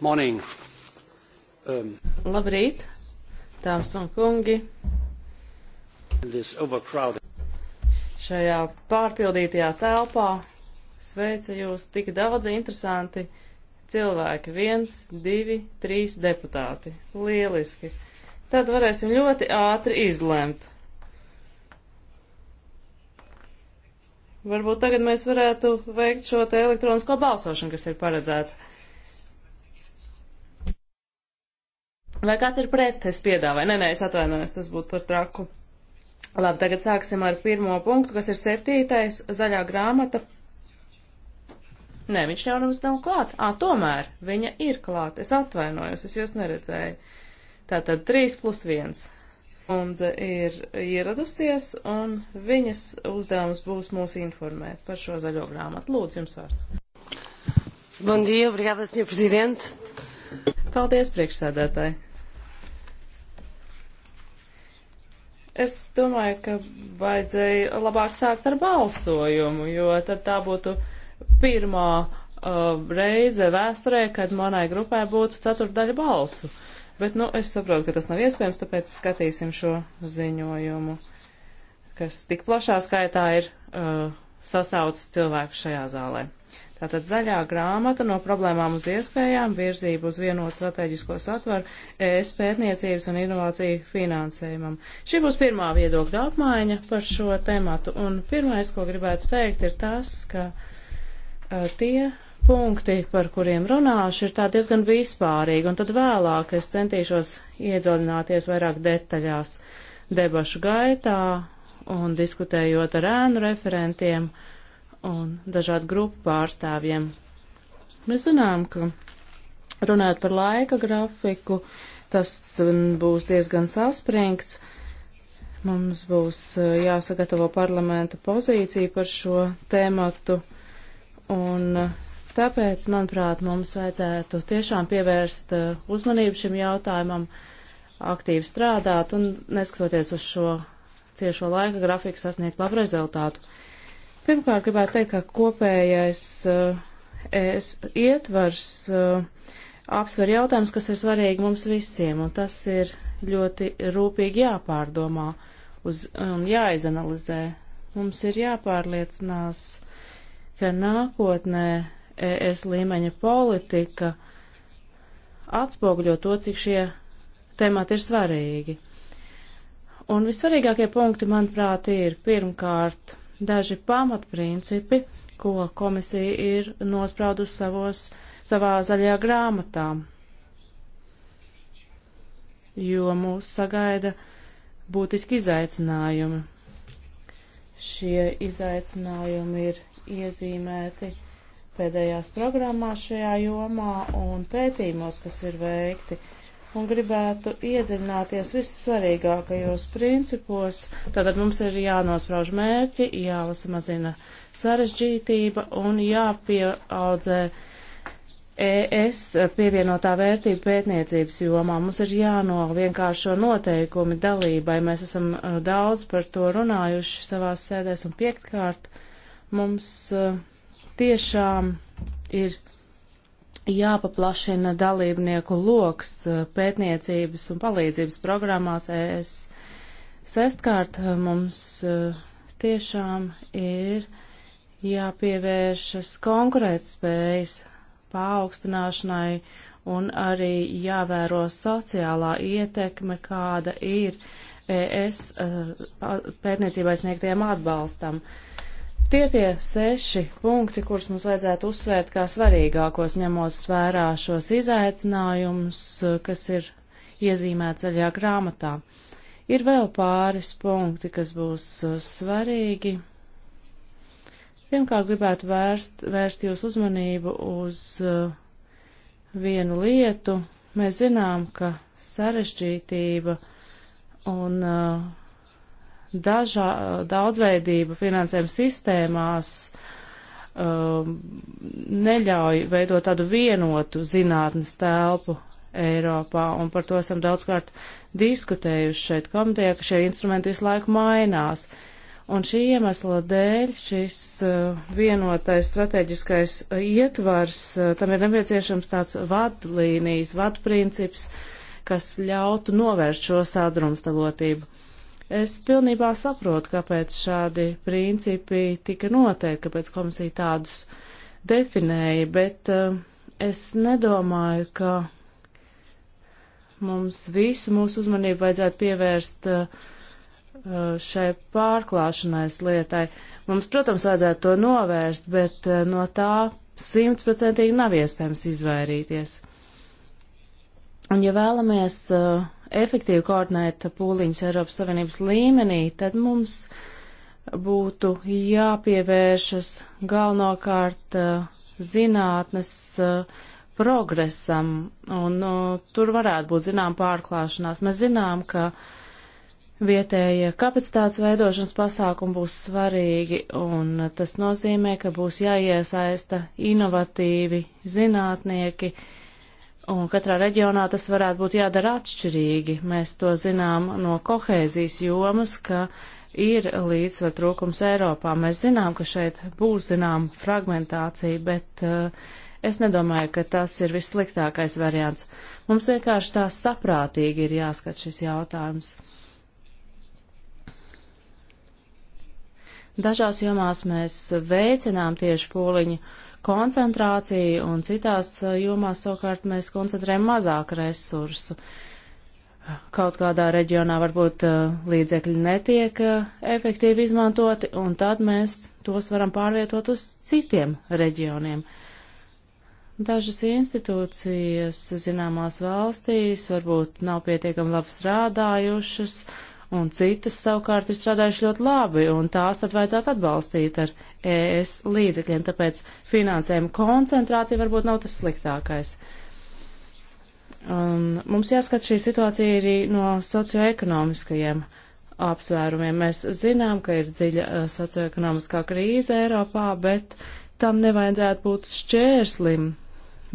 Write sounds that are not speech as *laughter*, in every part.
Morning. Um, Labrīt, dāmas un kungi. Šajā pārpildītajā telpā sveica jūs tik daudz interesanti cilvēki. Viens, divi, trīs deputāti. Lieliski. Tad varēsim ļoti ātri izlemt, Varbūt tagad mēs varētu veikt šo te elektronisko balsošanu, kas ir paredzēta. Vai kāds ir pret? Es piedāvāju. Nē, nē, es atvainojos, tas būtu par traku. Labi, tagad sāksim ar pirmo punktu, kas ir septītais - zaļā grāmata. Nē, viņš jau mums nav klāt. Ā, tomēr viņa ir klāt. Es atvainojos, es jūs neredzēju. Tātad 3 plus 1. Kundze ir ieradusies, un viņas uzdevums būs mūs informēt par šo zaļo grāmatu. Lūdzu, jums vārds. Bon dia, obrigada, senhor prezidente. Paldies, priekšsēdētāji. Es domāju, ka vajadzēja labāk sākt ar balsojumu, jo tad tā būtu pirmā uh, reize vēsturē, kad manai grupai būtu ceturdaļa balsu. Bet, nu, es saprotu, ka tas nav iespējams, tāpēc skatīsim šo ziņojumu, kas tik plašā skaitā ir uh, sasaucis cilvēku šajā zālē. Tātad zaļā grāmata no problēmām uz iespējām, virzību uz vienotu strateģisko satvaru, ES pētniecības un inovāciju finansējumam. Šī būs pirmā viedokļa apmaiņa par šo tematu. Un pirmais, ko gribētu teikt, ir tas, ka uh, tie punkti, par kuriem runāšu, ir tā diezgan vispārīgi, un tad vēlāk es centīšos iedziļināties vairāk detaļās debašu gaitā un diskutējot ar ēnu referentiem un dažādu grupu pārstāvjiem. Mēs zinām, ka runājot par laika grafiku, tas būs diezgan saspringts. Mums būs eh, jāsagatavo parlamenta pozīcija par šo tēmatu, un eh, tāpēc, manuprāt, mums vajadzētu tiešām pievērst eh, uzmanību šim jautājumam, aktīvi strādāt un neskatoties uz šo ciešo laika grafiku sasniegt labu rezultātu. Pirmkārt, gribētu teikt, ka kopējais eh, es ietvars eh, aptver jautājums, kas ir svarīgi mums visiem, un tas ir ļoti rūpīgi jāpārdomā uz, un jāizanalizē. Mums ir jāpārliecinās, ka nākotnē ES līmeņa politika atspoguļo to, cik šie temati ir svarīgi. Un vissvarīgākie punkti, manuprāt, ir pirmkārt daži pamatprincipi, ko komisija ir nospraudusi savos, savā zaļajā grāmatā, jo mūs sagaida būtiski izaicinājumi. Šie izaicinājumi ir iezīmēti pēdējās programmās šajā jomā un pētījumos, kas ir veikti. Uh, un gribētu iedziļināties vissvarīgākajos principos. Tātad mums ir jānosprauž mērķi, jāsamazina sarežģītība un jāpieaudzē ES pievienotā vērtība pētniecības jomā. Mums ir jānovienkāršo noteikumi dalībai. Mēs esam uh, daudz par to runājuši savās sēdēs un piektkārt. Mums uh, tiešām ir jāpaplašina dalībnieku loks eh, pētniecības un palīdzības programmās ES. Sestkārt eh, mums eh, tiešām ir jāpievēršas konkurētspējas paaugstināšanai un arī jāvēro sociālā ietekme, kāda ir ES pētniecībai sniegtiem atbalstam. Uh, Tie tie seši punkti, kurus mums vajadzētu uzsvērt kā svarīgākos, ņemot vērā šos izaicinājumus, kas ir iezīmēts zaļajā grāmatā. Ir vēl pāris punkti, kas būs uh, svarīgi. Pirmkārt, gribētu vērst, vērst jūs uzmanību uz uh, vienu lietu. Mēs zinām, ka sarežģītība un uh, dažā, daudzveidība finansējuma sistēmās um, neļauj veidot tādu vienotu zinātnes telpu Eiropā, un par to esam daudzkārt diskutējuši šeit komitejā, ka šie instrumenti visu laiku mainās. Un šī iemesla dēļ šis uh, vienotais strateģiskais uh, ietvars, uh, tam ir nepieciešams tāds vadlīnijas, vadprincips, kas ļautu novērst šo sadrumstalotību. Es pilnībā saprotu, kāpēc šādi principi tika noteikti, kāpēc komisija tādus definēja, bet uh, es nedomāju, ka mums visu mūsu uzmanību vajadzētu pievērst uh, šai pārklāšanais lietai. Mums, protams, vajadzētu to novērst, bet uh, no tā simtprocentīgi nav iespējams izvairīties. Un ja vēlamies uh, efektīvi koordinēt pūliņus Eiropas Savienības līmenī, tad mums būtu jāpievēršas galvenokārt uh, zinātnes uh, progresam, un no, uh, tur varētu būt zinām pārklāšanās. Mēs zinām, ka vietējie kapacitātes veidošanas pasākumi būs svarīgi, un tas nozīmē, ka būs jāiesaista inovatīvi zinātnieki, uh, Un katrā reģionā tas varētu būt jādara atšķirīgi. Mēs to zinām no kohēzijas jomas, ka ir līdzsvar trūkums Eiropā. Mēs zinām, ka šeit būs zinām fragmentācija, bet uh, es nedomāju, ka tas ir vissliktākais variants. Mums vienkārši tā saprātīgi ir jāskat šis jautājums. Dažās jomās mēs veicinām tieši pūliņu koncentrāciju, un citās eh, jomās savukārt mēs koncentrējam mazāk resursu. Kaut kādā reģionā varbūt eh, līdzekļi netiek eh, efektīvi izmantoti, un tad mēs tos varam pārvietot uz citiem reģioniem. Dažas institūcijas zināmās valstīs varbūt nav pietiekami labi strādājušas, uh, un citas savukārt ir strādājuši ļoti labi, un tās tad vajadzētu atbalstīt ar ES līdzekļiem, tāpēc finansējuma koncentrācija varbūt nav tas sliktākais. Um, mums jāskat šī situācija arī no socioekonomiskajiem apsvērumiem. Mēs zinām, ka ir dziļa uh, socioekonomiskā krīze Eiropā, bet tam nevajadzētu būt šķērslim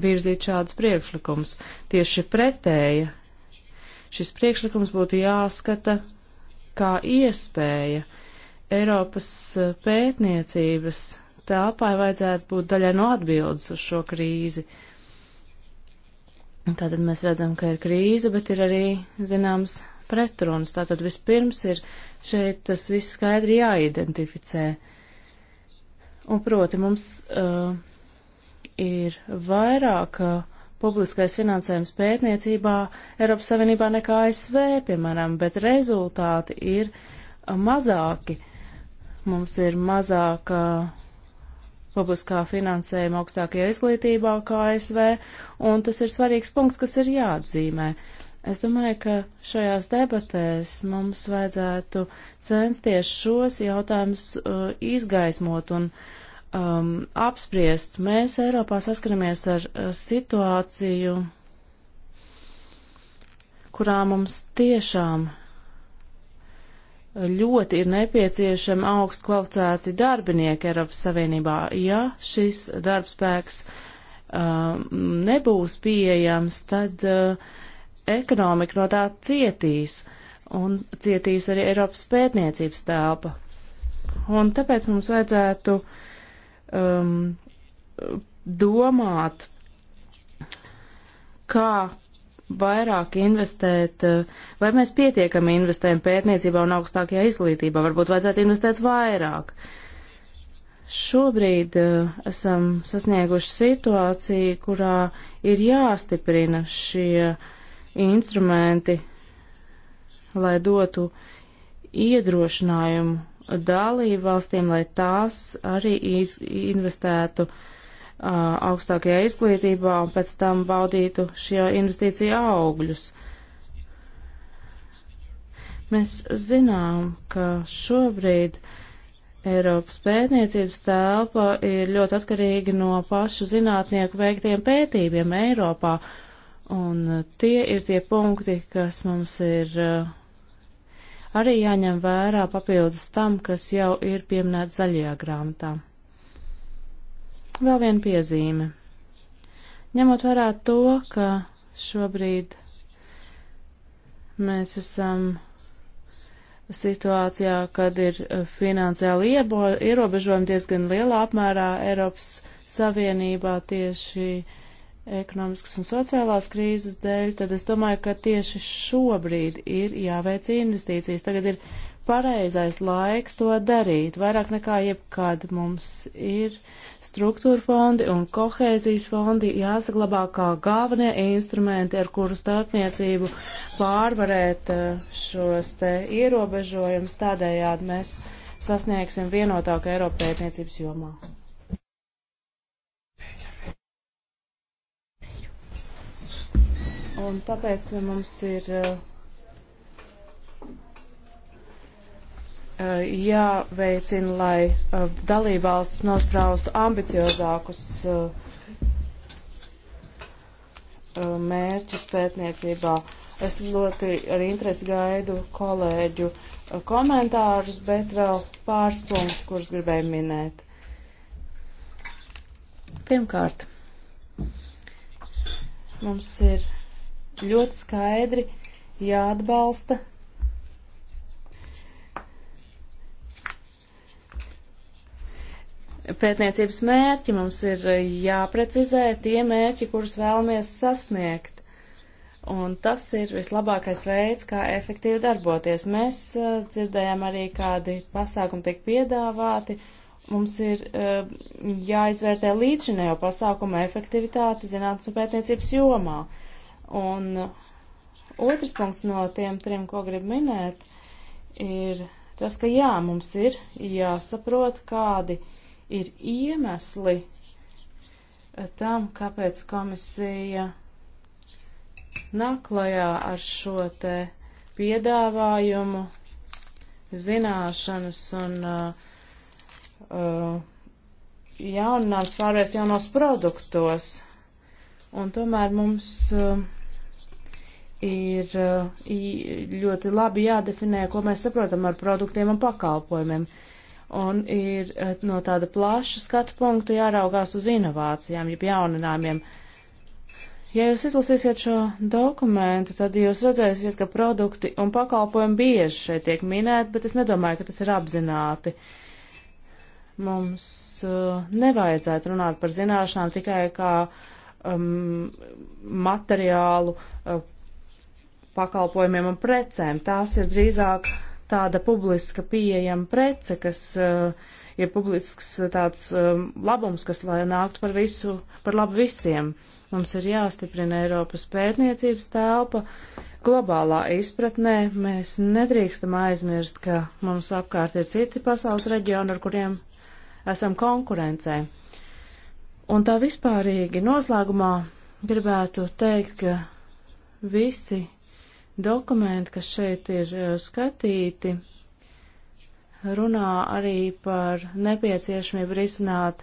virzīt šādus priekšlikumus. Tieši pretēja šis priekšlikums būtu jāskata kā iespēja. Eiropas eh, pētniecības telpai vajadzētu būt daļai no atbildes uz šo krīzi. Tātad mēs redzam, ka ir krīze, bet ir arī zināms pretrunas. Tātad vispirms ir šeit tas viss skaidri jāidentificē. Un proti mums uh, ir vairāk uh, publiskais finansējums pētniecībā Eiropas Savienībā nekā ASV, piemēram, bet rezultāti ir mazāki. Mums ir mazāka publiskā finansējuma augstākajā izglītībā kā ASV, un tas ir svarīgs punkts, kas ir jāatzīmē. Es domāju, ka šajās debatēs mums vajadzētu censties šos jautājumus uh, izgaismot un uh, um, apspriest. Mēs Eiropā saskaramies ar situāciju, kurā mums tiešām ļoti ir nepieciešami augst kvalificēti darbinieki Eiropas Savienībā. Ja šis darbspēks um, nebūs pieejams, tad uh, ekonomika no tā cietīs, un cietīs arī Eiropas pētniecības telpa. Un tāpēc mums vajadzētu uh, um, domāt, kā vairāk investēt, uh, vai mēs pietiekami investējam pētniecībā un augstākajā izglītībā, varbūt vajadzētu investēt vairāk. Šobrīd uh, esam sasnieguši situāciju, kurā ir jāstiprina šie instrumenti, lai dotu iedrošinājumu dalību valstīm, lai tās arī investētu uh, augstākajā izglītībā un pēc tam baudītu šie investīcija augļus. Mēs zinām, ka šobrīd Eiropas pētniecības telpa ir ļoti atkarīga no pašu zinātnieku veiktiem pētījumiem Eiropā, un tie ir tie punkti, kas mums ir uh, arī jāņem vērā papildus tam, kas jau ir pieminēts zaļajā grāmatā. Vēl viena piezīme. Ņemot vērā to, ka šobrīd mēs esam situācijā, kad ir eh, finansiāli ierobežojumi diezgan lielā apmērā Eiropas Savienībā tieši uh, ekonomiskas un sociālās krīzes dēļ, tad es domāju, ka tieši šobrīd ir jāveic investīcijas. Tagad ir pareizais laiks to darīt. Vairāk nekā jebkad mums ir struktūra fondi un kohēzijas fondi jāsaglabā kā galvenie instrumenti, ar kuru starpniecību pārvarēt eh, šos te ierobežojumus. Tādējādi mēs sasniegsim vienotāku Eiropu pētniecības jomā. Un tāpēc mums ir eh, eh, jāveicina, lai eh, dalībvalsts nospraustu ambiciozākus mērķus pētniecībā. Es ļoti ar interesi gaidu kolēģu komentārus, bet vēl pāris punktus, kurus gribēju minēt. Pirmkārt, mums ir ļoti skaidri jāatbalsta pētniecības mērķi mums ir jāprecizē tie mērķi, kurus vēlamies sasniegt. Un tas ir vislabākais veids, kā efektīvi darboties. Mēs uh, dzirdējām arī, kādi pasākumi tiek piedāvāti. Mums ir uh, jāizvērtē līdzinējo pasākumu efektivitāti zinātnes un pētniecības jomā. Uh, Un otrs punkts no tiem trim, ko gribu minēt, ir tas, ka jā, mums ir jāsaprot, kādi ir iemesli tam, kāpēc komisija naklajā ar šo te piedāvājumu zināšanas un uh, uh jaunināms pārvērst jaunos produktos. Un tomēr mums uh, ir uh, ļoti labi jādefinē, ko mēs saprotam ar produktiem un pakalpojumiem. Un ir uh, no tāda plaša skatu punkta jāraugās uz inovācijām, jeb jauninājumiem. Ja jūs izlasīsiet šo dokumentu, tad jūs redzēsiet, ka produkti un pakalpojumi bieži šeit tiek minēti, bet es nedomāju, ka tas ir apzināti. Mums uh, nevajadzētu runāt par zināšanām tikai kā um, materiālu uh, pakalpojumiem un precēm. Tās ir drīzāk tāda publiska pieejama prece, kas uh, ir publisks tāds um, labums, kas lai nāktu par visu, par labu visiem. Mums ir jāstiprina Eiropas pētniecības telpa. Globālā izpratnē mēs nedrīkstam aizmirst, ka mums apkārt ir citi pasaules reģioni, ar kuriem esam konkurencē. Un tā vispārīgi noslēgumā gribētu teikt, ka visi Dokumenti, kas šeit ir e, skatīti, runā arī par nepieciešamību risināt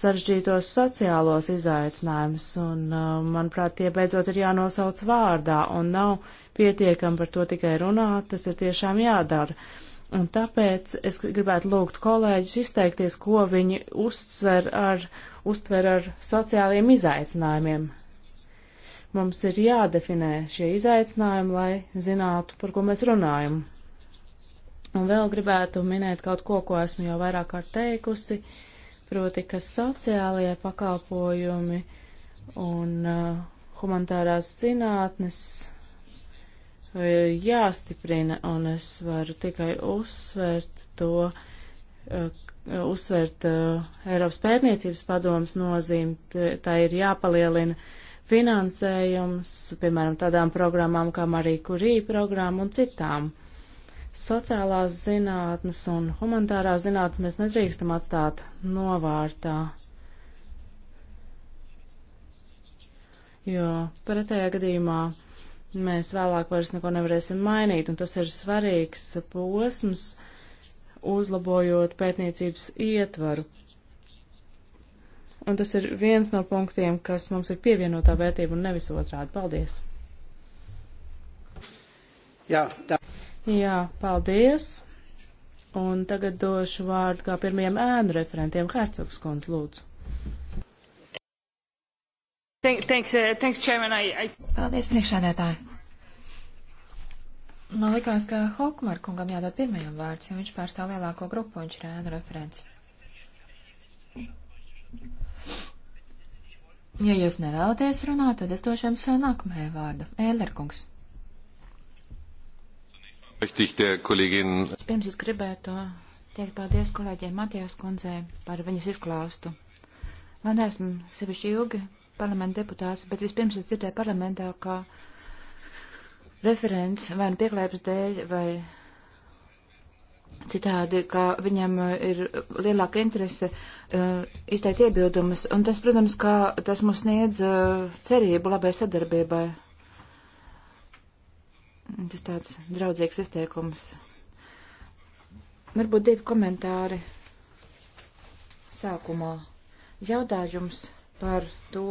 sarežģītos sociālos izaicinājumus, un, e, manuprāt, tie beidzot ir jānosauc vārdā, un nav pietiekami par to tikai runāt, tas ir tiešām jādara. Un tāpēc es gribētu lūgt kolēģus izteikties, ko viņi uztver ar, uztver ar sociālajiem izaicinājumiem Mums ir jādefinē šie izaicinājumi, lai zinātu, par ko mēs runājam. Un vēl gribētu minēt kaut ko, ko esmu jau vairāk kārt teikusi, proti, ka sociālajie pakalpojumi un uh, humanitārās zinātnes uh, jāstiprina, un es varu tikai uzsvērt to, uh, uzsvērt uh, Eiropas pētniecības padomas nozīmi, tā ir jāpalielina finansējums, piemēram, tādām programmām kā Marija Kurija programma un citām. Sociālās zinātnes un humanitārās zinātnes mēs nedrīkstam atstāt novārtā, jo pretējā gadījumā mēs vēlāk vairs neko nevarēsim mainīt, un tas ir svarīgs posms, uzlabojot pētniecības ietvaru Un tas ir viens no punktiem, kas mums ir pievienotā vērtība un nevis otrādi. Paldies! Jā, tā. Jā, paldies! Un tagad došu vārdu kā pirmajam ēnu referentiem Hercogs kundz, lūdzu. Thanks, uh, thanks, Chairman. I, I... Paldies, priekšādētāji. Man likās, ka Hokmar kungam jādod pirmajam vārds, jo viņš pārstāv lielāko grupu, viņš ir ēnu referents. Ja jūs nevēlaties runāt, tad es došu jums nākamajai vārdu. Ēlerkungs. Pirms es gribētu teikt paldies kolēģiem Matijas kundzē par viņas izklāstu. Man esmu sevišķi ilgi parlamenta deputāts, bet vispirms es dzirdēju parlamentā, ka referents vai nu pieklājības dēļ vai citādi, ka viņam eh, ir lielāka interese uh, izteikt iebildumus, un tas, protams, kā tas mums sniedz uh, cerību labai sadarbībai. Tas tāds draudzīgs izteikums. Varbūt divi komentāri sākumā. Jautājums par to,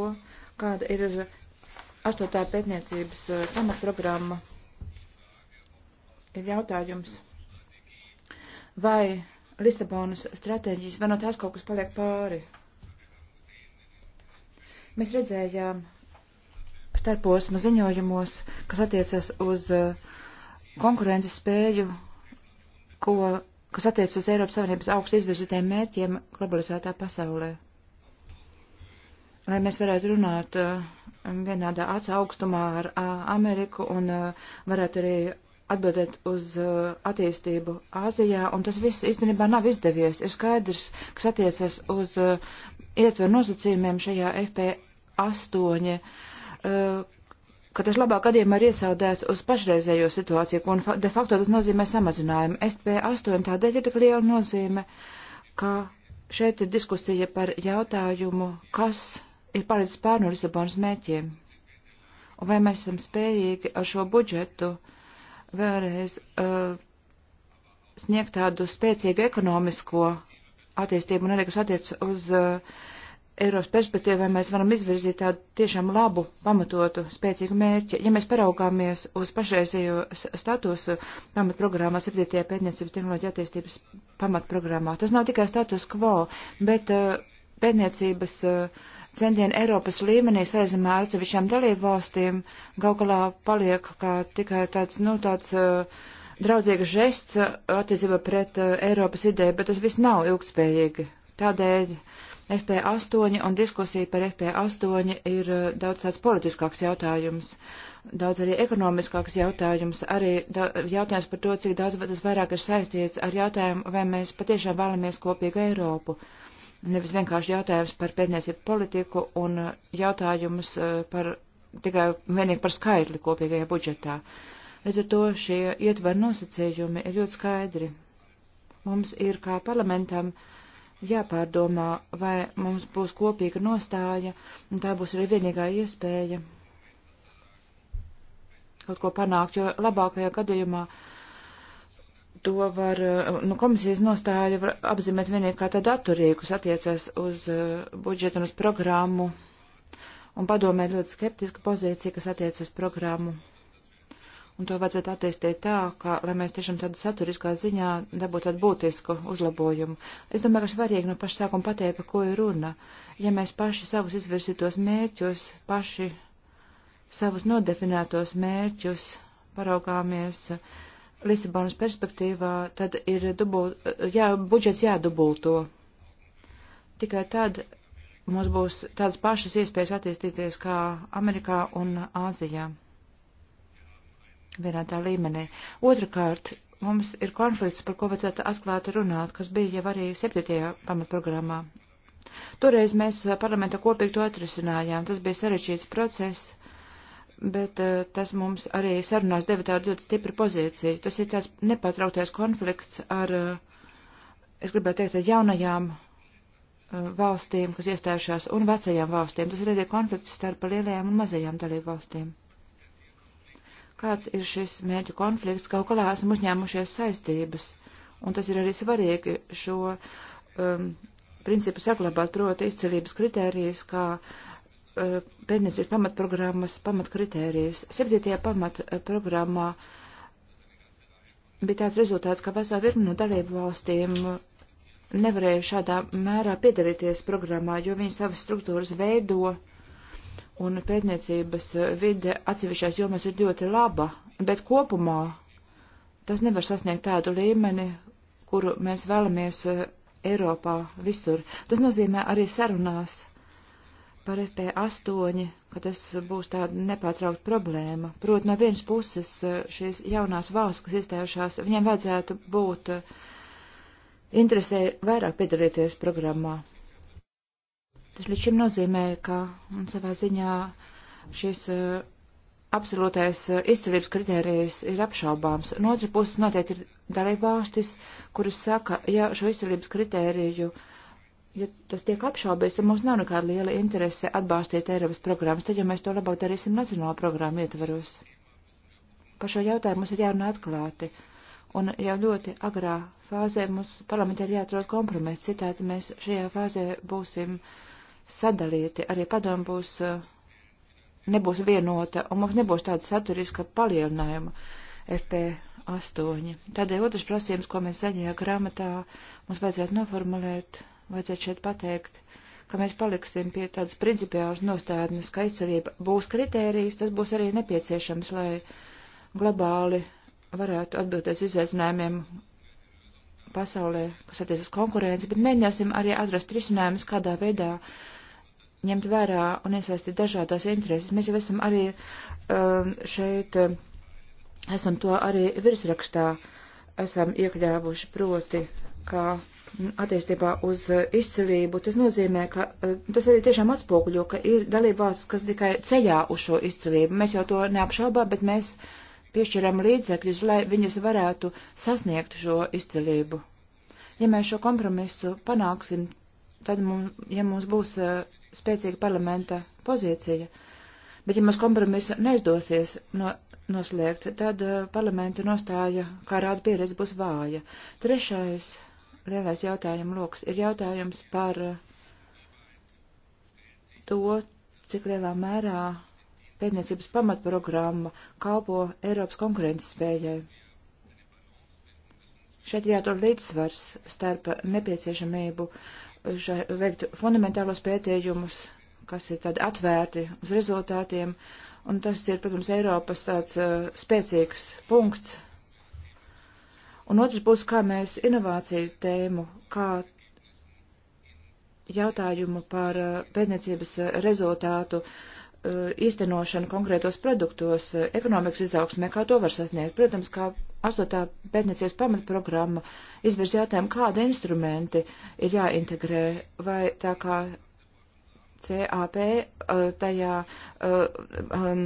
kāda ir astotā pētniecības pamatprogramma. Uh, ir jautājums vai Lisabonas stratēģijas, vai no tās kaut kas paliek pāri. Mēs redzējām starposma ziņojumos, kas attiecas uz uh, konkurences spēju, ko, kas attiecas uz Eiropas Savienības augstu izvirzītiem mērķiem globalizētā pasaulē. Lai mēs varētu runāt uh, vienādā acu augstumā ar uh, Ameriku un varētu arī atbildēt uz uh, attīstību Āzijā, un tas viss īstenībā nav izdevies. Ir skaidrs, kas attiecas uz uh, ietveru nosacījumiem šajā FP8, uh, ka tas labāk gadījumā ir iesaudēts uz pašreizējo situāciju, un fa de facto tas nozīmē samazinājumu. FP8 tādēļ ir tik liela nozīme, ka šeit ir diskusija par jautājumu, kas ir paredz pārnu Lisabonas mēķiem. Un vai mēs esam spējīgi ar šo budžetu uh, vēlreiz uh, sniegt tādu spēcīgu ekonomisko attīstību un arī, kas attiec uz uh, Eiropas perspektīvai, mēs varam izvirzīt tādu tiešām labu, pamatotu, spēcīgu mērķi. Ja mēs paraugāmies uz pašreizējo statusu pamatprogrammā, 7. pētniecības tehnoloģija attīstības pamatprogrammā, tas nav tikai status quo, bet uh, pētniecības uh, centieni Eiropas līmenī saistībā ar atsevišķām dalību valstīm gal galā paliek kā tikai tāds, nu, tāds uh, draudzīgs žests uh, attiecībā pret uh, Eiropas ideju, bet tas viss nav ilgspējīgi. Tādēļ FP8 un diskusija par FP8 ir uh, daudz tāds politiskāks jautājums, daudz arī ekonomiskāks jautājums, arī da, jautājums par to, cik daudz tas vairāk ir saistīts ar jautājumu, vai mēs patiešām vēlamies kopīgu Eiropu. Uh, nevis vienkārši jautājums par pētniecību politiku un uh, jautājumus uh, par tikai vienīgi par skaidri kopīgajā budžetā. Līdz ar to šie ietver nosacījumi ir ļoti skaidri. Mums ir kā parlamentam jāpārdomā, vai mums būs kopīga nostāja, un tā būs arī vienīgā iespēja kaut ko panākt, jo labākajā gadījumā uh, to var, eh, nu, komisijas nostāju var apzīmēt vienīgi kā tādu atturīgu, kas attiecas uz eh, budžetu un uz programmu, un padomē ļoti skeptiska pozīcija, kas attiecas uz programmu. Un to vajadzētu attīstīt tā, ka, lai mēs tiešām tādu saturiskā ziņā dabūtu tādu būtisku uzlabojumu. Es domāju, ka svarīgi no paša sākuma pateikt, par ko ir runa. Ja mēs paši savus izvirsītos mērķus, paši savus nodefinētos mērķus paraugāmies, uh, Lisabonas perspektīvā, tad ir dubul, jā, budžets jādubulto. Tikai tad mums būs tādas pašas iespējas attīstīties kā Amerikā un Āzijā. Vienā tā līmenī. Otrakārt, mums ir konflikts, par ko vajadzētu atklāti runāt, kas bija jau arī 7. pamatprogrammā. Toreiz mēs parlamenta kopīgi to atrisinājām. Tas bija sarežģīts process bet uh, tas mums arī sarunās deva tādu ļoti stipru pozīciju. Tas ir tāds nepatrauktais konflikts ar, uh, es gribētu teikt, ar jaunajām uh, valstīm, kas iestājušās, un vecajām valstīm. Tas ir arī konflikts starp lielajām un mazajām dalību valstīm. Kāds ir šis mērķu konflikts? Kaut kādā esam uzņēmušies saistības, un tas ir arī svarīgi šo um, principu saglabāt, proti izcelības kritērijas, kā uh, pētniecības pamatprogrammas pamatkritērijas. Septītajā pamatprogrammā bija tāds rezultāts, ka vesela virkni no dalību valstīm nevarēja šādā mērā piedalīties programmā, jo viņi savas struktūras veido un pētniecības vide atsevišķās jomās ir ļoti laba, bet kopumā tas nevar sasniegt tādu līmeni, kuru mēs vēlamies eh, Eiropā visur. Tas nozīmē arī sarunās par FP8, ka tas būs tāda nepārtraukta problēma. Proti, no vienas puses eh, šīs jaunās valsts, kas iestājušās, viņiem vajadzētu būt eh, interesē vairāk piedalīties programmā. Tas līdz šim nozīmē, ka savā ziņā šis eh, absolūtais izcelības kritērijs ir apšaubāms. No otras puses noteikti ir dalībvalstis, kuras saka, ja šo izcelības kritēriju uh, ja tas tiek apšaubīts, tad mums nav nekāda liela interese atbalstīt Eiropas programmas, tad, ja mēs to labāk darīsim nacionālo programmu ietvaros. Par šo jautājumu mums ir jārunā atklāti, un jau ļoti agrā fāzē mums parlamentē ir jāatrod kompromiss, citādi mēs šajā fāzē būsim sadalīti, arī padomu būs, eh, nebūs vienota, un mums nebūs tāda saturiska palielinājuma FP8. Tādēļ otrs prasījums, ko mēs zaļajā grāmatā mums vajadzētu noformulēt, vajadzētu šeit pateikt, ka mēs paliksim pie tādas principiālas nostādnes, ka aizsardzība būs kritērijs, tas būs arī nepieciešams, lai globāli varētu atbildēt izaicinājumiem pasaulē, kas attiecas uz konkurenci, bet mēģināsim arī atrast risinājumus, kādā veidā ņemt vērā un iesaistīt dažādās intereses. Mēs jau esam arī um, šeit, um, esam to arī virsrakstā, esam iekļāvuši proti, kā attiecībā uz eh, izcilību, tas nozīmē, ka eh, tas arī tiešām atspoguļo, ka ir dalībās, kas tikai ceļā uz šo izcilību. Mēs jau to neapšaubām, bet mēs piešķiram līdzekļus, lai viņas varētu sasniegt šo izcilību. Ja mēs šo kompromisu panāksim, tad, mums, ja mums būs eh, spēcīga parlamenta pozīcija, bet ja mums kompromisu neizdosies no, noslēgt, tad parlamenta nostāja, kā rāda pieredze, būs vāja. Trešais lielais jautājuma lokus ir jautājums par eh, to, cik lielā mērā pētniecības pamatprogramma kalpo Eiropas konkurences spējai. Šeit ir jāatrod līdzsvars starp nepieciešamību šai, veikt fundamentālos pētījumus, kas ir tad atvērti uz rezultātiem, un tas ir, protams, Eiropas tāds uh, spēcīgs punkts Un otrs būs, kā mēs inovāciju tēmu, kā jautājumu par uh, pētniecības uh, rezultātu uh, īstenošanu konkrētos produktos, ekonomikas izaugsmē, kā to var sasniegt. Protams, kā astotā pētniecības pamatprogramma izvirz jautājumu, kādi instrumenti ir jāintegrē, vai tā kā CAP tajā um,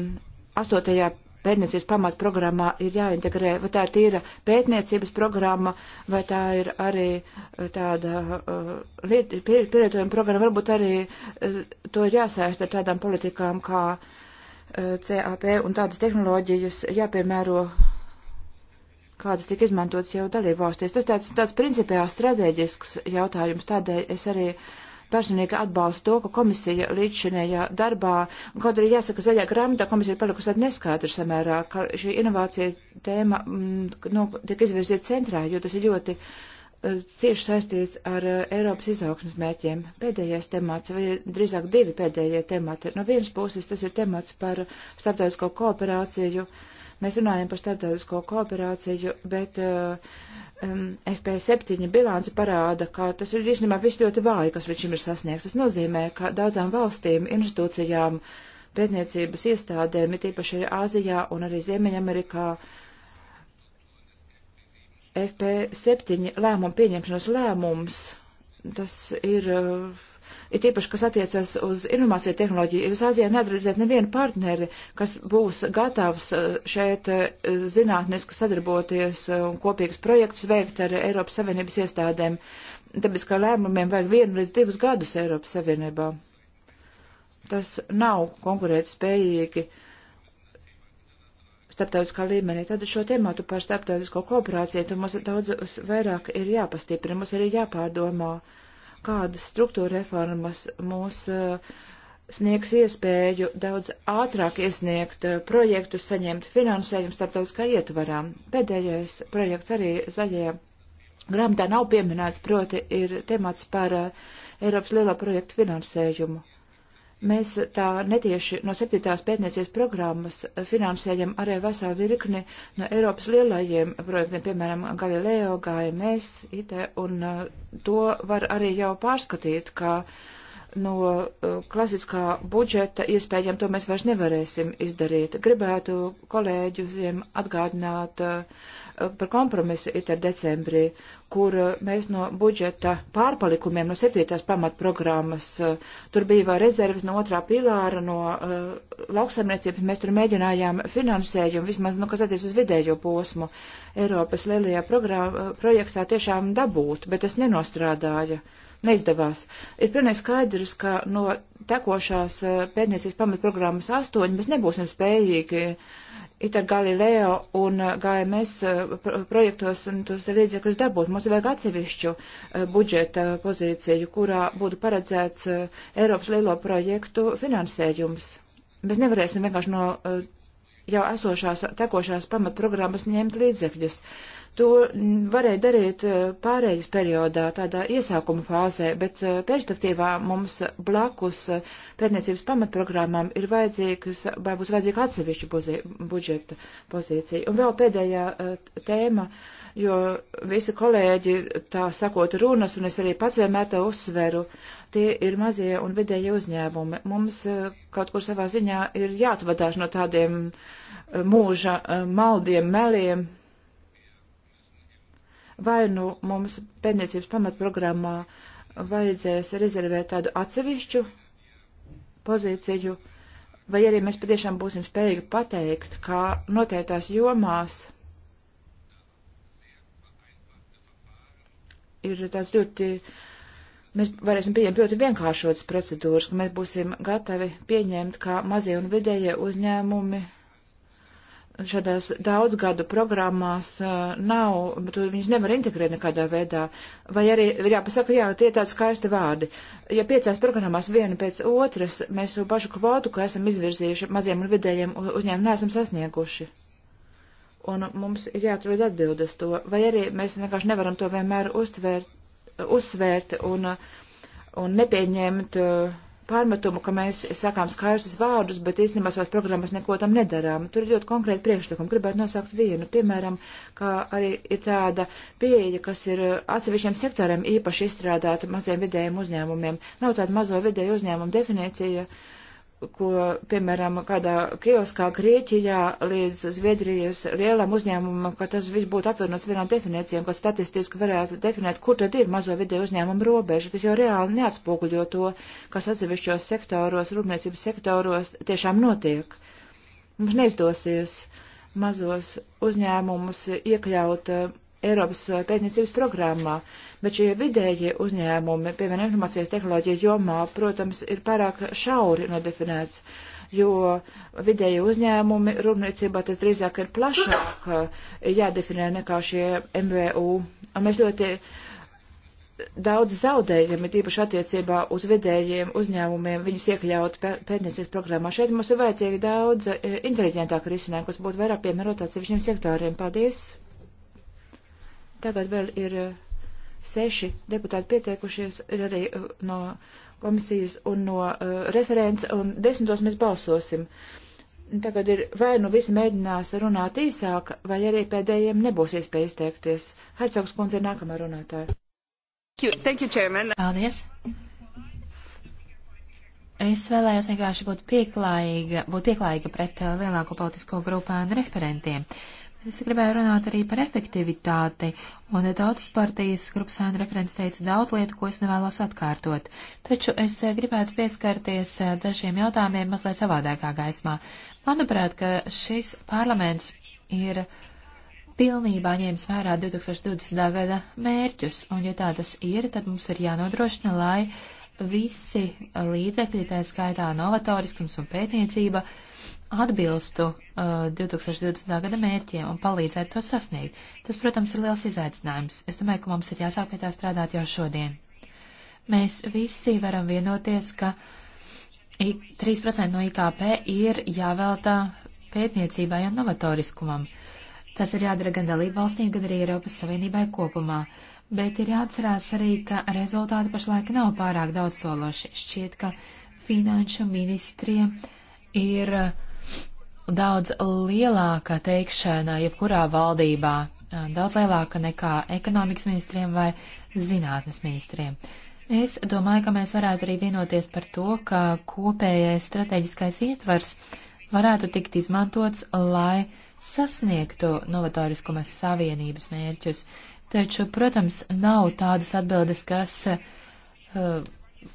astotajā pētniecības pamatprogrammā ir jāintegrē, vai tā ir tīra pētniecības programma, vai tā ir arī eh, tāda uh, liet, pielietojuma programma, varbūt arī uh, to ir jāsaist ar tādām politikām kā uh, CAP un tādas tehnoloģijas jāpiemēro kādas tika izmantotas jau dalībvalstīs. Tas tāds, tāds principiāls strateģisks jautājums, tādēļ es arī uh, personīgi atbalstu to, ka komisija līdzšinējā darbā, kaut arī jāsaka, zaļā grāmatā komisija ir palikusi tāda neskaidra samērā, ka šī inovācija tēma mm, nu, tiek izvirzīta centrā, jo tas ir ļoti uh, cieši saistīts ar uh, Eiropas izaugsmas mērķiem. Pēdējais temats, vai drīzāk divi pēdējie temati. No vienas puses tas ir temats par starptautisko kooperāciju. Uh, Mēs runājam par starptautisko kooperāciju, bet uh, um, FP7 bilance parāda, ka tas ir īstenībā viss ļoti vāji, kas līdz šim ir sasniegts. Tas nozīmē, ka daudzām valstīm, institūcijām, pētniecības iestādēm, ir tīpaši Āzijā un arī Ziemeņamerikā, FP7 lēmumu pieņemšanas lēmums, tas ir. Uh, ir tiepaši, kas attiecas uz informāciju tehnoloģiju. Jūs Azijā neatredzēt nevienu partneri, kas būs gatavs uh, šeit uh, zinātniski sadarboties uh, un kopīgus projektus veikt ar Eiropas Savienības iestādēm. Tāpēc, ka lēmumiem vajag vienu līdz divus gadus Eiropas Savienībā. Tas nav konkurēt spējīgi starptautiskā līmenī. Tad šo tēmātu par starptautisko kooperāciju, tad mums daudz vairāk ir jāpastiprina, mums arī jāpārdomā. Uh, kādas struktūra reformas mūs uh, sniegs iespēju daudz ātrāk iesniegt eh, projektus, saņemt finansējumu starptautiskā ietvarā. Pēdējais projekts arī zaļajā grāmatā nav pieminēts, proti ir temats par eh, Eiropas lielo projektu finansējumu. Mēs tā netieši no septītās pētniecības programmas finansējam arī veselu virkni no Eiropas lielajiem projektiem, piemēram, Galileo, GMS, IT, un uh, to var arī jau pārskatīt, ka uh, no uh, klasiskā budžeta iespējām to mēs vairs nevarēsim izdarīt. Gribētu kolēģiem atgādināt uh, par kompromisu it ar decembrī, kur uh, mēs no budžeta pārpalikumiem no septītās pamatprogrammas, uh, tur bija vēl rezerves no otrā pilāra, no uh, lauksaimniecības, mēs tur mēģinājām finansējumu, vismaz, nu, kas attiec uz vidējo posmu, Eiropas lielajā uh, projektā tiešām dabūt, bet tas nenostrādāja. Uh, neizdevās. Ir pilnīgi skaidrs, ka no tekošās eh, pētniecības pamatprogrammas astoņi mēs nebūsim spējīgi ITER Galileo un eh, GMS eh, projektos tos līdzekļus dabūt. Mums vajag atsevišķu budžeta pozīciju, kurā būtu paredzēts Eiropas lielo projektu finansējums. Mēs nevarēsim vienkārši no jau esošās tekošās pamatprogrammas ņemt līdzekļus. Uh, To varēja darīt eh, pārējais periodā, tādā iesākuma fāzē, bet eh, perspektīvā mums blakus eh, pētniecības pamatprogrammām ir vajadzīgs, vai būs vajadzīga atsevišķa budžeta pozīcija. Un vēl pēdējā tēma, jo visi kolēģi tā sakot runas, un es arī pats vienmēr to uzsveru, tie ir mazie un vidēji uzņēmumi. Mums kaut kur savā ziņā ir jāatvadās no tādiem mūža maldiem, meliem vai nu mums pētniecības pamatprogrammā vajadzēs rezervēt tādu atsevišķu pozīciju, vai arī mēs patiešām būsim spējīgi pateikt, kā noteiktās jomās ir tāds ļoti, mēs varēsim pieņemt ļoti vienkāršotas procedūras, ka mēs būsim gatavi pieņemt, kā mazie un vidējie uzņēmumi šādās daudzgadu programmās uh, nav, bet viņas nevar integrēt nekādā veidā. Vai arī, jāpasaka, jā, tie ir tādi skaisti vārdi. Ja piecās programmās viena pēc otras, mēs to pašu kvotu, ko esam izvirzījuši maziem un vidējiem uzņēmumiem, neesam sasnieguši. Un mums ir jāatrod atbildes to, vai arī mēs vienkārši nevaram to vienmēr uztvērt, uzsvērt un, un nepieņemt. Uh, pārmetumu, ka mēs sakām skaistus vārdus, bet īstenībā savās programmas neko tam nedarām. Tur ir ļoti konkrēti priekšlikumi. Gribētu nosaukt vienu, piemēram, kā arī ir tāda pieeja, kas ir atsevišķiem sektoriem īpaši izstrādāta maziem vidējiem uzņēmumiem. Nav tāda mazo vidēju uzņēmumu definīcija. Uh, ko, piemēram, kādā kioskā Grieķijā līdz Zviedrijas lielam uzņēmumam, ka tas viss būtu apvienots vienām definīcijām, ka statistiski varētu definēt, kur tad ir mazo vidēju uzņēmumu robeža, kas jau reāli neatspoguļo to, kas atsevišķos sektoros, rūpniecības sektoros tiešām notiek. Mums neizdosies mazos uzņēmumus iekļaut uh, Eiropas eh, pētniecības programmā, bet šie vidējie uzņēmumi, piemēram, informācijas tehnoloģija jomā, protams, ir pārāk šauri nodefinēts, jo vidējie uzņēmumi rūpniecībā tas drīzāk ir plašāk eh, jādefinē nekā šie MVU. Un mēs ļoti daudz zaudējam, ir īpaši attiecībā uz vidējiem uzņēmumiem, viņus iekļaut pētniecības programmā. Šeit mums ir vajadzīgi daudz eh, inteliģentāku risinājumu, kas būtu vairāk piemērot atsevišķiem sektoriem. Paldies! Tagad vēl ir eh, seši deputāti pieteikušies, ir arī eh, no komisijas un no uh, referents, un desmitos mēs balsosim. Tagad ir vai nu visi mēģinās runāt īsāk, vai arī pēdējiem nebūs iespēja izteikties. Hercogs kundze ir nākamā runātāja. Thank you, thank you, chairman. Paldies. Es vēlējos vienkārši būt pieklājīga, būt pieklājīga pret lielāko politisko grupu un referentiem. Es gribēju runāt arī par efektivitāti, un tautas partijas grupas ēna referents teica daudz lietu, ko es nevēlos atkārtot. Taču es eh, gribētu pieskarties eh, dažiem jautājumiem mazliet savādākā gaismā. Manuprāt, ka šis parlaments ir pilnībā ņēmis vērā 2020. gada mērķus, un ja tā tas ir, tad mums ir jānodrošina, lai visi līdzekļi, tā skaitā novatoriskums un pētniecība, atbilstu uh, 2020. gada mērķiem un palīdzētu to sasniegt. Tas, protams, ir liels izaicinājums. Es domāju, ka mums ir jāsāk pie tā strādāt jau šodien. Mēs visi varam vienoties, ka 3% no IKP ir jāveltā pētniecībai un novatoriskumam. Tas ir jādara gan dalību valstīm, gan arī Eiropas Savienībai kopumā. Bet ir jāatcerās arī, ka rezultāti pašlaik nav pārāk daudz sološi. Šķiet, ka finanšu ministriem ir uh, daudz lielāka teikšana jebkurā valdībā, daudz lielāka nekā ekonomikas ministriem vai zinātnes ministriem. Es domāju, ka mēs varētu arī vienoties par to, ka kopējais strateģiskais ietvars varētu tikt izmantots, lai sasniegtu novatoriskumas savienības mērķus. Taču, protams, nav tādas atbildes, kas uh,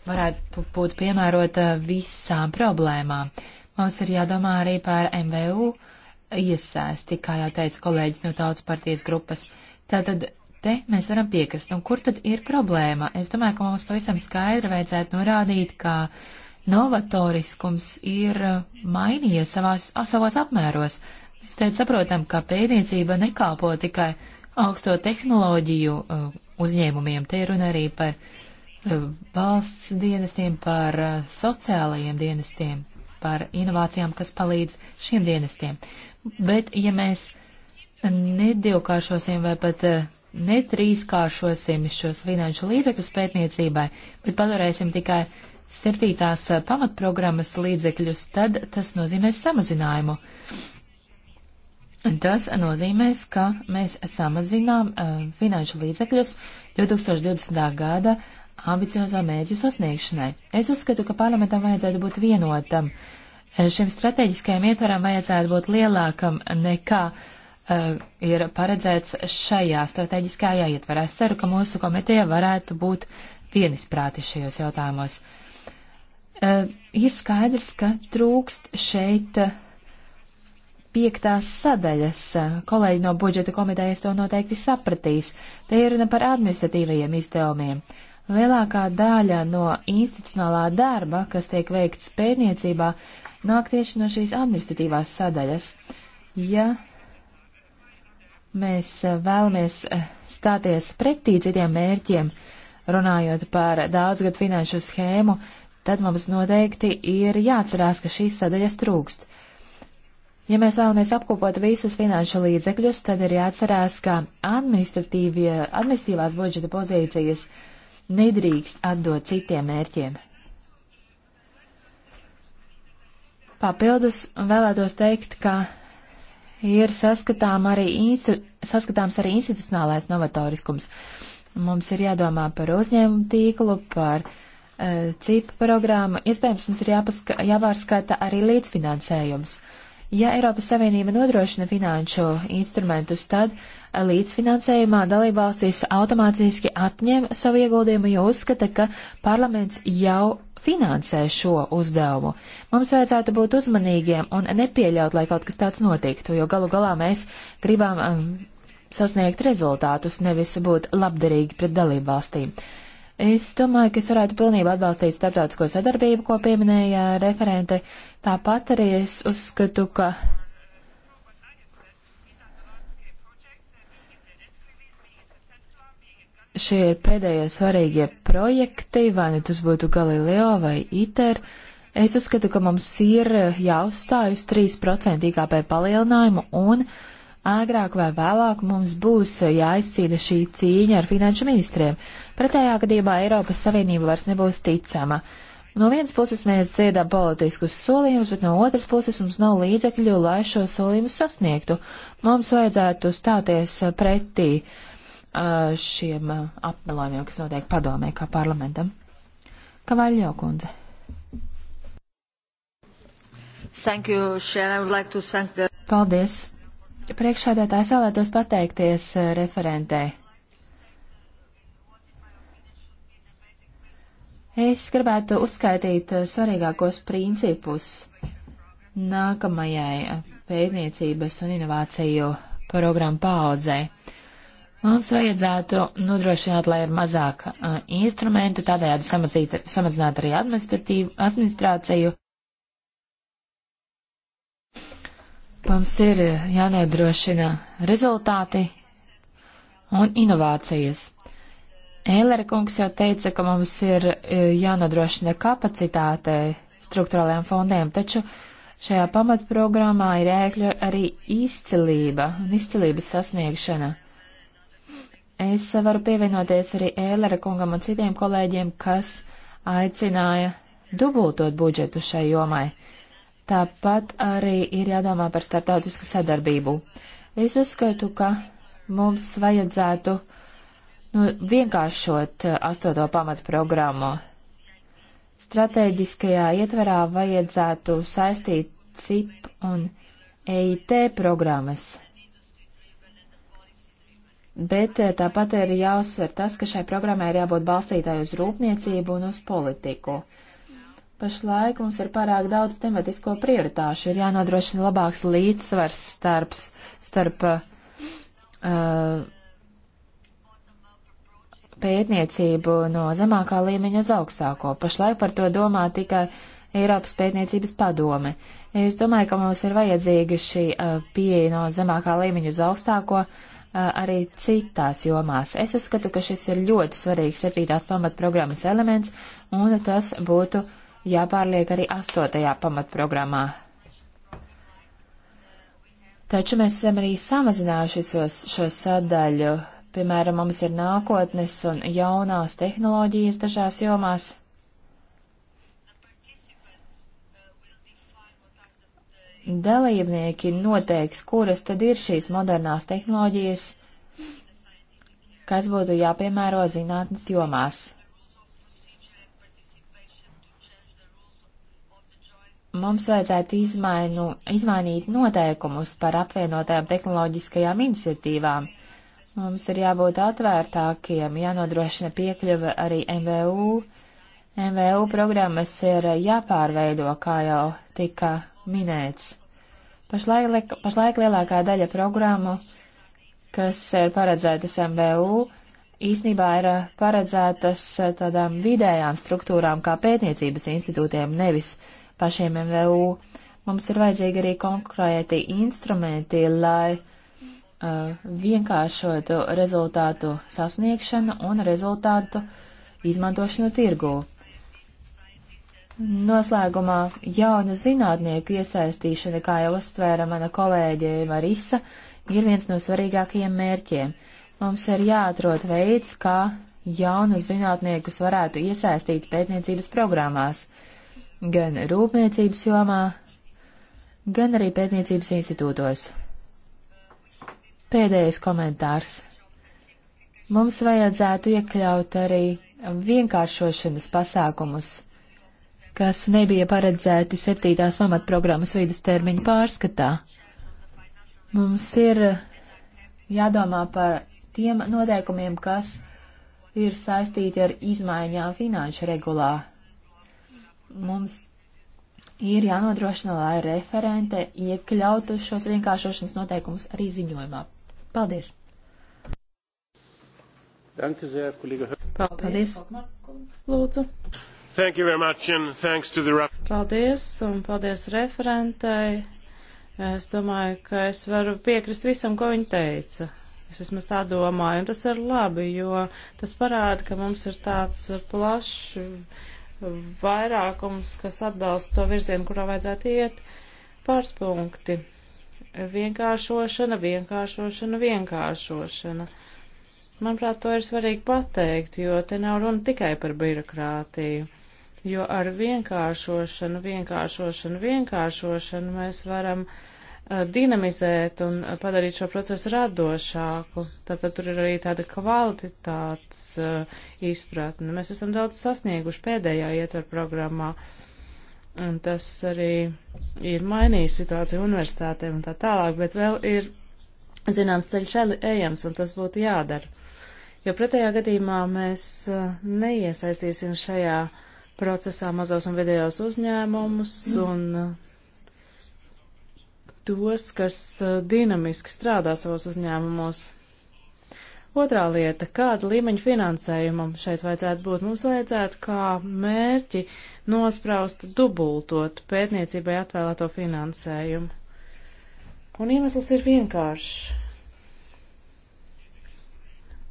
varētu būt piemērota visām problēmām. Uh, Mums ir jādomā arī par MVU iesaisti, kā jau teica kolēģis no tautas partijas grupas. Tātad te mēs varam piekrist. Un kur tad ir problēma? Es domāju, ka mums pavisam skaidri vajadzētu norādīt, ka novatoriskums ir mainījies savās, savās apmēros. Mēs teicu saprotam, ka pētniecība nekalpo tikai augsto tehnoloģiju uh, uzņēmumiem. Te ir runa arī par uh, valsts dienestiem, par uh, sociālajiem dienestiem par inovācijām, kas palīdz šiem dienestiem. Bet, ja mēs nedivkāršosim vai pat eh, ne trīskāršosim šos finanšu līdzekļus pētniecībai, bet paturēsim tikai septītās eh, pamatprogrammas līdzekļus, tad tas nozīmēs samazinājumu. Tas nozīmēs, ka mēs samazinām uh, finanšu līdzekļus 2020. gada uh, ambiciozā mērķu sasniegšanai. Es uzskatu, ka parlamentam vajadzētu būt vienotam. E, šim strateģiskajam ietvaram vajadzētu būt lielākam nekā uh, ir paredzēts šajā strateģiskajā ietvarā. Es ceru, ka mūsu komiteja varētu būt vienisprāti šajos jautājumos. Uh, ir skaidrs, ka trūkst šeit uh, piektās sadaļas. Kolēģi no budžeta komitejas to noteikti sapratīs. Te ir runa par administratīvajiem izdevumiem. Uh, Lielākā daļa no institucionālā darba, kas tiek veikts pētniecībā, nāk tieši no šīs administratīvās sadaļas. Ja mēs eh, vēlamies eh, stāties pretī citiem mērķiem, runājot par daudzgadu finanšu schēmu, tad mums noteikti ir jāatcerās, ka šīs sadaļas trūkst. Ja mēs vēlamies apkopot visus finanšu līdzekļus, tad ir jāatcerās, ka administratīvās budžeta pozīcijas uh, nedrīkst atdot citiem mērķiem. Papildus vēlētos teikt, ka ir saskatām arī saskatāms arī institucionālais novatoriskums. Mums ir jādomā par uzņēmumu tīklu, par uh, e, cipu programmu. Iespējams, mums ir jāpaska, jāpārskata arī līdzfinansējums. Ja Eiropas Savienība nodrošina finanšu instrumentus, tad uh, līdzfinansējumā dalībvalstis automātiski atņem savu ieguldījumu, jo uzskata, ka parlaments jau finansē šo uzdevumu. Mums vajadzētu būt uzmanīgiem un nepieļaut, lai kaut kas tāds notiktu, jo galu galā mēs gribam um, sasniegt rezultātus, nevis būt labdarīgi pret dalībvalstīm. Es domāju, ka es varētu pilnībā atbalstīt starptautisko sadarbību, ko pieminēja referente. Tāpat arī es uzskatu, ka Šie ir pēdējie svarīgie projekti, vai nu tas būtu Galileo vai ITER. Es uzskatu, ka mums ir jāuzstāj uz 3% IKP palielinājumu un agrāk vai vēlāk mums būs jāizcīda šī cīņa ar finanšu ministriem. Pretējā gadījumā Eiropas Savienība vairs nebūs ticama. No vienas puses mēs dziedām politiskus solījumus, bet no otras puses mums nav līdzekļu, lai šo solījumu sasniegtu. Mums vajadzētu stāties pretī uh, šiem apmelojumiem, kas notiek padomē kā parlamentam. Kavaļļo kundze. Thank you, Chair. I would like to thank the... Paldies. Priekšsēdētājs vēlētos pateikties referentē. Es gribētu uzskaitīt svarīgākos principus nākamajai pētniecības un inovāciju programmu paaudzē. Mums vajadzētu nodrošināt, lai ir mazāk uh, instrumentu, tādējādi samazīt, samazināt arī administrāciju. Mums ir jānodrošina rezultāti un inovācijas. Ēlera kungs jau teica, ka mums ir jānodrošina kapacitāte struktūrālajiem fondiem, taču šajā pamatprogrammā ir ēkļa arī izcilība un izcilības sasniegšana. Es varu pievienoties arī Ēlera kungam un citiem kolēģiem, kas aicināja dubultot budžetu šai jomai. Tāpat arī ir jādomā par starptautisku sadarbību. Es uzskatu, ka mums vajadzētu nu, vienkāršot eh, astoto pamatu programmu. Stratēģiskajā ietverā vajadzētu saistīt CIP un EIT programmas bet eh, tāpat ir jāuzsver tas, ka šai programmai ir jābūt balstītāji uz rūpniecību un uz politiku. Pašlaik mums ir pārāk daudz tematisko prioritāšu, ir jānodrošina labāks līdzsvars starps, starp uh, pētniecību no zemākā līmeņa uz augstāko. Pašlaik par to domā tikai Eiropas pētniecības padome. Es domāju, ka mums ir vajadzīga šī uh, pieeja no zemākā līmeņa uz augstāko, uh, Uh, arī citās jomās. Es uzskatu, ka šis ir ļoti svarīgs septītās pamatprogrammas elements, un tas būtu jāpārliek arī astotajā pamatprogrammā. Taču mēs esam arī samazinājuši šos, šo sadaļu. Piemēram, mums ir nākotnes un jaunās tehnoloģijas dažās jomās. dalībnieki noteiks, kuras tad ir šīs modernās tehnoloģijas, kas būtu jāpiemēro zinātnes jomās. Mums vajadzētu izmainu, izmainīt noteikumus par apvienotajām tehnoloģiskajām iniciatīvām. Mums ir jābūt atvērtākiem, jānodrošina piekļuve arī MVU. MVU programmas ir jāpārveido, kā jau tika minēts. Pašlaik, pašlaik lielākā daļa programmu, kas ir paredzētas MVU, īsnībā ir eh, paredzētas eh, tādām vidējām struktūrām kā pētniecības institūtiem, nevis pašiem MVU. Mums ir vajadzīgi arī konkrēti instrumenti, lai uh, vienkāršotu rezultātu sasniegšanu un rezultātu izmantošanu tirgū. Noslēgumā jaunu zinātnieku iesaistīšana, kā jau uztvēra mana kolēģe Marisa, ir viens no svarīgākajiem mērķiem. Mums ir jāatrod veids, kā jaunus zinātniekus varētu iesaistīt pētniecības programmās, gan rūpniecības jomā, gan arī pētniecības institūtos. Pēdējais komentārs. Mums vajadzētu iekļaut arī vienkāršošanas pasākumus kas nebija paredzēti septītās pamatprogrammas vidustermiņa pārskatā. Mums ir jādomā par tiem noteikumiem, kas ir saistīti ar izmaiņām finanšu regulā. Mums ir jānodrošina, lai referente iekļautu šos vienkāršošanas noteikumus arī ziņojumā. Paldies! Danke sehr, Kollege Paldies! Paldies. Lūdzu! Thank you very much and thanks to the... Paldies un paldies referentei. Es domāju, ka es varu piekrist visam, ko viņa teica. Es vismaz tā domāju, un tas ir labi, jo tas parāda, ka mums ir tāds plašs vairākums, kas atbalsta to virzienu, kurā vajadzētu iet pārspunkti. Vienkāršošana, vienkāršošana, vienkāršošana. Manuprāt, to ir svarīgi pateikt, jo te nav runa tikai par birokrātiju jo ar vienkāršošanu, vienkāršošanu, vienkāršošanu mēs varam uh, dinamizēt un padarīt šo procesu radošāku. Tātad tur ir arī tāda kvalitātes uh, izpratne. Mēs esam daudz sasnieguši pēdējā ietver programmā, un tas arī ir mainījis situāciju universitātēm un tā tālāk, bet vēl ir zināms ceļš ejams, un tas būtu jādara. Jo pretējā gadījumā mēs uh, neiesaistīsim šajā uh, procesā mazos un vidējos uzņēmumus un uh, tos, kas uh, dinamiski strādā savos uzņēmumos. Otrā lieta - kāda līmeņa finansējumam šeit vajadzētu būt? Mums vajadzētu kā mērķi nospraust dubultot pētniecībai atvēlēto finansējumu. Un iemesls ir vienkāršs.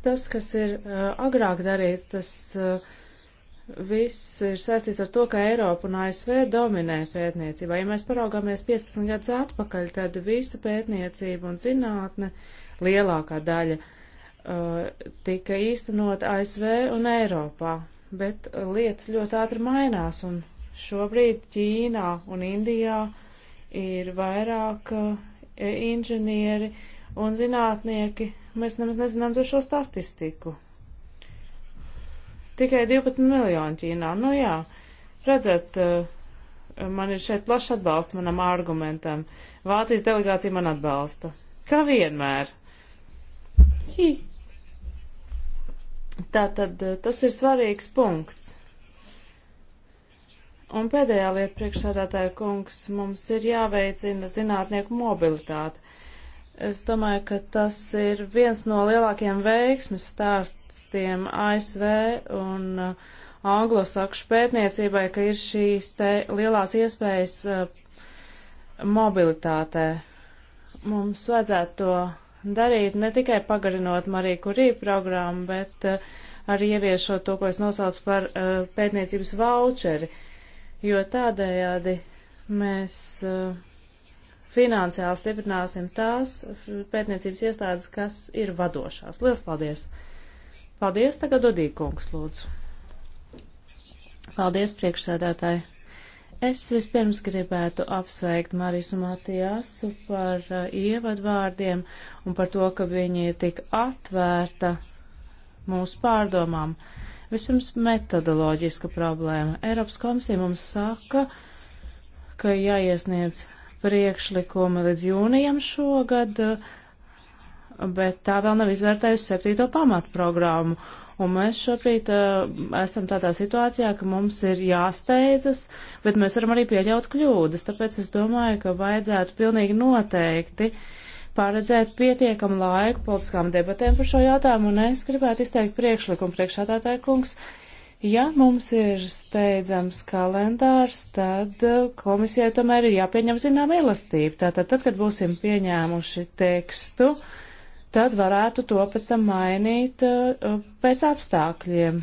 Tas, kas ir uh, agrāk darīts, tas uh, viss ir saistīts ar to, ka Eiropa un ASV dominē pētniecībā. Ja mēs paraugāmies 15 gadus atpakaļ, tad visa pētniecība un zinātne, lielākā daļa, uh, tika īstenot ASV un Eiropā. Bet uh, lietas ļoti ātri mainās, un šobrīd Ķīnā un Indijā ir vairāk uh, inženieri un zinātnieki. Mēs nemaz nezinām to šo statistiku. Tikai 12 miljoni Ķīnā. Nu jā, redzat, eh, man ir šeit plašs atbalsts manam argumentam. Vācijas delegācija man atbalsta. Kā vienmēr. Hi. Tā tad eh, tas ir svarīgs punkts. Un pēdējā lieta priekšsādātāja kungs, mums ir jāveicina zinātnieku mobilitāte. Uh, Es domāju, ka tas ir viens no lielākajiem veiksmes stāstiem ASV un uh, anglosakšu pētniecībai, ka ir šīs te lielās iespējas uh, mobilitātē. Mums vajadzētu to darīt ne tikai pagarinot Mariju Kurī programmu, bet uh, arī ieviešot to, ko es nosaucu par uh, pētniecības voucheri, jo tādējādi mēs uh, finansiāli stiprināsim tās pētniecības iestādes, kas ir vadošās. Lielas paldies! Paldies, tagad Odīkungs, lūdzu. Paldies, priekšsēdētāji. Es vispirms gribētu apsveikt Marisu Matijasu par uh, ievadvārdiem un par to, ka viņi ir tik atvērta mūsu pārdomām. Vispirms metodoloģiska problēma. Eiropas komisija mums saka, ka jāiesniedz priekšlikumi līdz jūnijam šogad, bet tā vēl nav izvērtējusi septīto pamatprogrammu. Un mēs šobrīd uh, esam tādā situācijā, ka mums ir jāsteidzas, bet mēs varam arī pieļaut kļūdas. Tāpēc es domāju, ka vajadzētu pilnīgi noteikti paredzēt pietiekamu laiku politiskām debatēm par šo jautājumu. Un es gribētu izteikt priekšlikumu priekšādātāju kungs, uh, Ja mums ir steidzams kalendārs, tad uh, komisijai tomēr ir jāpieņem zinām elastība. Tātad, tad, kad būsim pieņēmuši tekstu, tad varētu to pēc tam mainīt uh, uh, pēc apstākļiem.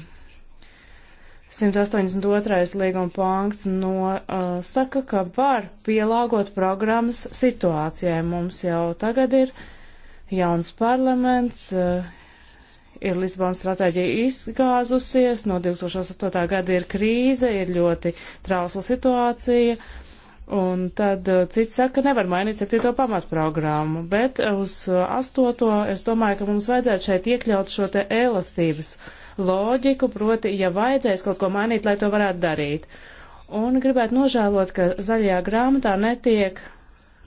182. līguma punkts nosaka, ka var pielāgot programmas situācijai. Mums jau tagad ir jauns parlaments, ir Lisbonas stratēģija izgāzusies, no 2008. gada ir krīze, ir ļoti trausla situācija, un tad uh, cits saka, ka nevar mainīt 7. pamatprogrammu, bet uh, uz 8. Uh, es domāju, ka mums vajadzētu šeit iekļaut šo te elastības loģiku, proti, ja vajadzēs kaut ko mainīt, lai to varētu darīt. Un gribētu nožēlot, ka zaļajā grāmatā netiek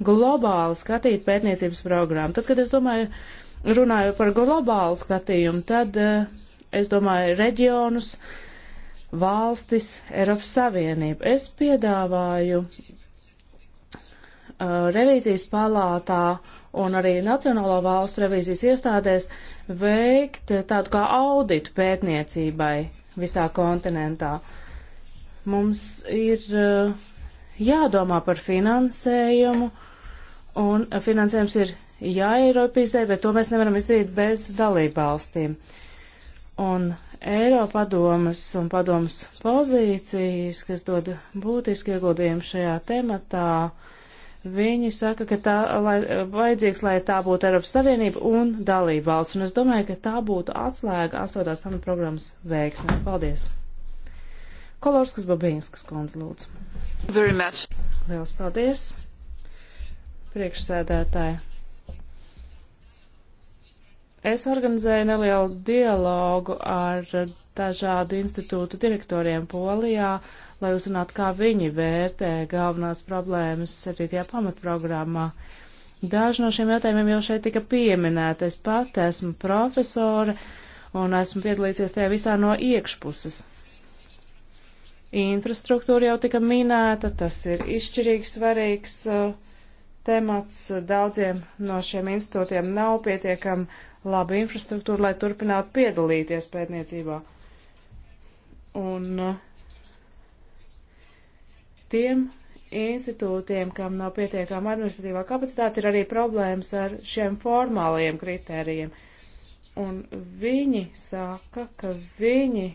globāli skatīt pētniecības programmu. Tad, kad es domāju, Runāju par globālu skatījumu, tad eh, es domāju reģionus, valstis, Eiropas Savienību. Es piedāvāju eh, revīzijas palātā un arī Nacionālo valstu revīzijas iestādēs veikt eh, tādu kā auditu pētniecībai visā kontinentā. Mums ir jādomā par finansējumu, un finansējums ir jāieropizē, bet to mēs nevaram izdarīt bez dalībvalstīm. Un Eiropadomas un padomas pozīcijas, kas dod būtiski ieguldījumu šajā tematā, viņi saka, ka tā lai, vajadzīgs, lai tā būtu Eiropas Savienība un dalībvalsts. Un es domāju, ka tā būtu atslēga astotās pamatprogrammas veiksmē. Paldies! Kolorskas Babīnskas kundze lūdzu. Very much. Liels paldies, priekšsēdētāji. Es organizēju nelielu dialogu ar dažādu institūtu direktoriem Polijā, lai uzzinātu, kā viņi vērtē galvenās problēmas 7. pamatprogrammā. Daži no šiem jautājumiem jau šeit tika pieminēti. Es pati esmu profesore un esmu piedalīsies tajā visā no iekšpuses. Infrastruktūra jau tika minēta, tas ir izšķirīgs svarīgs uh, temats. Uh, daudziem no šiem institūtiem nav pietiekami labu infrastruktūru, lai turpinātu piedalīties pētniecībā. Un eh, tiem institūtiem, kam nav pietiekama administratīvā kapacitāte, ir arī problēmas ar šiem formālajiem kritērijiem. Un viņi saka, ka viņi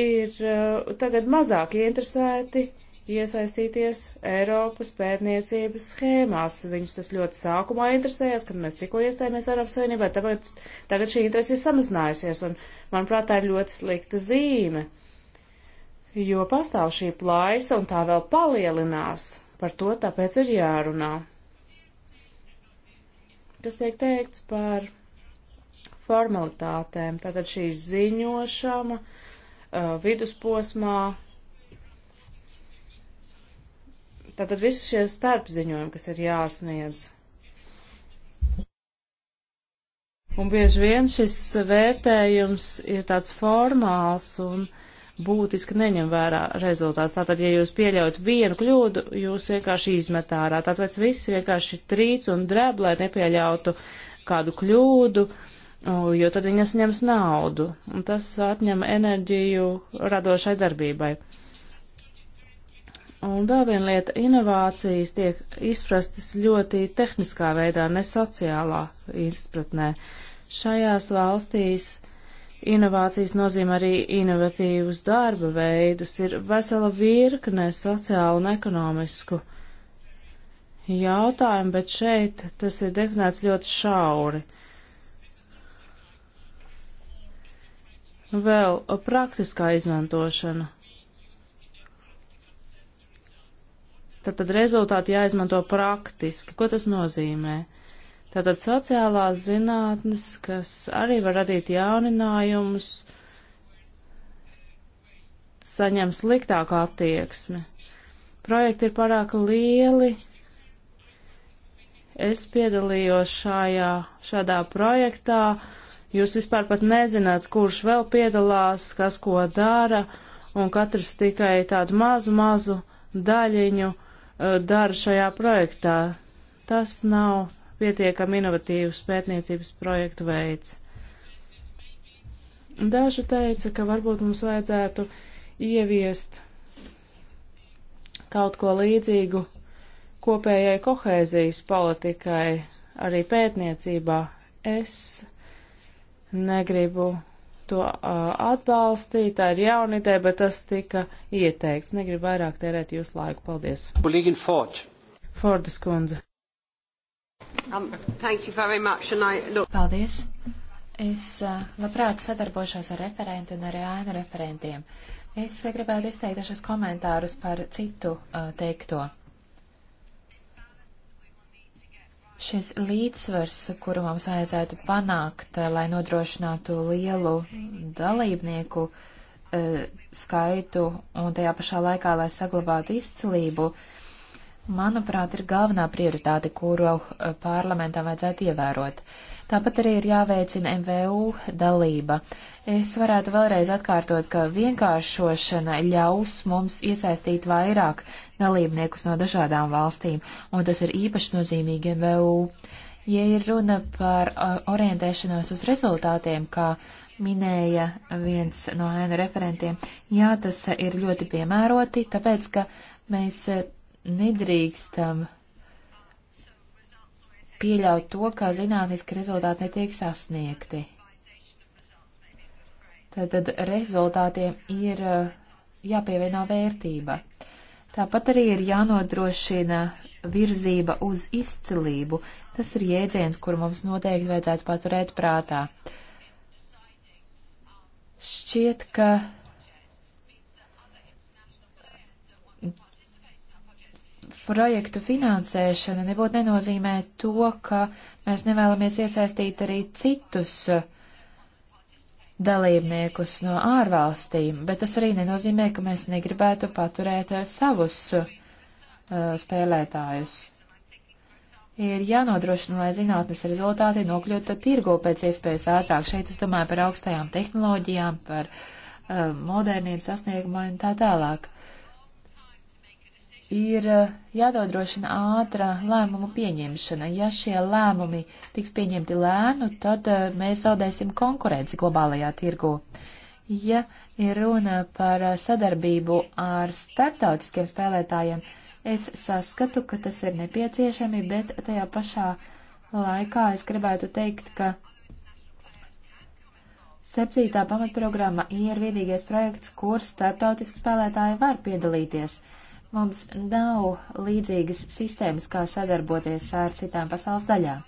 ir eh, tagad mazāk interesēti iesaistīties Eiropas pētniecības schēmās. Viņus tas ļoti sākumā interesējās, kad mēs tikko iestājāmies Eiropas Savienībā, tāpēc tagad šī interese ir samazinājusies, un, manuprāt, tā ir ļoti slikta zīme, jo pastāv šī plaisa, un tā vēl palielinās. Par to tāpēc ir jārunā. Kas tiek teikts par formalitātēm? Tātad šī ziņošana uh, vidusposmā Tātad visi šie starpziņojumi, kas ir jāsniedz. Un bieži vien šis vērtējums ir tāds formāls un būtiski neņem vērā rezultāts. Tātad, ja jūs pieļaut vienu kļūdu, jūs vienkārši izmet ārā. Tāpēc viss vienkārši trīc un dreb, lai nepieļautu kādu kļūdu, jo tad viņas ņems naudu. Un tas atņem enerģiju radošai darbībai. Un vēl viena lieta - inovācijas tiek izprastas ļoti tehniskā veidā, ne sociālā izpratnē. Šajās valstīs inovācijas nozīmē arī inovatīvus darba veidus, ir vesela virkne sociālu un ekonomisku jautājumu, bet šeit tas ir definēts ļoti šauri. Vēl praktiskā izmantošana tad, tad rezultāti jāizmanto praktiski. Ko tas nozīmē? Tātad sociālās zinātnes, kas arī var radīt jauninājumus, saņem sliktāku attieksmi. Projekti ir pārāk lieli. Es piedalījos šajā, šādā projektā. Jūs vispār pat nezināt, kurš vēl piedalās, kas ko dara, un katrs tikai tādu mazu, mazu daļiņu Uh, dara šajā projektā. Tas nav pietiekami inovatīvs pētniecības projektu veids. Daži teica, ka varbūt mums vajadzētu ieviest kaut ko līdzīgu kopējai kohēzijas politikai arī pētniecībā. Es negribu to uh, atbalstīt, tā ir jauna ideja, bet tas tika ieteikts. Negribu vairāk tērēt jūsu laiku. Paldies. Kolīgin Forč. Fordas kundze. Um, much, I... Paldies. Es uh, labprāt sadarbošos ar referentu un ar ēnu referentiem. Es uh, gribētu izteikt dažas komentārus par citu uh, teikto. Šis līdzsvars, kuru mums vajadzētu panākt, eh, lai nodrošinātu lielu dalībnieku e, skaitu un tajā pašā laikā, lai saglabātu izcilību, e, manuprāt, ir galvenā prioritāte, kuru uh, parlamentam vajadzētu ievērot. Tāpat arī ir jāveicina MVU dalība. Es varētu vēlreiz atkārtot, ka vienkāršošana ļaus mums iesaistīt vairāk dalībniekus no dažādām valstīm, un tas ir īpaši nozīmīgi MVU. Ja ir runa par uh, orientēšanos uz rezultātiem, kā minēja viens no ēnu referentiem, jā, tas ir ļoti piemēroti, tāpēc, ka mēs uh, nedrīkstam pieļaut to, ka zinātniski rezultāti netiek sasniegti. Tātad rezultātiem ir uh, jāpievieno vērtība. Tāpat arī ir jānodrošina virzība uz izcilību. Tas ir jēdziens, kur mums noteikti vajadzētu paturēt prātā. Šķiet, ka projektu finansēšana nebūtu nenozīmē to, ka mēs nevēlamies iesaistīt arī citus uh, dalībniekus no ārvalstīm, bet tas arī nenozīmē, ka mēs negribētu paturēt uh, savus uh, spēlētājus. Ir jānodrošina, lai zinātnes rezultāti nokļūtu tirgu pēc iespējas ātrāk. Šeit es domāju par augstajām tehnoloģijām, par uh, moderniem sasniegumiem un tā tālāk. Uh, ir eh, jānodrošina ātrā lēmumu pieņemšana. Ja šie lēmumi tiks pieņemti lēnu, tad eh, mēs zaudēsim konkurenci globālajā tirgu. Ja ir runa par eh, sadarbību ar starptautiskiem spēlētājiem, es saskatu, ka tas ir nepieciešami, bet tajā pašā laikā es gribētu teikt, ka septītā pamatprogramma ir vienīgais projekts, kur starptautiski spēlētāji var piedalīties. Uh, Mums nav līdzīgas sistēmas, kā sadarboties ar citām pasaules daļām.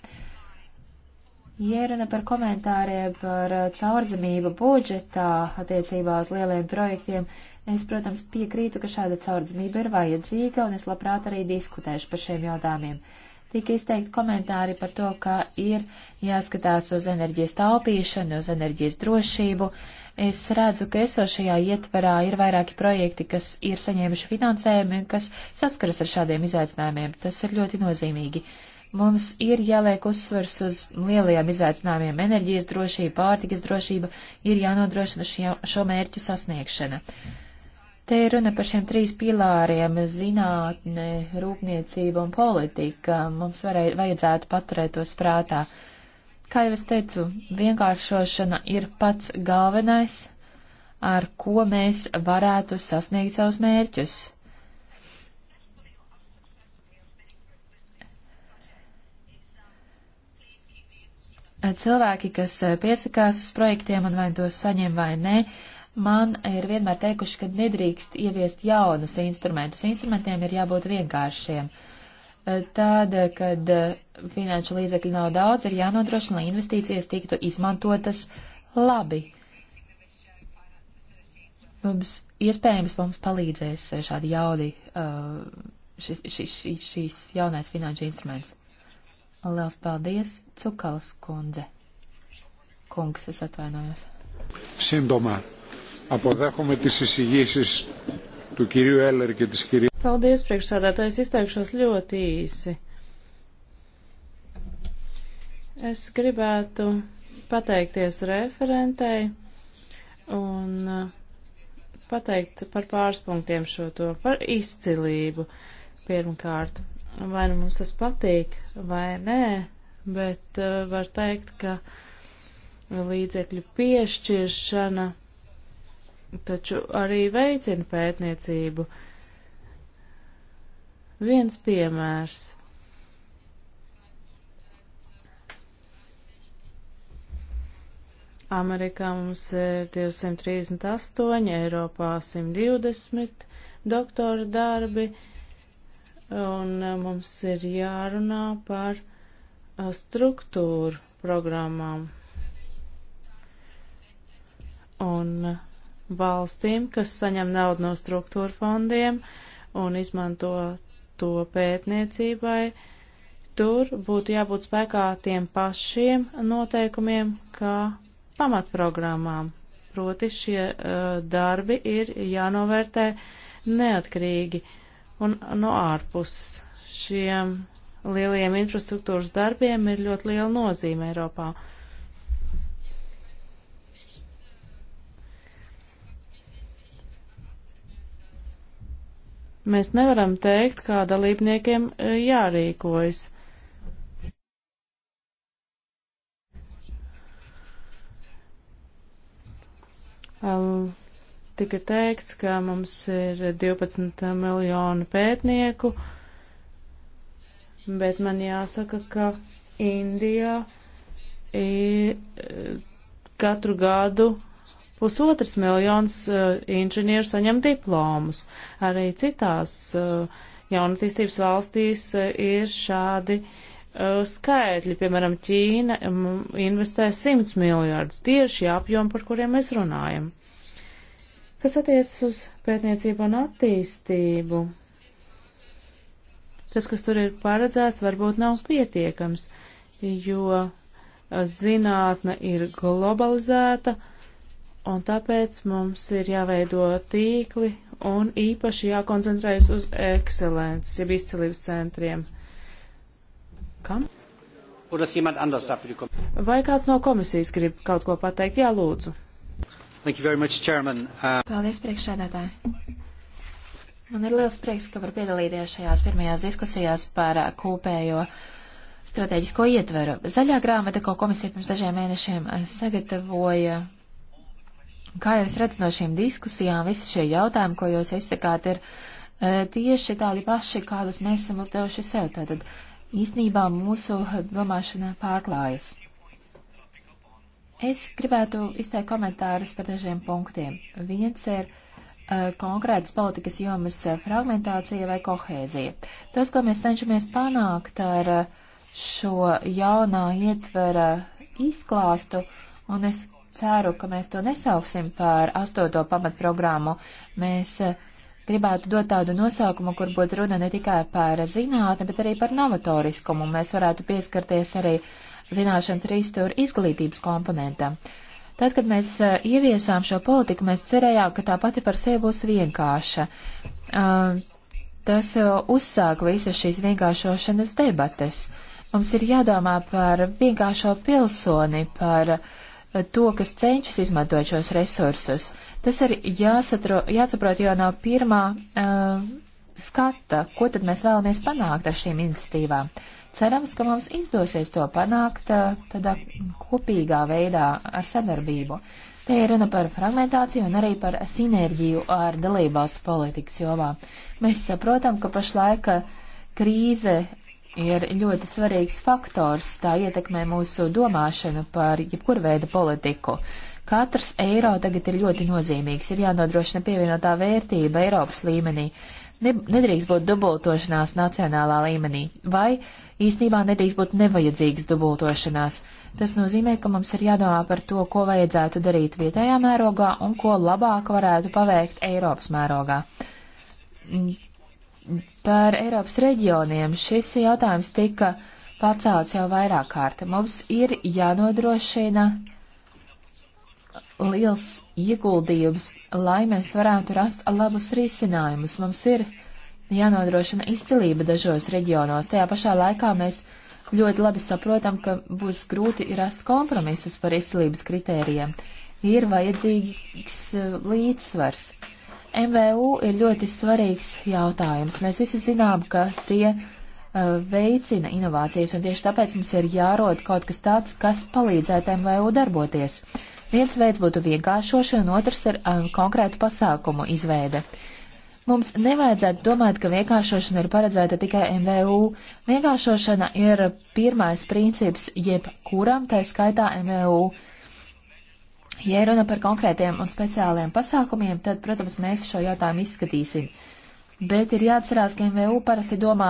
Ieruna par komentāriem par caurzemību budžetā attiecībā uz lieliem projektiem. Es, protams, piekrītu, ka šāda caurzemība ir vajadzīga, un es labprāt arī diskutēšu par šiem jautājumiem. Tika izteikti komentāri par to, ka ir jāskatās uz enerģijas taupīšanu, uz enerģijas drošību. Uh, Es redzu, ka esošajā ietverā ir vairāki projekti, kas ir saņēmuši finansējumu un kas saskaras ar šādiem izaicinājumiem. Tas ir ļoti nozīmīgi. Mums ir jāliek uzsvers uz lielajiem izaicinājumiem - enerģijas drošība, pārtikas drošība, ir jānodrošina šie, šo mērķu sasniegšana. Te ir runa par šiem trīs pilāriem - zinātne, rūpniecība un politika. Mums varēja, vajadzētu paturēt tos prātā. Uh, Kā jau es teicu, vienkāršošana ir pats galvenais, ar ko mēs varētu sasniegt savus mērķus. Cilvēki, kas piesakās uz projektiem un vai tos saņem vai nē, man ir vienmēr teikuši, ka nedrīkst ieviest jaunus instrumentus. Instrumentiem ir jābūt vienkāršiem. Tad, kad finanšu līdzekļu nav daudz, ir jānodrošina, lai investīcijas tiktu izmantotas labi. Mums iespējams mums palīdzēs šādi jaudi uh, šis, šis, šis, šis jaunais finanšu instruments. Liels paldies, Cukals kundze. Kungs, es atvainojos. Sindoma. Αποδέχομαι τις εισηγήσεις του κυρίου Έλερ και της κυρίας. Paldies, priekšsādātājs, izteikšos ļoti īsi. Es gribētu pateikties referentei un uh, pateikt par pāris punktiem šo to, par izcilību pirmkārt. Vai nu mums tas patīk vai nē, bet uh, var teikt, ka līdzekļu piešķiršana taču arī veicina pētniecību. Viens piemērs Amerikā mums ir 238, Eiropā 120 doktora darbi, un e, mums ir jārunā par e, struktūru programmām. Un e, valstīm, kas saņem naudu no struktūra fondiem un izmanto to pētniecībai, tur būtu jābūt spēkā tiem pašiem noteikumiem, kā pamatprogrammām. Proti šie uh, darbi ir jānovērtē neatkarīgi un no ārpuses. Šiem lielajiem infrastruktūras darbiem ir ļoti liela nozīme Eiropā. Mēs nevaram teikt, kā dalībniekiem eh, jārīkojas. Uh, tika teikts, ka mums ir 12 miljonu pētnieku, bet man jāsaka, ka Indijā katru gadu pusotras miljonus e, inženieru saņem diplomus. Arī citās e, jaunatīstības valstīs e, ir šādi skaitļi. Piemēram, Ķīna investē 100 miljārdus tieši apjomu, par kuriem mēs runājam. Kas attiecas uz pētniecību un attīstību, tas, kas tur ir paredzēts, varbūt nav pietiekams, jo zinātne ir globalizēta, un tāpēc mums ir jāveido tīkli un īpaši jākoncentrējas uz ekscelences, jeb izcelības centriem. Kam? Vai kāds no komisijas grib kaut ko pateikt? Jā, lūdzu. Thank you very much, Chairman. Uh... Paldies, priekšsēdētāji. Man ir liels prieks, ka var piedalīties šajās pirmajās diskusijās par uh, kopējo stratēģisko ietveru. Zaļā grāmata, ko komisija pirms dažiem mēnešiem uh, sagatavoja, kā jau es redzu no šīm diskusijām, visi šie jautājumi, ko jūs izsakāt, ir uh, tieši tādi paši, kādus mēs esam uzdevuši sev. Tātad īstenībā mūsu domāšana pārklājas. Es gribētu izteikt komentārus par dažiem punktiem. Viens ir uh, konkrētas politikas jomas uh, fragmentācija vai kohēzija. Tas, ko mēs cenšamies panākt ar uh, šo jaunā ietvera izklāstu, un es ceru, ka mēs to nesauksim par astoto pamatprogrammu, mēs uh, gribētu dot tādu nosaukumu, kur būtu runa ne tikai par zinātni, bet arī par novatoriskumu. Mēs varētu pieskarties arī uh, zināšana trīsstūra izglītības komponentam. Tad, kad mēs eh, ieviesām šo politiku, mēs cerējām, ka tā pati par sevi būs vienkārša. Eh, tas eh, uzsāka visas šīs vienkāršošanas debates. Mums ir jādomā par vienkāršo pilsoni, par to, kas cenšas izmantot šos resursus. Tas ir jāsatro, jāsaprot jau no pirmā uh, skata, ko tad mēs vēlamies panākt ar šīm iniciatīvām. Uh, Cerams, ka mums izdosies to panākt uh, tādā kopīgā veidā ar sadarbību. Te ir runa par fragmentāciju un arī par sinerģiju ar dalībvalstu politikas jomā. Mēs saprotam, ka pašlaik uh, krīze ir ļoti svarīgs faktors, tā ietekmē mūsu domāšanu par jebkuru veidu politiku. Katrs eiro tagad ir ļoti nozīmīgs, ir jānodrošina pievienotā vērtība Eiropas līmenī. Ne, nedrīkst būt dubultošanās nacionālā līmenī. Vai uh, īstenībā nedrīkst būt nevajadzīgas dubultošanās. Tas nozīmē, ka mums ir jādomā par to, ko vajadzētu darīt vietējā mērogā un ko labāk varētu paveikt Eiropas mērogā. Mm, par Eiropas reģioniem šis jautājums tika pacelts jau vairāk kārta. Mums ir jānodrošina liels ieguldījums, lai mēs varētu rast labus risinājumus. Mums ir jānodrošina izcilība dažos reģionos. Tajā pašā laikā mēs ļoti labi saprotam, ka būs grūti rast kompromisus par izcilības kritērijiem. Ir vajadzīgs eh, līdzsvars. MVU ir ļoti svarīgs jautājums. Mēs visi zinām, ka tie eh, veicina inovācijas, un tieši tāpēc mums ir jārod kaut kas tāds, kas palīdzētu MVU darboties. Viens veids būtu vienkāršošana, un otrs ir um, konkrētu pasākumu izveide. Uh, Mums nevajadzētu domāt, ka vienkāršošana ir paredzēta tikai MVU. Vienkāršošana ir pirmais princips jebkuram, tā skaitā MVU. Ja runa par konkrētiem un speciāliem pasākumiem, tad, protams, mēs šo jautājumu izskatīsim. Bet ir jāatcerās, ka MVU parasti domā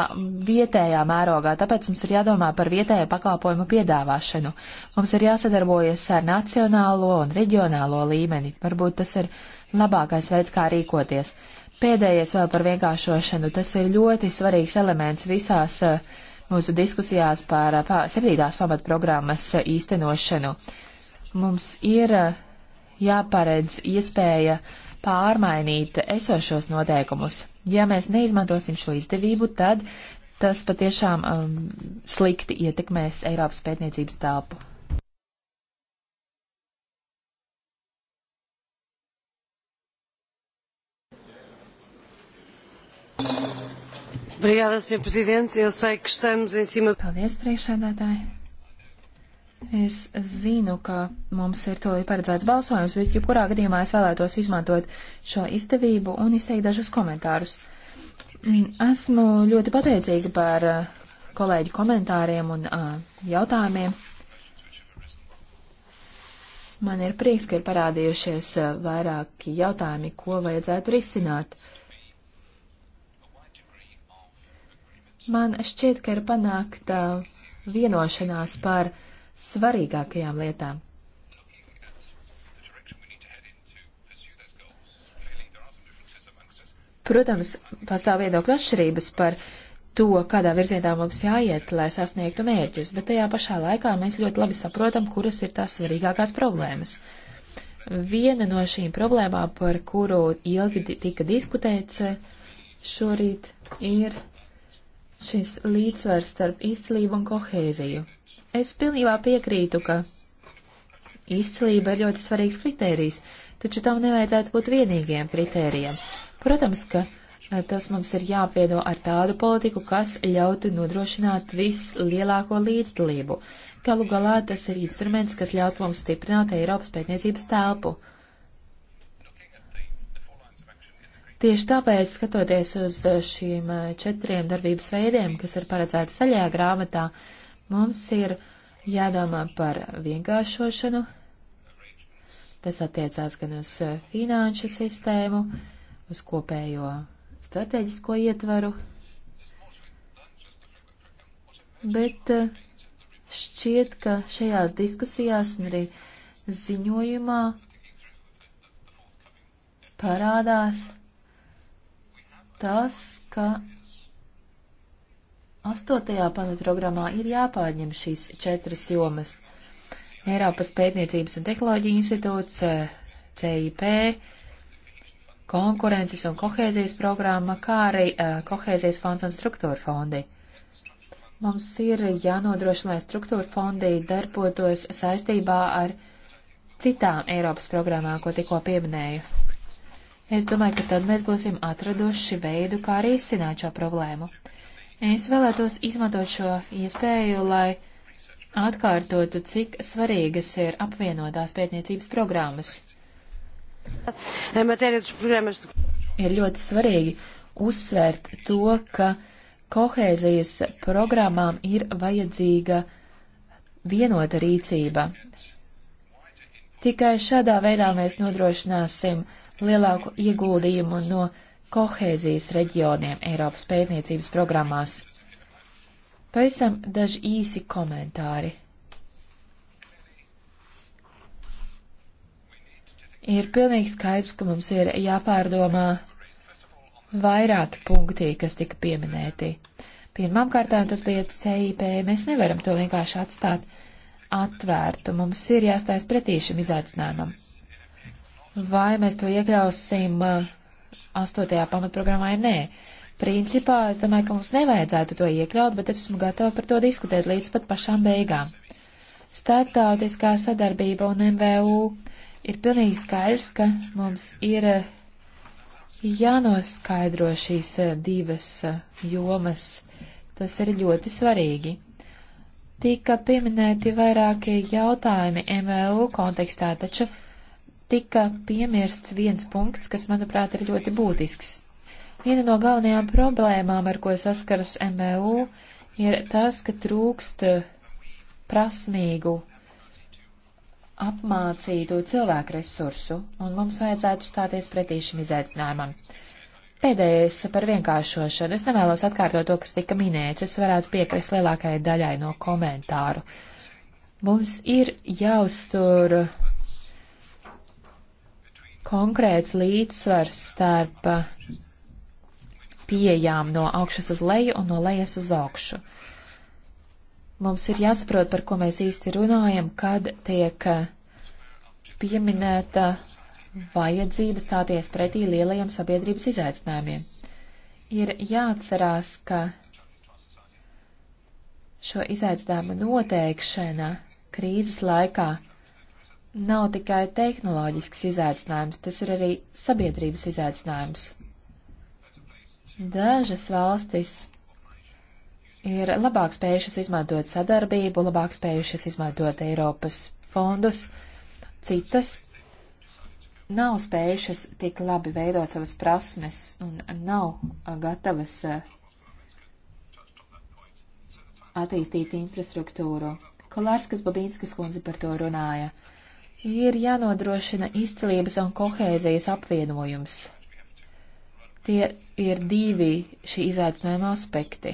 vietējā mērogā, tāpēc mums ir jādomā par vietējo pakalpojumu piedāvāšanu. Mums ir jāsadarbojas ar nacionālo un reģionālo līmeni. Varbūt tas ir labākais veids, kā rīkoties. Pēdējais vēl par vienkāršošanu. Tas ir ļoti svarīgs elements visās eh, mūsu diskusijās par eh, septītās pamatprogrammas eh, īstenošanu. Mums ir jāparedz iespēja pārmainīt esošos noteikumus. Ja mēs neizmantosim šo izdevību, tad tas patiešām um, slikti ietekmēs Eiropas pētniecības telpu. Obrigada, Sr. Presidente. Eu sei que estamos em cima. Paldies, priekšsēdētāji. Es zinu, ka mums ir tolī paredzēts balsojums, bet jebkurā gadījumā es vēlētos izmantot šo izdevību un izteikt dažus komentārus. Mm, esmu ļoti pateicīga par uh, kolēģi komentāriem un uh, jautājumiem. Man ir prieks, ka ir parādījušies uh, vairāki jautājumi, ko vajadzētu risināt. Uh, Man šķiet, ka ir panākta vienošanās par svarīgākajām lietām. Protams, pastāv viedokļu atšķirības par to, kādā virzienā mums jāiet, lai sasniegtu mērķus, bet tajā pašā laikā mēs ļoti labi saprotam, kuras ir tās svarīgākās problēmas. Viena no šīm problēmām, par kuru ilgi tika diskutēts eh, šorīt, ir šis līdzsvars starp izcilību un kohēziju. Es pilnībā piekrītu, ka izcilība ir ļoti svarīgs kritērijs, taču tam nevajadzētu būt vienīgiem kritērijiem. Protams, ka eh, tas mums ir jāapvieno ar tādu politiku, kas ļautu nodrošināt vislielāko līdzdalību. Galu galā tas ir instruments, kas ļaut mums stiprināt Eiropas pētniecības telpu. Tieši tāpēc, skatoties uz eh, šīm eh, četriem darbības veidiem, kas ir paredzēti zaļajā grāmatā, mums ir jādomā par vienkāršošanu. Tas attiecās gan uz eh, finanšu sistēmu, uz kopējo strateģisko ietvaru, bet šķiet, ka šajās diskusijās un arī ziņojumā parādās tas, ka astotajā pamatprogrammā ir jāpārņem šīs četras jomas - Eiropas pētniecības un tehnoloģija institūts, CIP, konkurences un kohēzijas programma, kā arī uh, kohēzijas fonds un struktūra fondi. Mums ir jānodrošina, lai struktūra fondi darbotos saistībā ar citām Eiropas programmām, ko tikko pieminēju. Es domāju, ka tad mēs būsim atraduši veidu, kā arī izsināt šo problēmu. Es vēlētos izmantot šo iespēju, lai atkārtotu, cik svarīgas ir apvienotās pētniecības programmas. Ir ļoti svarīgi uzsvērt to, ka kohēzijas programmām ir vajadzīga vienota rīcība. Tikai šādā veidā mēs nodrošināsim uh, lielāku ieguldījumu no kohēzijas reģioniem Eiropas pētniecības programmās. Pavisam daži īsi komentāri. Ir pilnīgi skaidrs, ka mums ir jāpārdomā vairāki punkti, kas tika pieminēti. Pirmkārt, tas bija CIP. Mēs nevaram to vienkārši atstāt atvērtu. Mums ir jāstājas pretī šim izaicinājumam vai mēs to iekļausim uh, astotajā pamatprogrammā vai nē. Principā es domāju, ka mums nevajadzētu to iekļaut, bet es esmu gatava par to diskutēt līdz pat pašām beigām. Starptautiskā sadarbība un MVU ir pilnīgi skaidrs, ka mums ir uh, jānoskaidro šīs uh, divas jomas. Tas ir ļoti svarīgi. Tika pieminēti vairākie jautājumi MVU kontekstā, taču tika piemirsts viens punkts, kas, manuprāt, ir ļoti būtisks. Viena no galvenajām problēmām, ar ko saskaras MVU, ir tas, ka trūkst prasmīgu apmācītu cilvēku resursu, un mums vajadzētu stāties pretī šim izaicinājumam. Pēdējais par vienkāršošanu. Es nevēlos atkārtot to, kas tika minēts. Es varētu piekrist lielākajai daļai no komentāru. Mums ir jāuztur konkrēts līdzsvars starp pieejām no augšas uz leju un no lejas uz augšu. Mums ir jāsaprot, par ko mēs īsti runājam, kad tiek pieminēta vajadzība stāties pretī lielajiem sabiedrības izaicinājumiem. Ir jāatcerās, ka šo izaicinājumu noteikšana krīzes laikā nav tikai tehnoloģisks izaicinājums, tas ir arī sabiedrības izaicinājums. Dažas valstis ir labāk spējušas izmantot sadarbību, labāk spējušas izmantot Eiropas fondus, citas nav spējušas tik labi veidot savas prasmes un nav gatavas attīstīt infrastruktūru. Kolārskas Babīnskas kundze par to runāja ir jānodrošina izcelības un kohēzijas apvienojums. Tie ir divi šī izaicinājuma aspekti.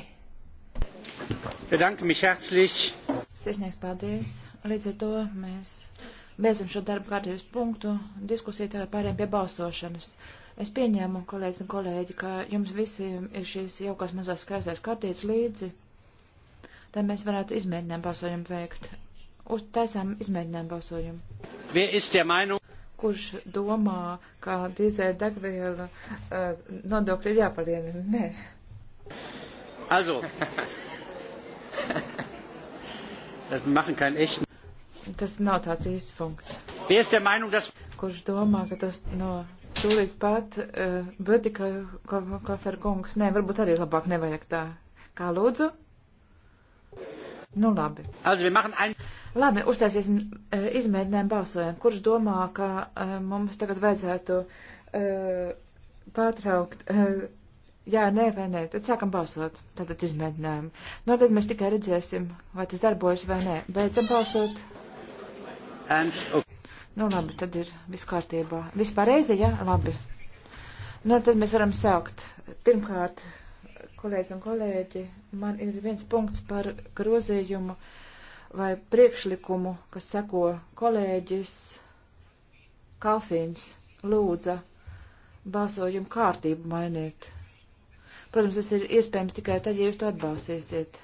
Sirsnieks, paldies. Līdz ar to mēs beidzam šo darbu kārtības punktu. Diskusija tagad pāriem pie balsošanas. Es pieņēmu, kolēģis un kolēģi, ka jums visiem ir šīs jaukās mazās skaistās kartītes līdzi, tad mēs varētu izmēģinājumu balsojumu veikt uz taisām izmēģinājumu balsojumu. Kurš domā, ka dīzēja degviela uh, nodokļi ir jāpalielina? Nē. Also. das machen keinen echten. Tas nav tāds īsts punkts. Wer ist der Meinung, dass... Kurš domā, ka tas no tūlīt pat uh, Bötika Koferkungs, nē, varbūt arī labāk nevajag tā. Kā lūdzu? Nu labi. Also, wir machen ein... Labi, uztaisīsim eh, izmēģinājumu balsojumu. Kurš domā, ka eh, mums tagad vajadzētu uh, pārtraukt? Uh, jā, nē, vai nē, tad sākam balsot. Tātad izmēģinājumu. No nu, tad mēs tikai redzēsim, vai tas darbojas vai nē. Beidzam balsot. And, okay. Nu, labi, tad ir viss kārtībā. Viss pareizi, jā, ja? labi. Nu, tad mēs varam sākt. Pirmkārt, kolēģis un kolēģi, man ir viens punkts par grozījumu. Uh, vai priekšlikumu, kas seko kolēģis Kalfīns lūdza balsojumu kārtību mainīt. Protams, tas ir iespējams tikai tad, ja jūs to atbalstīsiet.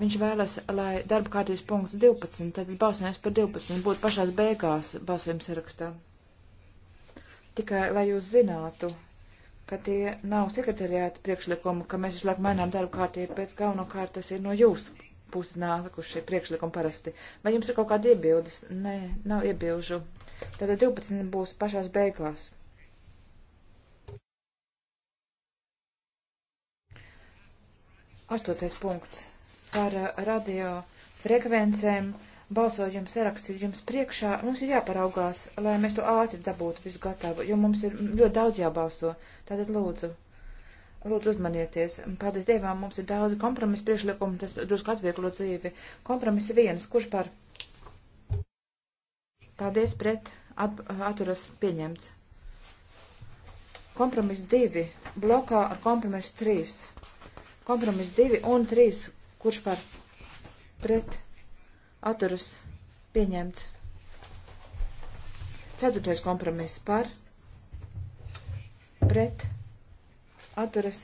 Viņš vēlas, lai darba kārtības punkts 12, tad balsojums par 12 būtu pašās beigās balsojuma sarakstā. Tikai, lai jūs zinātu, ka tie nav sekretariāta priekšlikumi, ka mēs visu laiku mainām darba kārtību, bet galvenokārt tas ir no jūsu puses nākuši priekšlikumi parasti. Vai jums ir kaut kāda iebildes? Nē, nav iebilžu. Tātad 12 būs pašās beigās. Astotais punkts par uh, radio frekvencēm. Balsojums saraksts ir jums priekšā. Mums ir jāparaugās, lai mēs to ātri dabūtu visu gatavu, jo mums ir ļoti daudz jābalso. Tātad lūdzu. Lūdzu, uzmanieties. Paldies Dievam, mums ir daudz kompromisu priekšlikumu, tas drusku atvieglo dzīvi. Kompromiss viens, kurš par? Paldies pret, at, atturas pieņemts. Kompromiss divi, blokā ar kompromisu trīs. Kompromiss divi un trīs, kurš par? Pret, atturas pieņemts. Ceturtais kompromiss par? Pret, atturas pieņemts atturas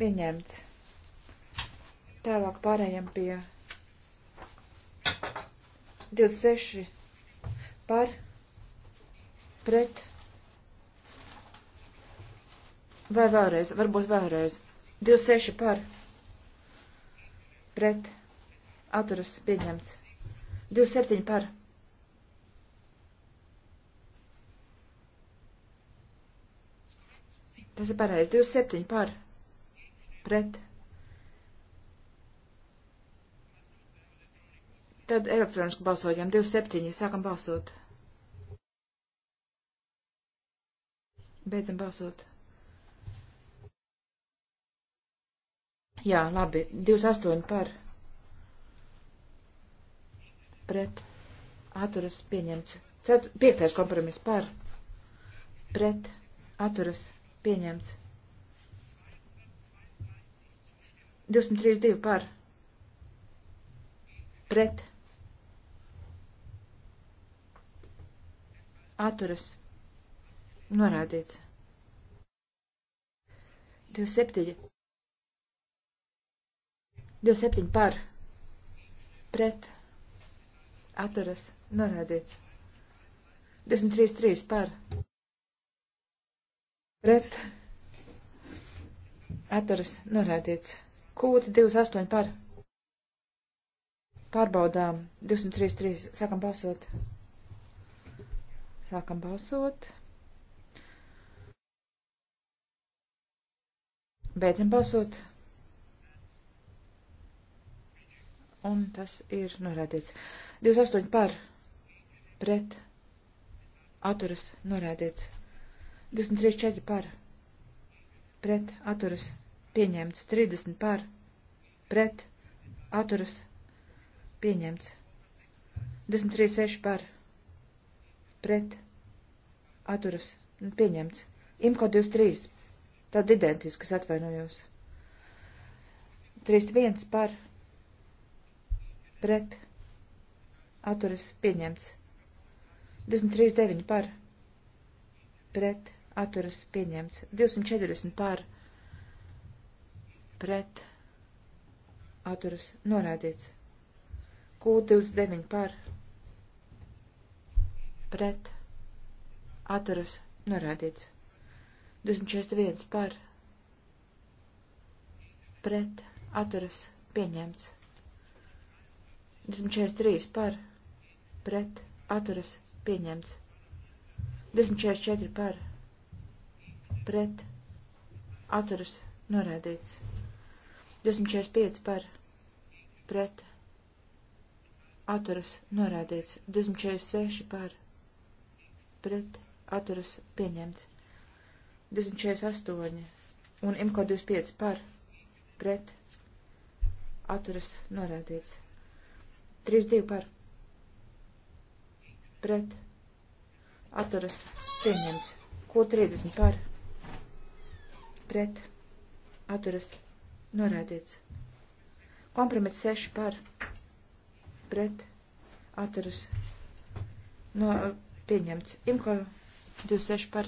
pieņemts. Tālāk pārējām pie 26 par pret vai vēlreiz, varbūt vēlreiz. 26 par pret atturas pieņemts. 27 par pret Tas ir pareizi. 27 par. Pret. Tad elektroniski balsojam. 27. Sākam balsot. Beidzam balsot. Jā, labi. 28 par. Pret. Atturas pieņemts. Cet... Piektais kompromiss par. Pret. Atturas pieņemts Pieņemts. 232 par. Pret. Atturas. Norādīts. 27. 27 par. Pret. Atturas. Norādīts. 23.3 par pret atturas norādīts. Kūti 28 par. Pārbaudām 233. Sākam balsot. Sākam balsot. Beidzam balsot. Un tas ir norādīts. 28 par pret atturas norādīts. 23.4 par. Pret atturas pieņemts. 30 par. Pret atturas pieņemts. 23.6 par. Pret atturas pieņemts. Imko 23. Tad identiskas atvainojos. 31 par. Pret atturas pieņemts. 23.9 par. Pret atturas pieņemts. 240 par pret atturas norādīts. Q29 par pret atturas norādīts. 241 par pret atturas pieņemts. 243 par pret atturas pieņemts. 244 par pret pret atturas norēdīts. 245 par pret atturas norēdīts. 246 par pret atturas pieņemts. 248 un imko 25 par pret atturas norēdīts. 32 par pret atturas pieņemts. Ko 30 par pret pret atturas norādīts. Kompromiss 6 par pret atturas no, pieņemts. Imko 26 par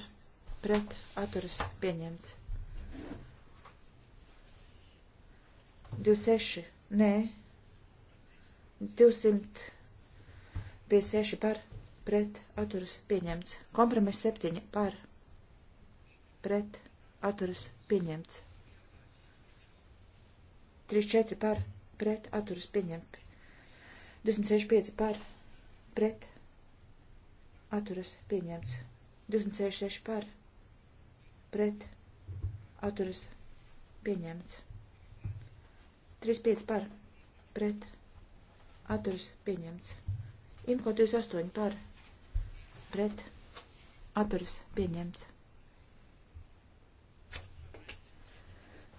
pret atturas pieņemts. 26, nē, 256 par pret atturas pieņemts. Kompromiss 7 par pret atturas pieņemts atturas pieņemts. 34 par pret atturas pieņemt. 265 par pret atturas pieņemts. 266 par pret atturas pieņemts. 35 par pret atturas pieņemts. Imko 28 par pret atturas pieņemts.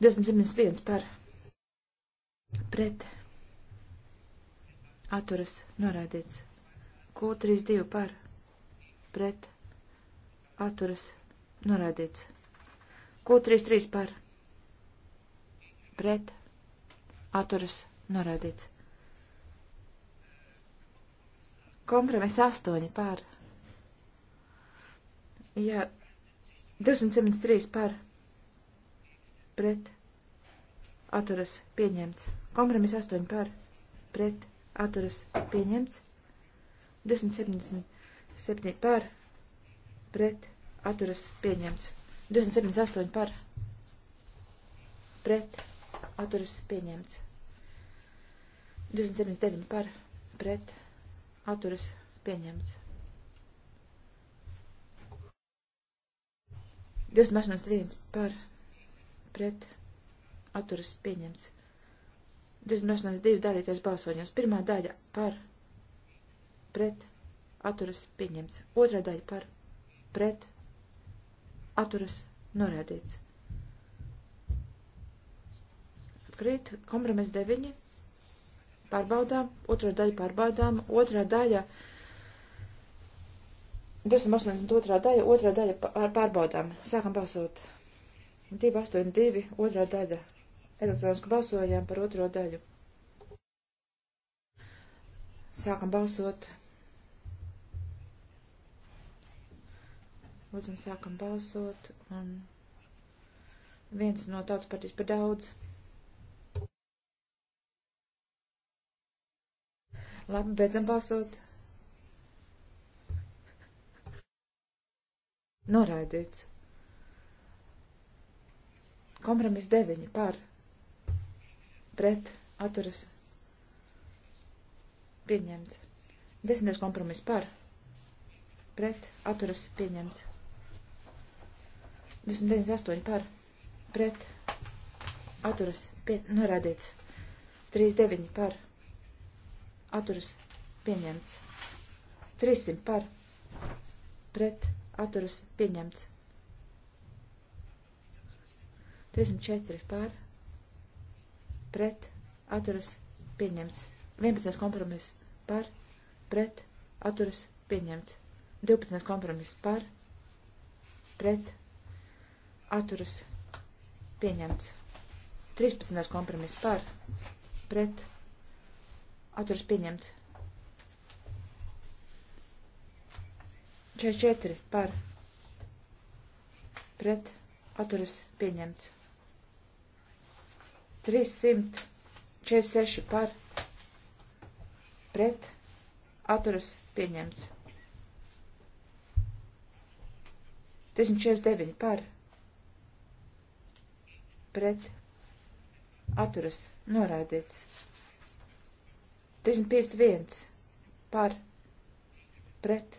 271 par pret atturas noraidīts. Q32 par pret atturas noraidīts. Q33 par pret atturas noraidīts. Kompromiss 8 par. Jā, 273 par pret, atturas pieņemts. Kompromiss 8 par, pret, atturas pieņemts. 277 par, pret, atturas pieņemts. 278 par, pret, atturas pieņemts. 279 par, pret, atturas pieņemts. 281 par, pret pret atturas pieņemts. 28.2 darīties balsoņos. Pirmā daļa par pret atturas pieņemts. Otrā daļa par pret atturas norādīts. Atkrīt kompromis 9. Pārbaudām. Otrā daļa pārbaudām. Otrā daļa 282. daļa. Otrā daļa pārbaudām. Sākam balsot. 282, otrā daļa. Elektroniski balsojām par otro daļu. Sākam balsot. Lūdzam, sākam balsot. Un viens no tautas partijas par daudz. Labi, beidzam balsot. Noraidīts. Kompromis 9 par pret atturas pieņemts. Desmitais kompromis par pret atturas pieņemts. 29,8 par pret atturas pie, norādīts. 3,9 par atturas pieņemts. 300 par pret atturas pieņemts. 34 pār, pret, atturas, pieņemts. 11. kompromiss par, pret, atturas, pieņemts. 12. kompromiss par, pret, atturas, pieņemts. 13. kompromiss par, pret, atturas, pieņemts. 44 par, pret, atturas, pieņemts. 346 par pret atturas pieņemts. 349 par pret atturas norādīts. 351 par pret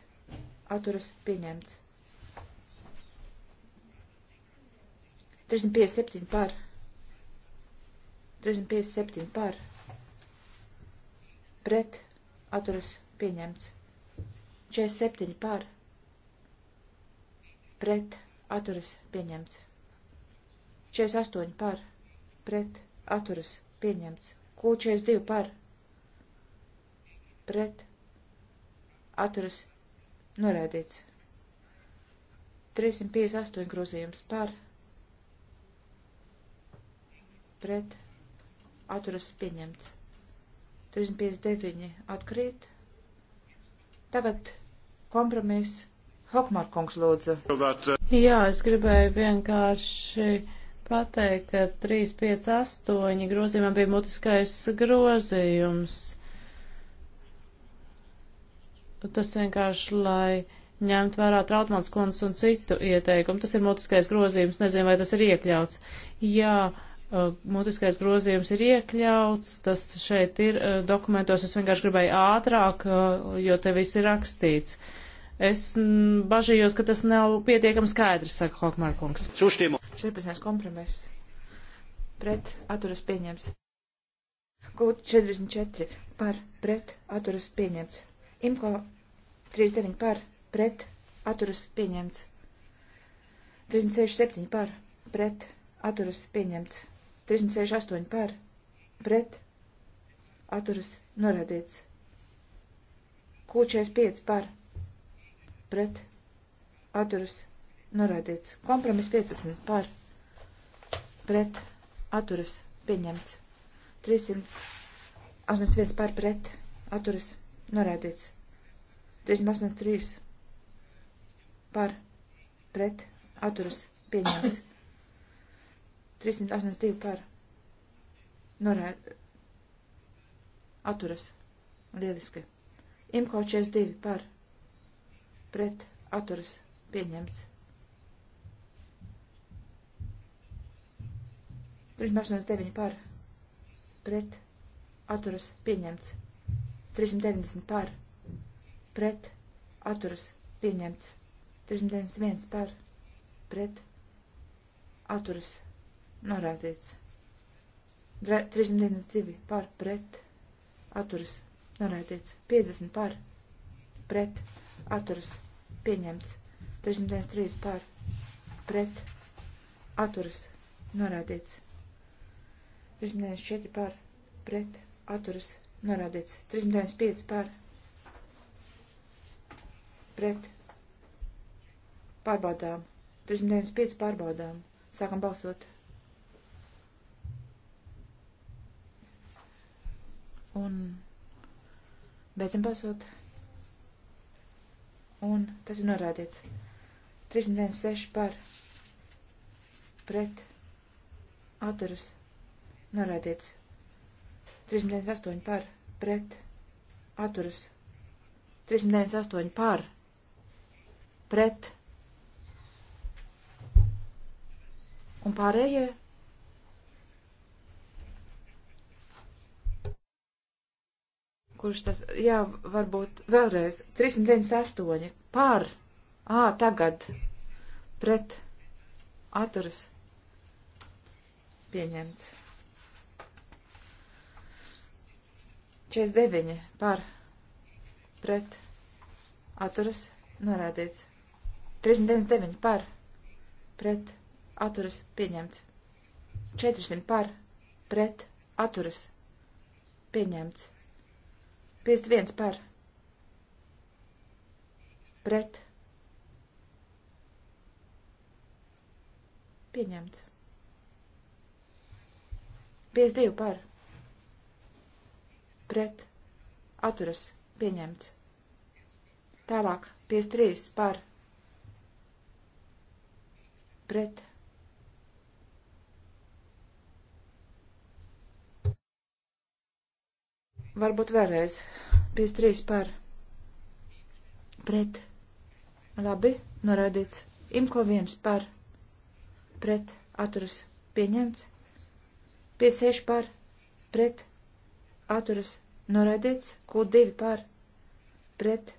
atturas pieņemts. 357 par 357 par pret atturas pieņemts. 47 par pret atturas pieņemts. 48 par pret atturas pieņemts. Q42 par pret atturas norēdīts. 358 grozījums par pret atturas pieņemts. 359 atkrīt. Tagad kompromis. Hokmārkungs lūdzu. Jā, es gribēju vienkārši pateikt, ka 358 grozījumā bija mutiskais grozījums. Tas vienkārši, lai ņemt vērā Trautmans kundas un citu ieteikumu. Tas ir mutiskais grozījums, nezinu, vai tas ir iekļauts. Jā, uh, Uh, mutiskais grozījums ir iekļauts, tas šeit ir uh, dokumentos, es vienkārši gribēju ātrāk, uh, jo te viss ir rakstīts. Es mm, bažījos, ka tas nav pietiekami skaidrs, saka Hokmārkungs. Suštimu. 14. kompromiss. Pret atturas pieņemts. Kaut 44 par pret atturas pieņemts. Imko 39 par pret atturas pieņemts. 36 7 par pret atturas pieņemts. 368 par pret atturas norādīts. Q45 par pret atturas norādīts. Kompromis 15 par pret atturas pieņemts. 381 par pret atturas norādīts. 383 par pret atturas pieņemts. 382 par. Norē. Atturas. Lieliski. Imko 42 par. Pret. Atturas. Pieņemts. 389 par. Pret. Atturas. Pieņemts. 390 par. Pret. Atturas. Pieņemts. 391 par. Pret. Atturas. Pieņemts norādīts. 392 par pret atturas norādīts. 50 par pret atturas pieņemts. 393 par pret atturas norādīts. 394 par pret atturas norādīts. 395 par pret pārbaudām. 395 pārbaudām. Sākam balsot. un beidzam balsot. Un tas ir norādīts. 316 par pret atturas norādīts. 398 par pret atturas. 398 par pret un pārējie kurš tas, jā, varbūt vēlreiz, 398 pār, ā, tagad, pret, atturas, pieņemts. 49 pār, pret, atturas, norādīts. 399 pār, pret, atturas, pieņemts. 400 pār, pret, atturas, pieņemts. 51 par. Pret. Pieņemts. 52 par. Pret. Atturas. Pieņemts. Tālāk. 53 par. Pret. Varbūt vēlreiz. 53 par. Pret. Labi, norādīts. Imko 1 par. Pret. Atturas. Pieņemts. 56 par. Pret. Atturas. Norādīts. Q2 par. Pret.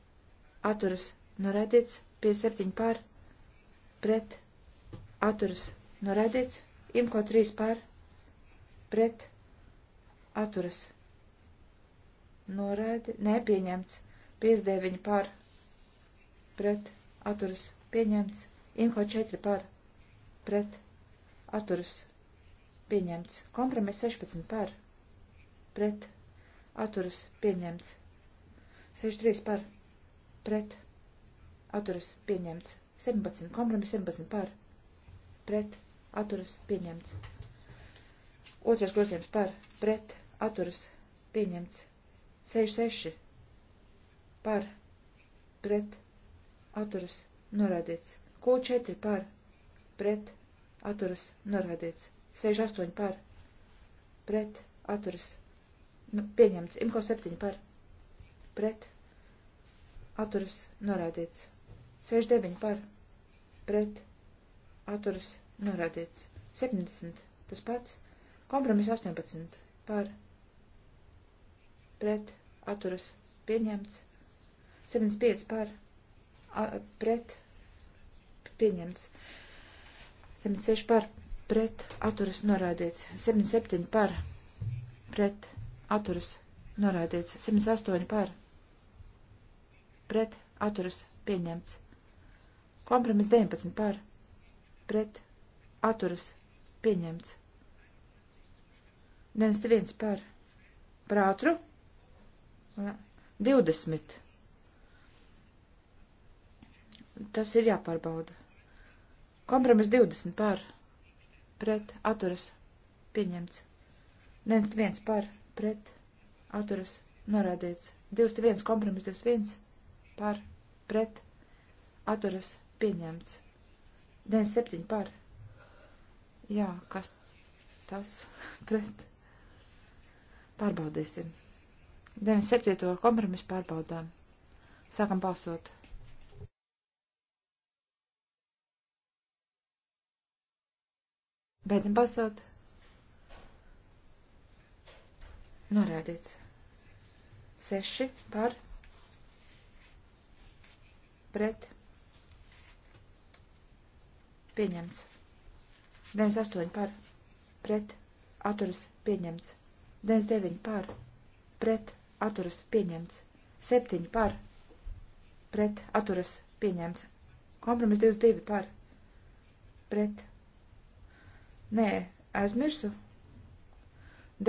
Atturas. Norādīts. 57 par. Pret. Atturas. Norādīts. Imko 3 par. Pret. Atturas noraidi, nepieņemts, 59 par, pret, atturas, pieņemts, imko 4 par, pret, atturas, pieņemts, kompromiss 16 par, pret, atturas, pieņemts, 63 par, pret, atturas, pieņemts, 17, kompromiss 17 par, pret, atturas, pieņemts. Otrais grozījums par, pret, atturas, pieņemts. 66 par pret atturas norādīts. Q4 par pret atturas norādīts. 68 par pret atturas nu, pieņemts. Imko 7 par pret atturas norādīts. 69 par pret atturas norādīts. 70 tas pats. Kompromiss 18 par pret pret atturas pieņemts. 75 par a, pret pieņemts. 76 par pret atturas norādīts. 77 par pret atturas norādīts. 78 par pret atturas pieņemts. Kompromiss 19 par pret atturas pieņemts. 91 par prātru 20. Tas ir jāpārbauda. Kompromis 20 par pret atturas pieņemts. Neviens viens par pret atturas norādīts. 21 kompromis 21 par pret atturas pieņemts. 97 par. Jā, kas tas *laughs* pret? Pārbaudīsim. 97. kompromisu pārbaudām. Sākam balsot. Beidzam balsot. Norādīts. Seši par. Pret. Pieņemts. 98 par. Pret. Atturas. Pieņemts. 99 par. Pret atturas pieņemts. 7 par pret atturas pieņemts. Kompromiss 22 par pret. Nē, aizmirsu.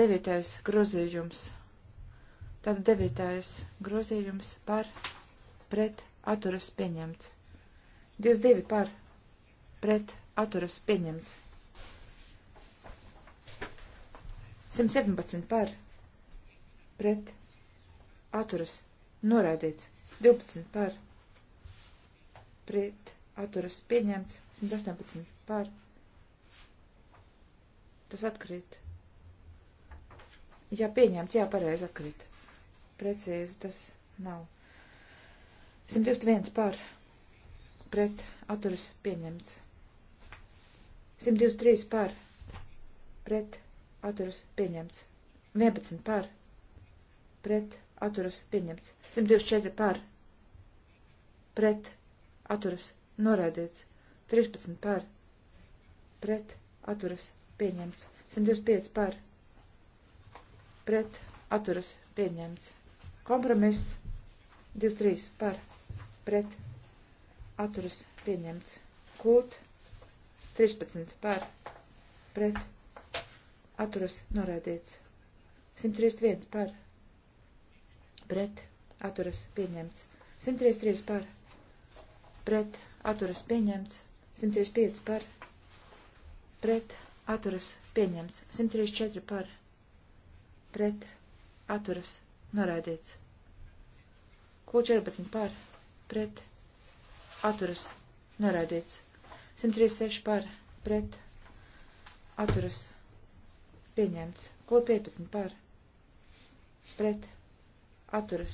9. grozījums. Tad 9. grozījums par pret atturas pieņemts. 22 par pret atturas pieņemts. 117 par pret atturas noraidīts. 12 par pret atturas pieņemts. 118 par. Tas atkrīt. Jā, pieņemts, jā, pareizi atkrīt. Precīzi tas nav. 121 par pret atturas pieņemts. 123 par pret atturas pieņemts. 11 par pret atturas pieņemts. 124 par pret atturas noraidīts. 13 par pret atturas pieņemts. 125 par pret atturas pieņemts. Kompromiss 23 par pret atturas pieņemts. Kult 13 par pret atturas noraidīts. 131 par pret pret, atturas pieņemts. 133 par, pret, atturas pieņemts. 135 par, pret, atturas pieņemts. 134 par, pret, atturas noraidīts. Q14 par, pret, atturas noraidīts. 136 par, pret, atturas pieņemts. Q15 par, pret, atturas pieņemts pret atturas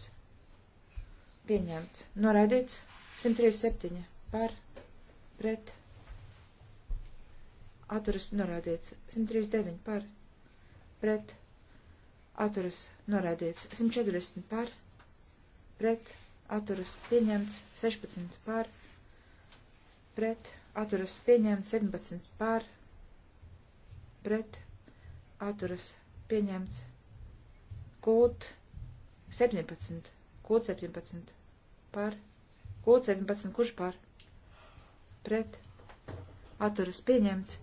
pieņemts. Noraidīts 137 par pret atturas noraidīts 139 par pret atturas noraidīts 140 par pret atturas pieņemts 16 par pret atturas pieņemts 17 par pret atturas pieņemts kult 16 17. Kod 17. Par. Kod 17. Kurš par? Pret. Atturas pieņemts.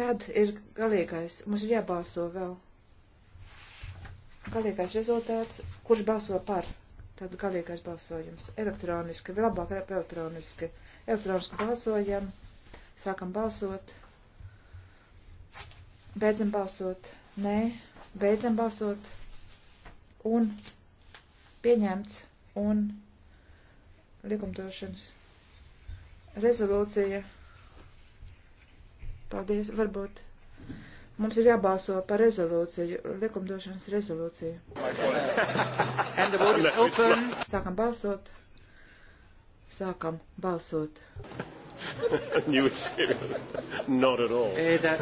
Tad ir galīgais. Mums ir jābalso vēl. Galīgais rezultāts. Kurš balso par? Tad galīgais balsojums. Elektroniski. Labāk elektroniski. Elektroniski balsojam. Sākam balsot. Beidzam balsot. Nē, beidzam balsot. Un pieņemts un likumdošanas rezolūcija. Paldies, varbūt. Mums ir jābalso par rezolūciju, likumdošanas rezolūciju. *laughs* Sākam balsot. Sākam balsot. *laughs* New experience. Not at all. Eh, that,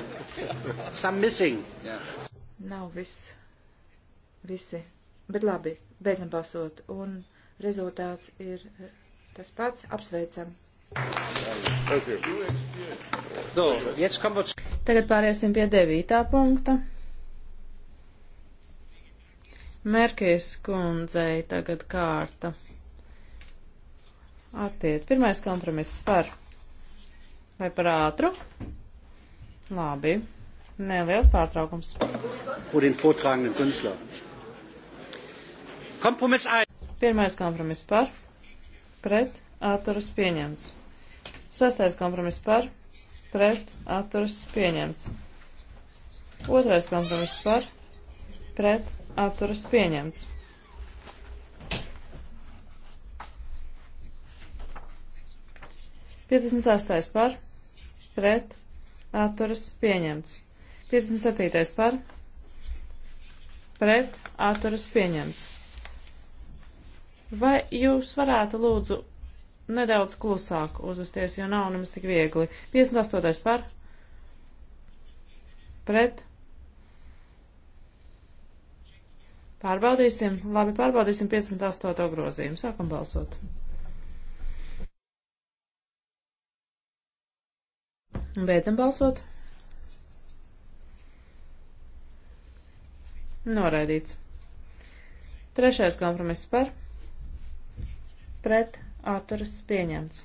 some missing. Yeah. Nav viss. Visi. Bet labi, beidzam balsot. Un rezultāts ir tas pats. Apsveicam. Tagad pāriesim pie devītā punkta. Merkīs kundzei tagad kārta. Attiet, pirmais kompromiss par Vai par ātru? Labi. Neliels pārtraukums. Pirmais kompromiss par, pret, atturas pieņemts. Sastais kompromiss par, pret, atturas pieņemts. Otrais kompromiss par, pret, atturas pieņemts. Piecdesmit sastais par, pret, atturas pieņemts. 57. par, pret, atturas pieņemts. Vai jūs varētu lūdzu nedaudz klusāk uzvesties, jo nav nemaz tik viegli. 58. par, pret, pārbaudīsim, labi, pārbaudīsim 58. grozījumu, sākam balsot. Beidzam balsot. Noraidīts. Trešais kompromiss par. Pret atturas pieņemts.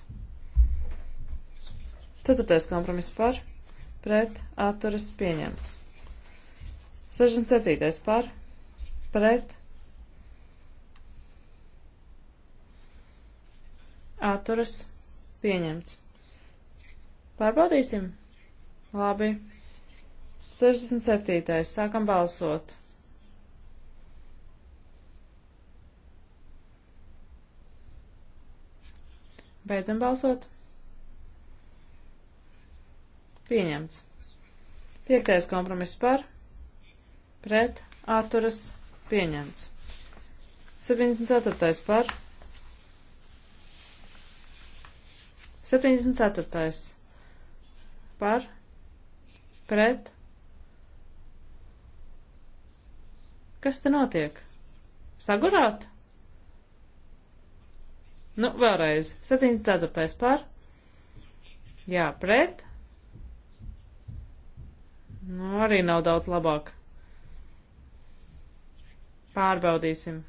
Ceturtais kompromiss par. Pret atturas pieņemts. 67. par. Pret atturas pieņemts. Pārbaudīsim? Labi. 67. Sākam balsot. Beidzam balsot. Pieņemts. Piektais kompromiss par, pret, atturas, pieņemts. 74. par. 74 par pret. Kas te notiek? Sagurāt? Nu, vēlreiz. 74. par. Jā, pret. Nu, arī nav daudz labāk. Pārbaudīsim.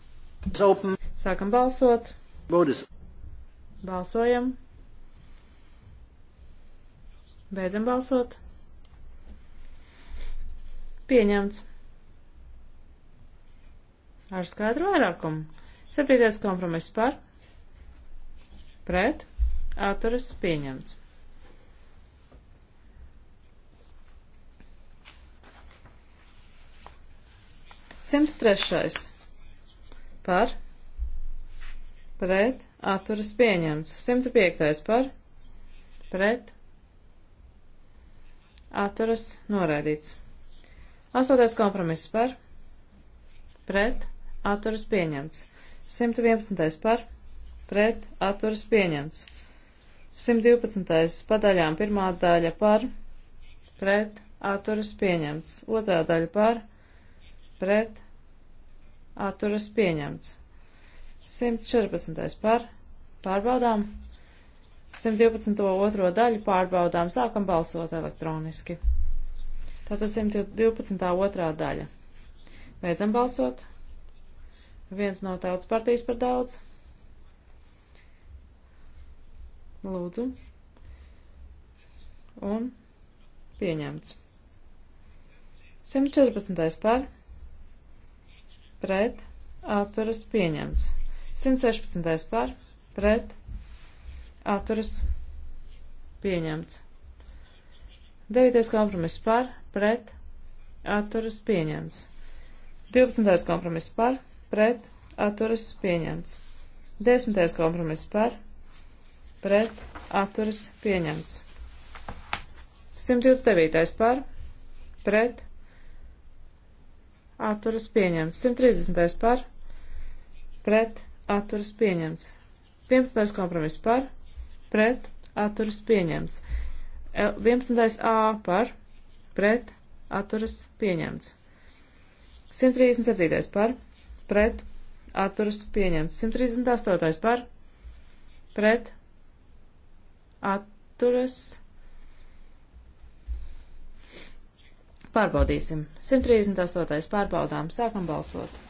Sākam balsot. Būdis. Balsojam. Beidzam balsot. Pieņemts. Ar skaidru vairākumu. Septītais kompromiss par. Pret. Atturas pieņemts. Simt trešais. Par. Pret. Atturas pieņemts. Simt piektais par. Pret atturas noraidīts. Astotais kompromiss par, pret, atturas pieņemts. 111. par, pret, atturas pieņemts. 112. padaļām pirmā daļa par, pret, atturas pieņemts. Otrā daļa par, pret, atturas pieņemts. 114. par, pārbaudām, 112. otro daļu pārbaudām, sākam balsot elektroniski. Tātad 112. otrā daļa. Beidzam balsot. Viens no tautas partijas par daudz. Lūdzu. Un pieņemts. 114. par. Pret. Atturas pieņemts. 116. par. Pret atturas pieņemts. Devītais kompromiss par, pret, atturas pieņemts. Divpadsmitais kompromiss par, pret, atturas pieņemts. Desmitais kompromiss par, pret, atturas pieņemts. 129. par, pret, atturas pieņemts. 130. par, pret, atturas pieņemts. 11. kompromiss par, pret, pret atturas pieņemts. 11. A par pret atturas pieņemts. 137. par pret atturas pieņemts. 138. par pret atturas pārbaudīsim. 138. pārbaudām. Sākam balsot.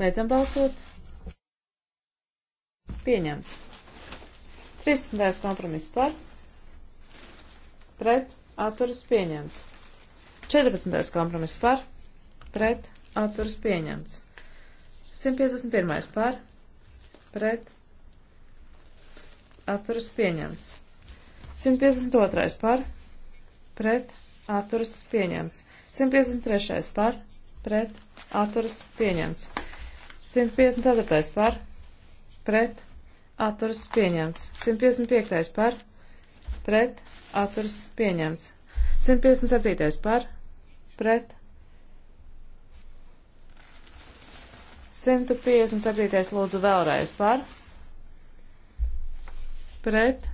Beidzam balsot. Pieņemts. 13. kompromiss par. Pret. Atturas pieņemts. 14. kompromiss par. Pret. Atturas pieņemts. 151. par. Pret. Atturas pieņemts. 152. par. Pret. Atturas pieņemts. 153. par. Pret. Atturas pieņemts. 154. par. Pret atturas pieņemts. 155. par, pret, atturas pieņemts. 157. par, pret. 157. lūdzu vēlreiz par, pret,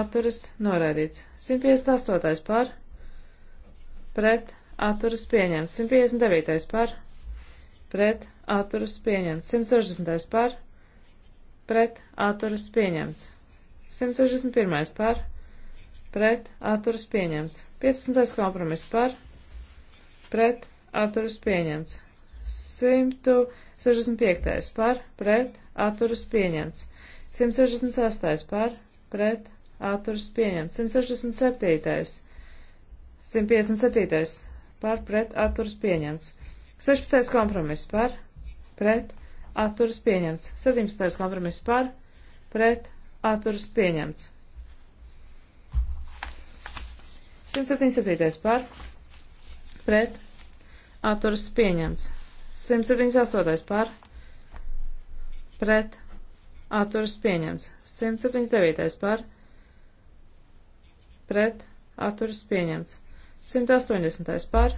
atturas noraidīts. 158. par, pret, atturas pieņemts. 159. par, pret, atturas pieņemts. 160. par, pret pret atturas pieņemts. 161. par pret atturas pieņemts. 15. kompromiss par pret atturas pieņemts. 165. par pret atturas pieņemts. 168. par pret atturas pieņemts. 167. 157. par pret atturas pieņemts. 16. kompromiss par pret atturas pieņemts. 17. kompromiss par, pret, atturas pieņemts. 177. par, pret, atturas pieņemts. 178. par, pret, atturas pieņemts. 179. par, pret, atturas pieņemts. 180. par,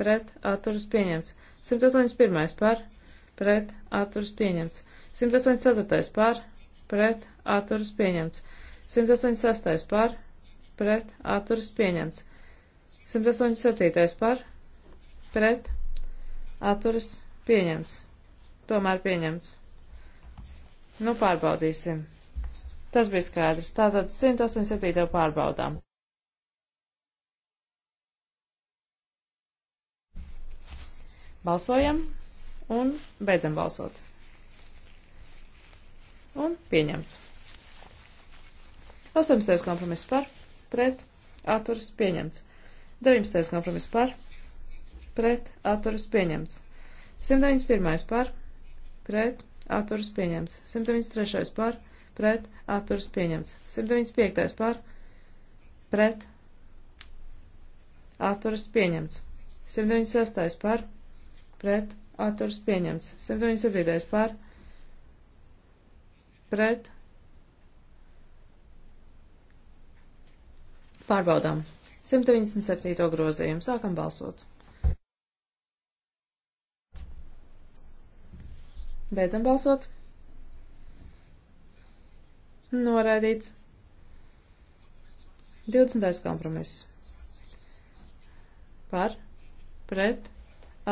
pret, atturas pieņemts. 181. par, pret, pret atturas pieņemts. 184. par pret atturas pieņemts. 186. par pret atturas pieņemts. 187. par pret atturas pieņemts. Tomēr pieņemts. Nu, pārbaudīsim. Tas bija skaidrs. Tātad 187. pārbaudām. Balsojam. Un beidzam balsot. Un pieņemts. 18. kompromiss par, pret, atturas pieņemts. 19. kompromiss par, pret, atturas pieņemts. 191. par, pret, atturas pieņemts. 193. par, pret, atturas pieņemts. 195. par, pret, atturas pieņemts. 196. par, pret, atturs pieņemts. 197. par pret pārbaudām. 197. grozījumu sākam balsot. Beidzam balsot. Noraidīts. 20. kompromiss. Par, pret,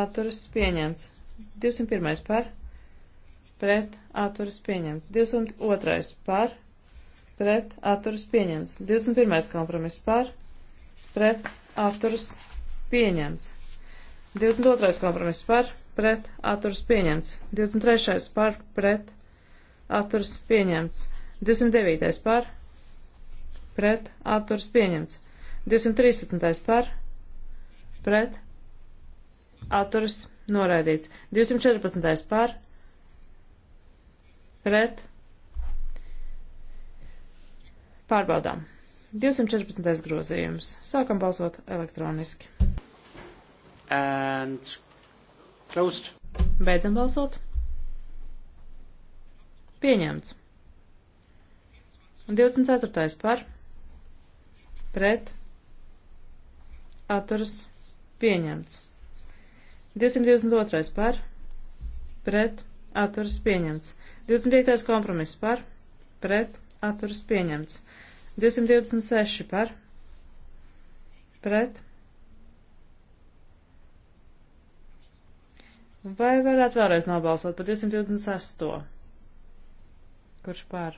atturas pieņemts. 201. par pret atturas pieņemts. 202. par pret atturas pieņemts. 21. kompromiss par pret atturas pieņemts. 22. kompromiss par pret atturas pieņemts. 23. par pret atturas pieņemts. 209. par pret atturas pieņemts. 213. par pret atturas pieņemts noraidīts. 214. par, pret, pārbaudām. 214. grozījums. Sākam balsot elektroniski. And closed. Beidzam balsot. Pieņemts. Un 24. par, pret, atturas, pieņemts. 222. par, pret, atturas pieņemts. 25. kompromiss par, pret, atturas pieņemts. 226 par, pret. Vai varētu vēlreiz nobalsot par 226. Kurš par?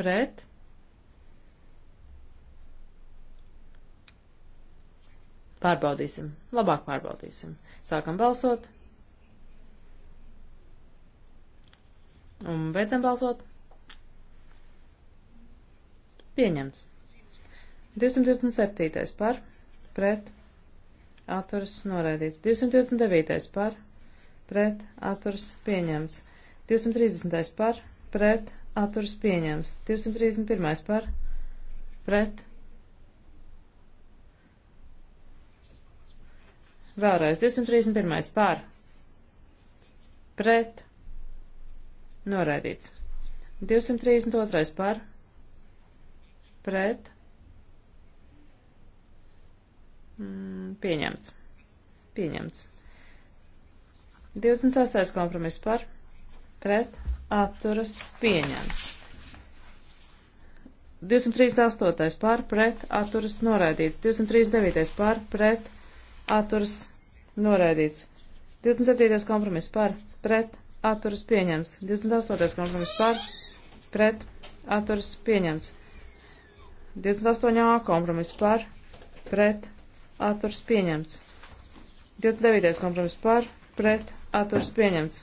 Pret. Pārbaudīsim. Labāk pārbaudīsim. Sākam balsot. Un beidzam balsot. Pieņemts. 227. par, pret, atturas noraidīts. 229. par, pret, atturas pieņemts. 230. par, pret, atturas pieņemts. 231. par, pret, Vēlreiz 231. pār. Pret. Noraidīts. 232. pār. Pret. Mm, pieņemts. Pieņemts. 26. kompromiss par. Pret. Atturas. Pieņemts. 238. par. Pret. Atturas. Noraidīts. 239. par. Pret atturas noraidīts. 27. kompromiss par, pret, atturas pieņemts. 28. kompromiss par, pret, atturas pieņemts. 28. kompromiss par, pret, atturas pieņemts. 29. kompromiss par, pret, atturas pieņemts.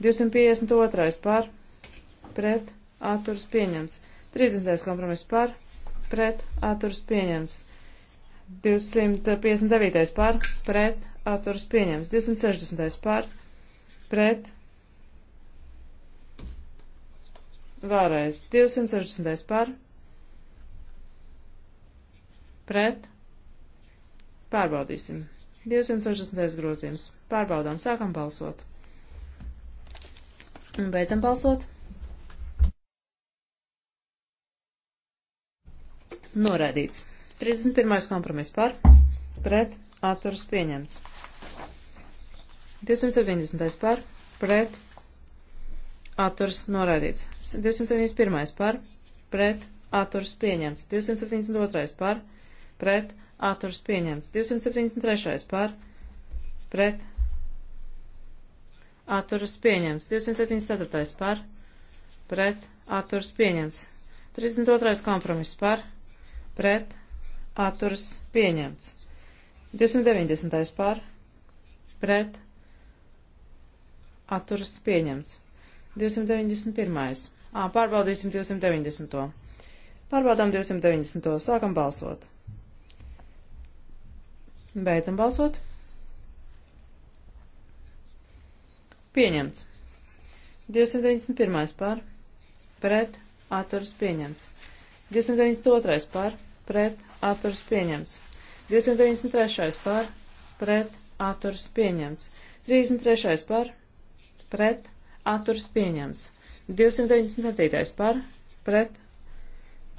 252. par, pret, atturas pieņemts. 30. kompromiss par, pret, atturas pieņemts. 259. par, pret, atturas pieņemts. 260. par, pret, vēlreiz. 260. par, pret, pārbaudīsim. 260. grozījums. Pārbaudām, sākam balsot. Un beidzam balsot. Noraidīts. 31. kompromiss par, pret, atturas pieņemts. 270. par, pret, atturas noraidīts. 271. par, pret, atturas pieņemts. 272. par, pret, atturas pieņemts. 273. par, pret, atturas pieņemts. 274. par, pret, atturas pieņemts. 32. kompromiss par, pret, atturas pieņemts. 290. pār pret atturas pieņemts. 291. Ā, pārbaudīsim 290. Pārbaudām 290. Sākam balsot. Beidzam balsot. Pieņemts. 291. pār pret atturas pieņemts. 292. pār pret pret atturas pieņemts. 293. par pret atturas pieņemts. 33. par pret atturas pieņemts. 297. par pret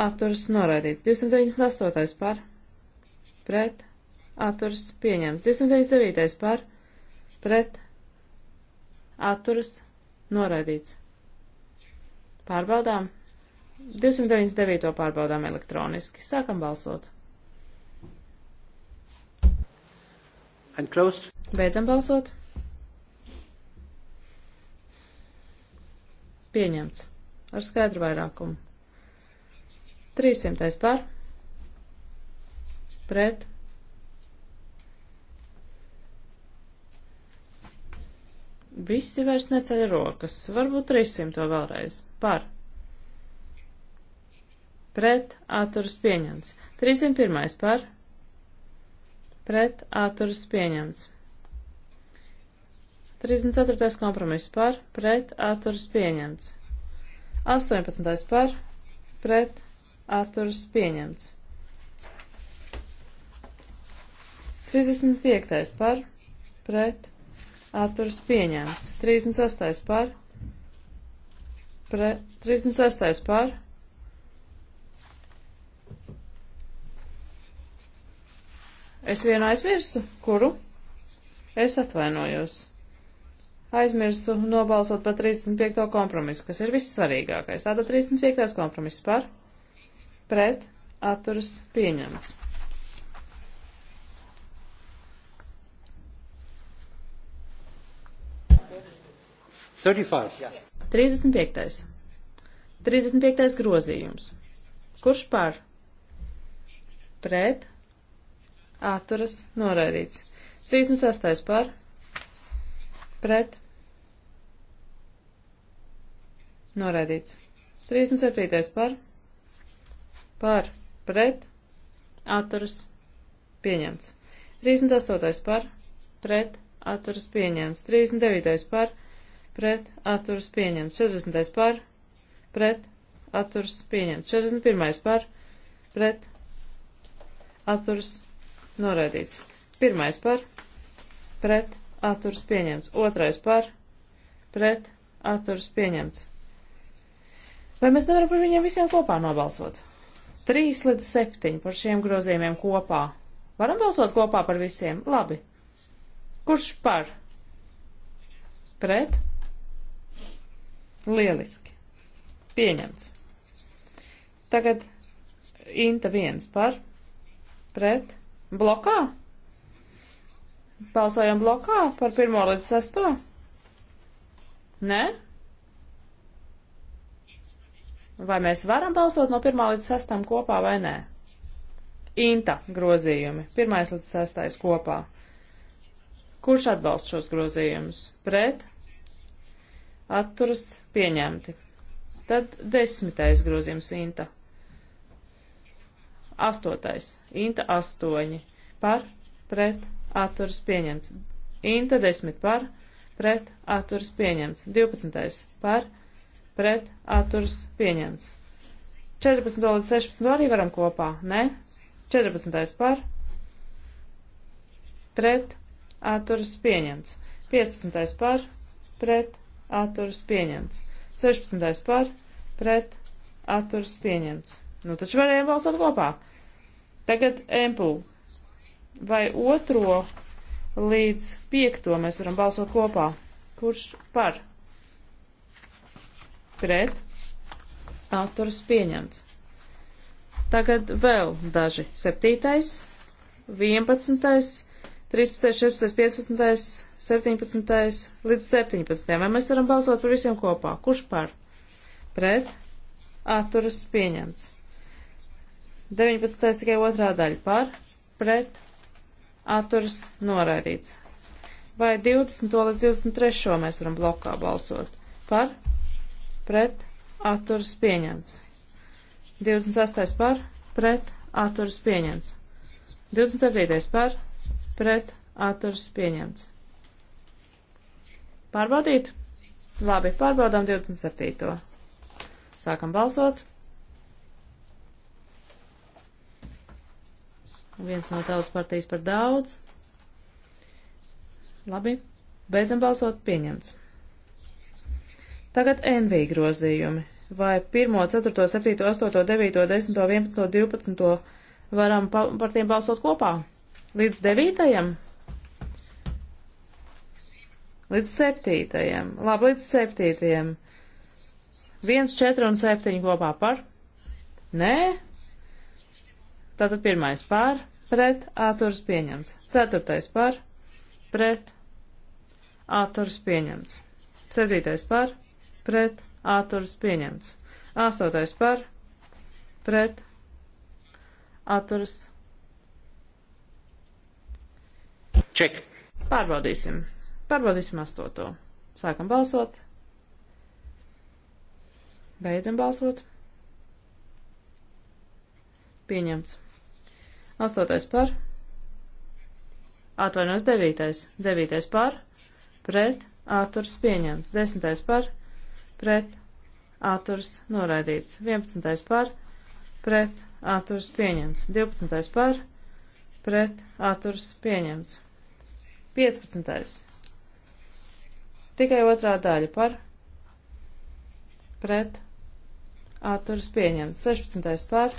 atturas noraidīts. 298. par pret atturas pieņemts. 299. par pret atturas noraidīts. Pārbaudām. 299. pārbaudām elektroniski. Sākam balsot. Beidzam balsot. Pieņemts. Ar skaidru vairākumu. 300. par. Pret. Visi vairs neceļ rokas. Varbūt 300 vēlreiz. Par pret atturas pieņemts. 301. par pret atturas pieņemts. 34. kompromiss par pret atturas pieņemts. 18. par pret atturas pieņemts. 35. par, pret, atturas pieņēmts. 36. par, pret, 36. par, Es vienu aizmirsu. Kuru? Es atvainojos. Aizmirsu nobalsot par 35. kompromisu, kas ir vissvarīgākais. Tātad 35. kompromiss par, pret, atturas pieņemts. Yeah. 35. 35. grozījums. Kurš par? Pret, atturas noraidīts. 36. par pret noraidīts. 37. par par pret atturas pieņemts. 38. par pret atturas pieņemts. 39. par pret atturas pieņemts. 40. par pret atturas pieņemts. 41. par pret atturas pieņemts atturas Noraidīts. Pirmais par. Pret. Atturs pieņemts. Otrais par. Pret. Atturs pieņemts. Vai mēs nevaram par viņiem visiem kopā nobalsot? 3 līdz 7 par šiem grozījumiem kopā. Varam balsot kopā par visiem? Labi. Kurš par? Pret? Lieliski. Pieņemts. Tagad Inta viens par, pret, Blokā? Balsojam blokā par pirmo līdz sesto? Nē? Vai mēs varam balsot no pirmā līdz sestam kopā vai nē? Inta grozījumi. Pirmais līdz sestais kopā. Kurš atbalst šos grozījumus? Pret? Atturas pieņemti. Tad desmitais grozījums Inta Astotais. Inta 8 par pret atturas pieņemts. Inta 10 par pret atturas pieņemts. 12 par pret atturas pieņemts. 14 līdz 16 arī varam kopā, ne? 14 par pret atturas pieņemts. 15 par pret atturas pieņemts. 16 par pret atturas pieņemts. Nu, taču varējām balsot kopā. Tagad Empul. Vai otro līdz piekto mēs varam balsot kopā? Kurš par? Pret. Autors pieņemts. Tagad vēl daži. Septītais, vienpadsmitais, trīspadsmitais, četrpadsmitais, piecpadsmitais, septiņpadsmitais līdz septiņpadsmitajam. Vai mēs varam balsot par visiem kopā? Kurš par? Pret. Atturas pieņemts. 19. tikai otrā daļa par, pret, atturas noraidīts. Vai 20. līdz 23. mēs varam blokā balsot par, pret, atturas pieņemts. 28. par, pret, atturas pieņemts. 27. par, pret, atturas pieņemts. Pārbaudīt? Labi, pārbaudām 27. Sākam balsot. Viens no tautas partijas par daudz. Labi. Beidzam balsot pieņemts. Tagad NV grozījumi. Vai 1, 4, 7, 8, 9, 10, 11, 12 varam pa par tiem balsot kopā? Līdz 9. Līdz 7. Labi, līdz 7. 1, 4 un 7 kopā par? Nē, Tātad pirmais pār, pret, atturas pieņemts. Ceturtais pār, pret, atturas pieņemts. Septītais pār, pret, atturas pieņemts. Astotais pār, pret, atturas pieņemts. Ček. Pārbaudīsim. Pārbaudīsim astoto. Sākam balsot. Beidzam balsot. Pieņemts. Astotais par. Atvainojos devītais. Devītais par. Pret. Atturs pieņemts. Desmitais par. Pret. Atturs noraidīts. Vienpadsmitais par. Pret. Atturs pieņemts. Divpadsmitais par. Pret. Atturs pieņemts. Piecpadsmitais. Tikai otrā daļa par. Pret. Atturas pieņemts. 16. pār.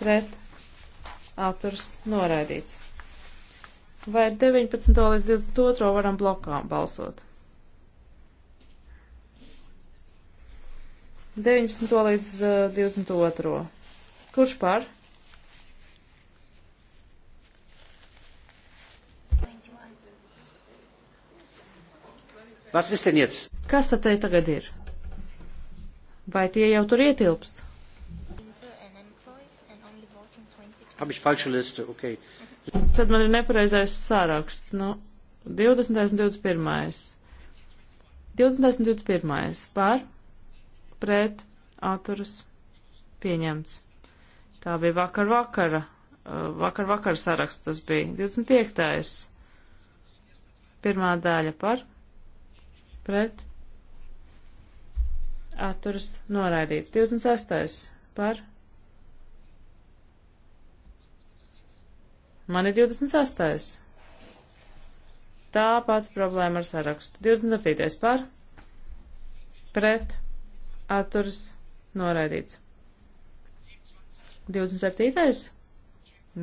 Pret atturs noraidīts. Vai 19. līdz 22. varam blokām balsot? 19. līdz 22. Eh, Kurš par? Kas tad te tagad ir? Vai tie jau tur ietilpst? Habe ich falsche Liste, ok. Tad man ir nepareizais sāraksts. Nu, 20. un 21. 20. un 21. Par, pret, atturas, pieņemts. Tā bija vakar vakara. Uh, vakar vakara saraksts tas bija. 25. Pirmā daļa par, pret, atturas, noraidīts. 26. par, Man ir 28. Tā pati problēma ar sarakstu. 27. par, pret, atturs, noraidīts. 27.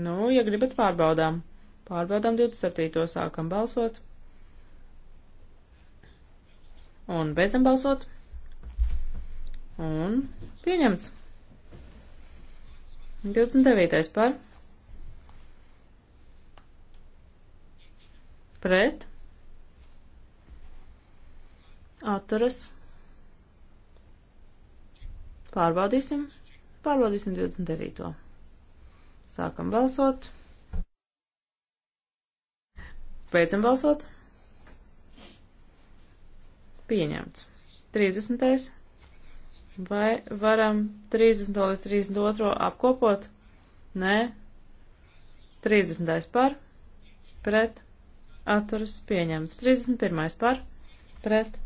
Nu, ja gribat pārbaudām. Pārbaudām 27. sākam balsot. Un beidzam balsot. Un pieņemts. 29. par pret, atturas, pārbaudīsim, pārbaudīsim 29. Sākam balsot, beidzam balsot, pieņemts. 30. Vai varam 30. līdz 32. apkopot? Nē. 30. par, pret, atturas pieņemts. 31. par pret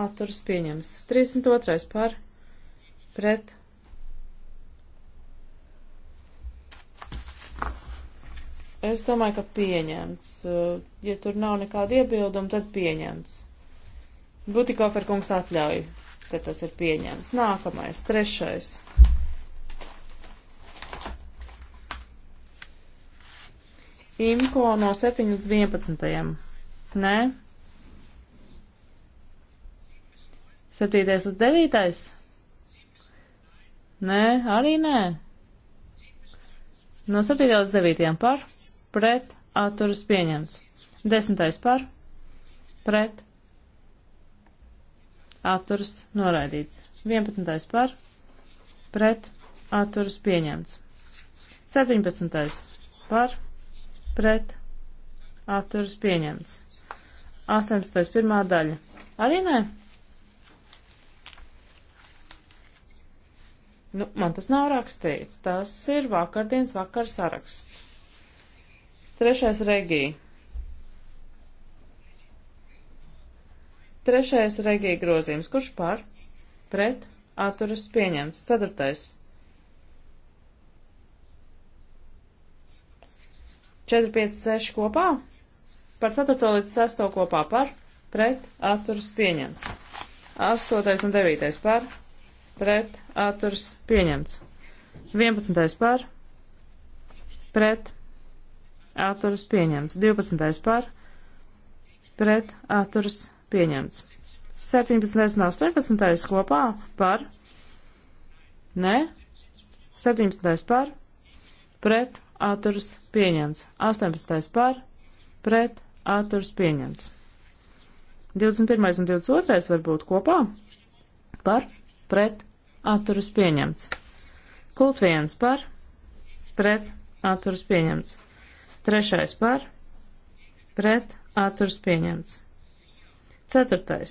atturas pieņemts. 32. par pret Es domāju, ka pieņemts. Ja tur nav nekāda iebilduma, tad pieņemts. Butikoferkungs atļauj, ka tas ir pieņemts. Nākamais, trešais Imko no 7 līdz 11. Nē. 7. līdz 9. Nē, arī nē. No 7. līdz 9. par, pret, atturas pieņemts. 10. par, pret, atturas noraidīts. 11. par, pret, atturas pieņemts. 17. par, pret atturas pieņemts. 18. pirmā daļa. Arī nē? Nu, man tas nav rakstīts. Tas ir vakardienas vakar saraksts. Trešais regija. Trešais regija grozījums. Kurš par? Pret? Atturas pieņemts. Ceturtais. 4, 5, 6 kopā, par 4 līdz 6 kopā par, pret, atturas pieņemts. 8 un 9 par, pret, atturas pieņemts. 11 par, pret, atturas pieņemts. 12 par, pret, atturas pieņemts. 17 un 18 kopā par, ne, 17 par, pret, atturs pieņemts. 18. par, pret, atturs pieņemts. 21. un 22. var būt kopā par, pret, atturs pieņemts. Kult 1 par, pret, atturs pieņemts. 3. par, pret, atturs pieņemts. 4.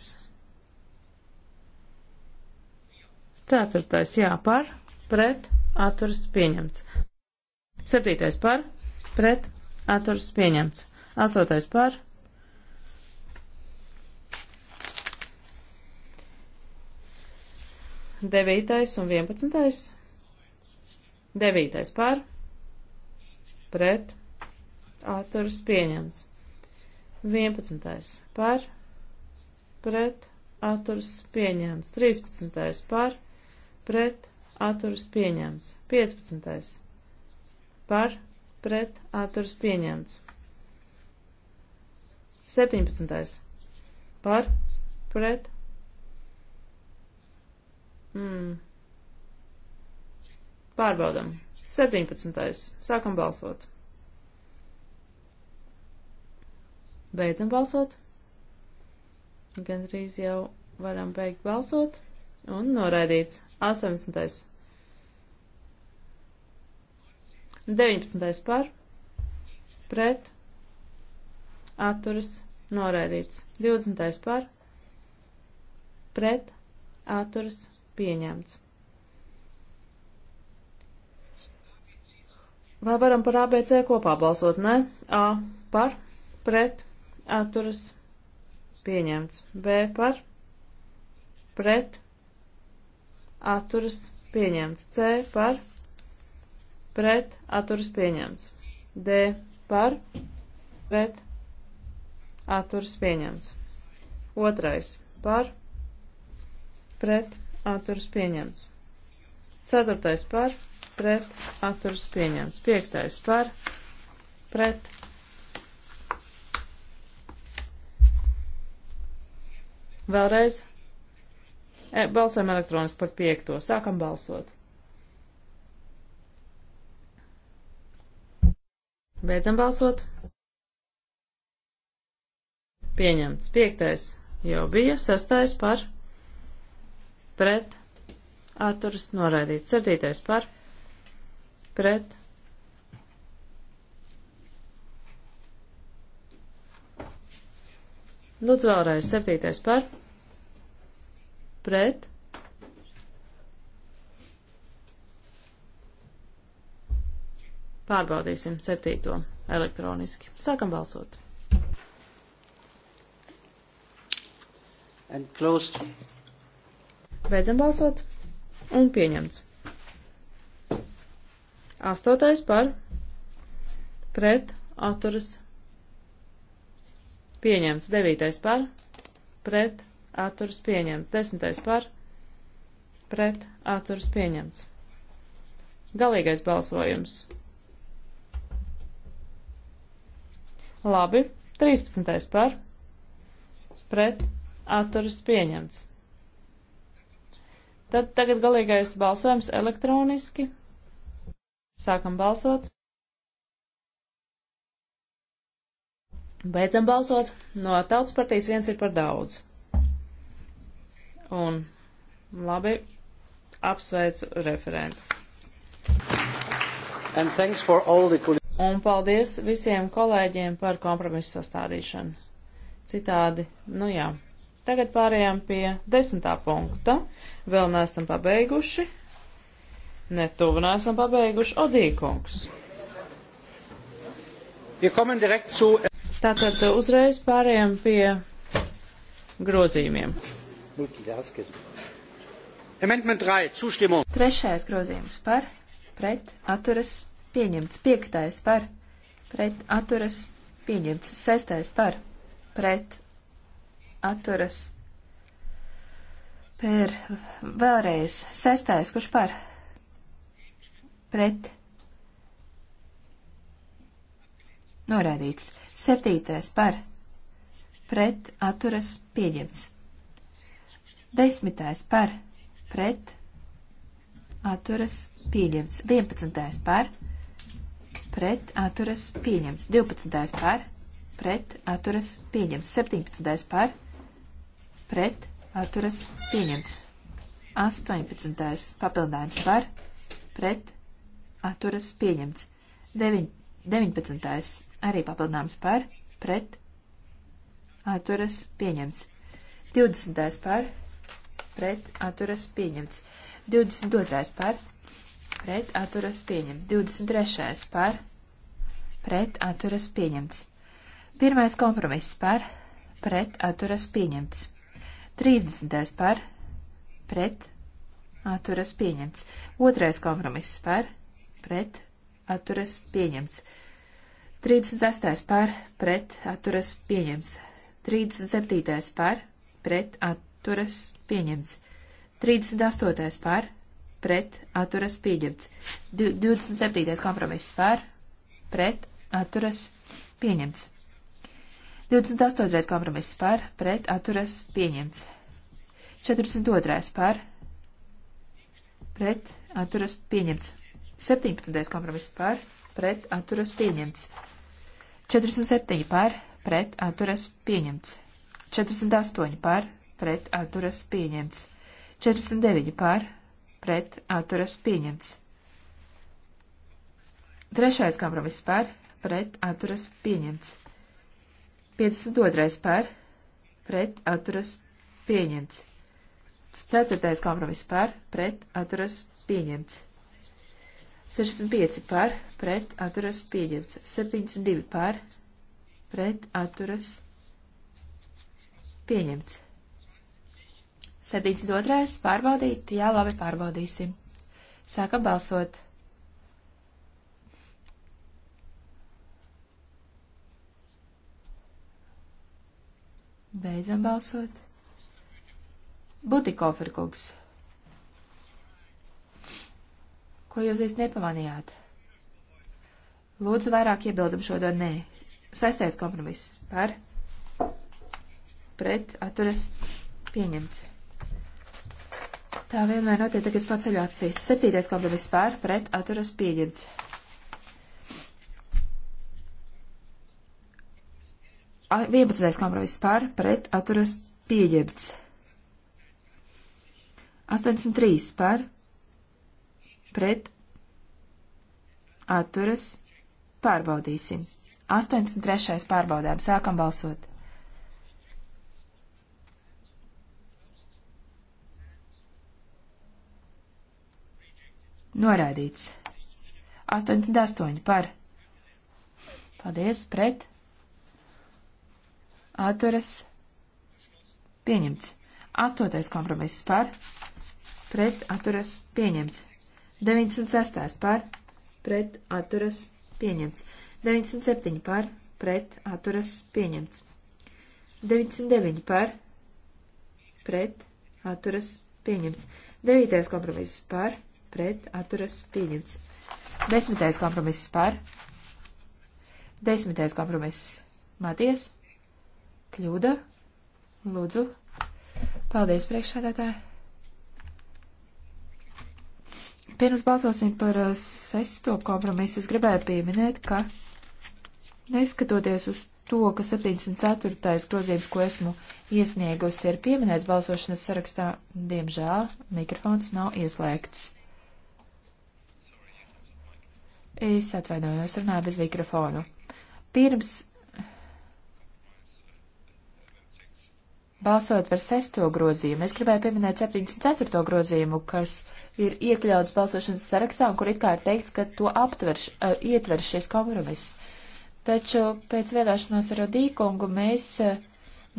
Ceturtais, jā, par, pret, atturs pieņemts. Septītais par, pret, atturs pieņemts. Astotais par. Devītais un vienpadsmitais. Devītais par, pret, atturs pieņemts. Vienpadsmitais par, pret, atturs pieņemts. Trīspadsmitais par, pret, atturs pieņemts. Piecpadsmitais par pret atturas pieņemts. 17. par pret. Mm. Pārbaudam. 17. sākam balsot. Beidzam balsot. Gan drīz jau varam beigt balsot. Un noraidīts. 18. 19. par, pret, atturas, noraidīts. 20. par, pret, atturas, pieņemts. Vai varam par ABC kopā balsot? Nē, A par, pret, atturas, pieņemts. B par, pret, atturas, pieņemts. C par, pret pret atturas pieņemts. D par pret atturas pieņemts. Otrais par pret atturas pieņemts. Ceturtais par pret atturas pieņemts. Piektais par pret Vēlreiz e, balsojam elektroniski par piekto. Sākam balsot. Beidzam balsot. Pieņemts. Piektais jau bija. Sestais par. Pret. Atturas noraidīts. Septītais par. Pret. Lūdzu vēlreiz. Septītais par. Pret. Pārbaudīsim septīto elektroniski. Sākam balsot. And closed. Beidzam balsot. Un pieņemts. Astotais par pret atturas pieņemts. Devītais par pret atturas pieņemts. Desmitais par pret atturas pieņemts. Galīgais balsojums. Labi. 13. par. Pret. Atturas pieņemts. Tad tagad galīgais balsojums elektroniski. Sākam balsot. Beidzam balsot. No tautas partijas viens ir par daudz. Un labi, apsveicu referentu. And thanks for all the Un paldies visiem kolēģiem par kompromisu sastādīšanu. Citādi, nu jā. Tagad pārējām pie desmitā punkta. Vēl neesam pabeiguši. Netuvu neesam pabeiguši. Odīkungs. Tātad uzreiz pārējām pie grozījumiem. Trešais grozījums par, pret, atturas, pieņemts. Piektais par pret atturas pieņemts. Sestais par pret atturas per vēlreiz. Sestais, kurš par pret norādīts. Septītais par pret atturas pieņemts. Desmitais par pret atturas pieņemts. Vienpadsmitais par pret pret atturas pieņemts. 12. par pret atturas pieņemts. 17. par pret atturas pieņemts. 18. papildinājums par pret atturas pieņemts. 9, 19. arī papildinājums par pret atturas pieņemts. 20. par pret atturas pieņemts. 22. par pret atturas pieņemts. 23. par pret atturas pieņemts. Pirmais kompromiss par pret atturas pieņemts. 30. par pret atturas pieņemts. Otrais kompromiss par pret atturas pieņemts. 38. par pret atturas pieņemts. 37. par pret atturas pieņemts. 38. par pret atturas pieņemts. 27. kompromiss par pret atturas pieņemts. 28. kompromiss par pret atturas pieņemts. 42. par pret atturas pieņemts. 17. kompromiss par pret atturas pieņemts. 47 par pret atturas pieņemts. 48 par pret atturas pieņemts. 49 par pret atturas pieņemts. Trešais kompromiss par pret atturas pieņemts. 52. par pret atturas pieņemts. Ceturtais kompromiss par pret atturas pieņemts. 65 par pret atturas pieņemts. 72 par pret atturas pieņemts. 72. pārbaudīt, jā, labi, pārbaudīsim. Sākam balsot. Beidzam balsot. Butikoferkungs. Ko jūs īsti nepamanījāt? Lūdzu, vairāk iebildumu šodien nē. Sestais kompromiss par pret atturas pieņemts. Tā vienmēr notiek, kad es paceļu acīs. Septītais kompromiss pār, pret, atturas pieņemts. Vienpadsmitais kompromiss pār, pret, atturas pieņemts. 83 pār, pret, atturas pārbaudīsim. 83. pārbaudām, sākam balsot. Noraidīts. 88 par. Paldies, pret. Atturas. Pieņemts. 8. kompromiss par. Pret. Atturas. Pieņemts. 96. par. Pret. Atturas. Pieņemts. 97 par. Pret. Atturas. Pieņemts. 99 par. Pret. Atturas. Pieņemts. 9. kompromiss par pret atturas pieņemts. Desmitais kompromiss par. Desmitais kompromiss Maties. Kļūda. Lūdzu. Paldies, priekšsēdētāji. Pirms balsosim par uh, sesto kompromisu, es gribēju pieminēt, ka neskatoties uz to, ka 74. grozījums, ko esmu iesniegusi, ir pieminēts balsošanas sarakstā, diemžēl mikrofons nav ieslēgts. Es atvainojos, runāju bez mikrofonu. Pirms balsot par sesto grozījumu, es gribēju pieminēt 74. grozījumu, kas ir iekļauts balsošanas sarakstā un kur it kā ir teikts, ka to aptverš, uh, eh, ietver šis kompromiss. Taču pēc vienošanās ar Rodīkungu mēs uh,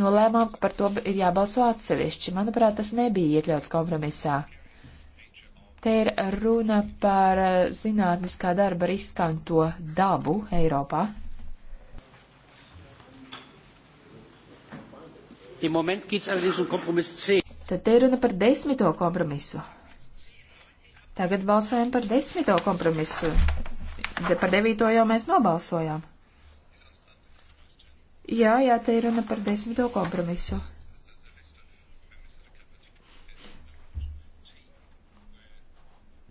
nolēmām, ka par to ir jābalso atsevišķi. Manuprāt, tas nebija iekļauts kompromisā. Te ir runa par eh, zinātniskā darba riska un to dabu Eiropā. Um Tad te ir runa par desmito kompromisu. Tagad balsojam par desmito kompromisu. De par devīto jau mēs nobalsojām. Jā, jā, te ir runa par desmito kompromisu.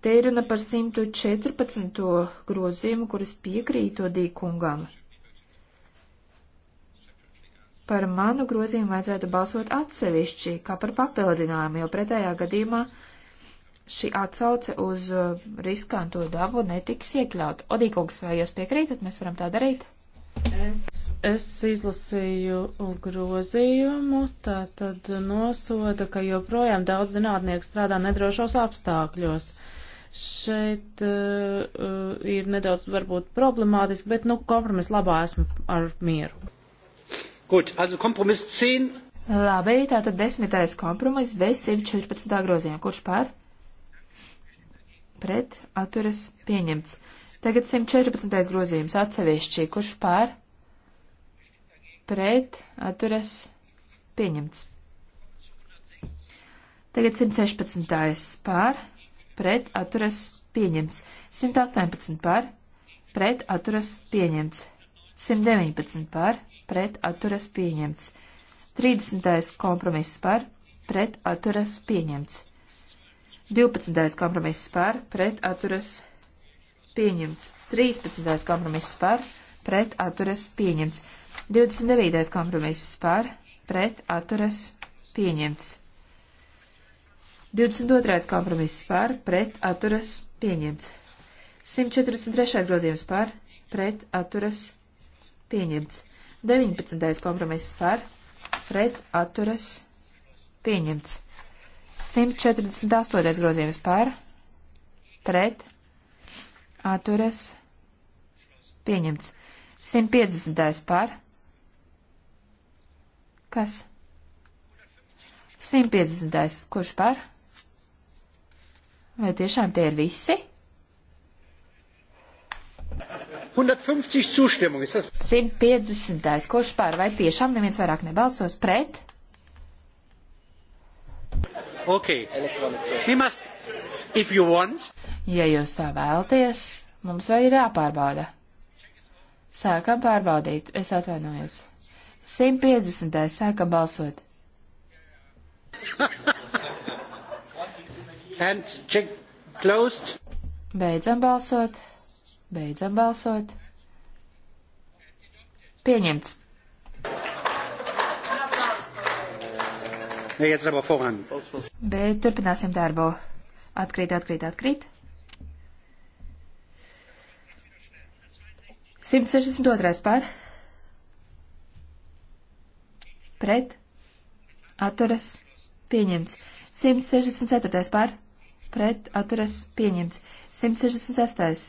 Te ir runa par 114. grozījumu, kuras piekrīto dīkungam. Par manu grozījumu vajadzētu balsot atsevišķi, kā par papildinājumu, jo pretējā gadījumā šī atsauce uz uh, riskanto dabu netiks iekļaut. Odīkungs, vai jūs piekrītat, mēs varam tā darīt? Es, es izlasīju grozījumu, tā tad nosoda, ka joprojām daudz zinātnieku strādā nedrošos apstākļos. Uh, Šeit uh, ir nedaudz varbūt problemātiski, bet nu kompromis labā esmu ar mieru. Gut, also kompromis 10. Labi, tātad desmitais kompromis bez 114. grozījuma. Kurš par? Pret atturas pieņemts. Tagad 114. grozījums atsevišķi. Kurš pār? Pret atturas pieņemts. Tagad 116. pār pret atturas pieņemts. 118 par, pret atturas pieņemts. 119 par, pret atturas pieņemts. 30. kompromiss par, pret atturas pieņemts. 12. kompromiss par, pret atturas pieņemts. 13. kompromiss par, pret atturas pieņemts. 29. kompromiss par, pret atturas pieņemts. 22. kompromiss par, pret, atturas, pieņemts. 143. grozījums par, pret, atturas, pieņemts. 19. kompromiss par, pret, atturas, pieņemts. 148. grozījums par, pret, atturas, pieņemts. 150. par, kas? 150. kurš par? Vai tiešām tie ir visi? 150 zustimmung. Ist das 150. Kurš pār? Vai tiešām neviens vairāk nebalsos pret? Ok. Must, if you want. Ja jūs tā vēlties, mums vēl ir jāpārbauda. Sākam pārbaudīt. Es atvainojos. 150. Sākam balsot. *laughs* And check closed. Beidzam balsot. Beidzam balsot. Pieņemts. Bet turpināsim darbu. Atkrīt, atkrīt, atkrīt. 162. par. Pret. Atturas. Pieņemts. 164. par pret atturas pieņemts. 168.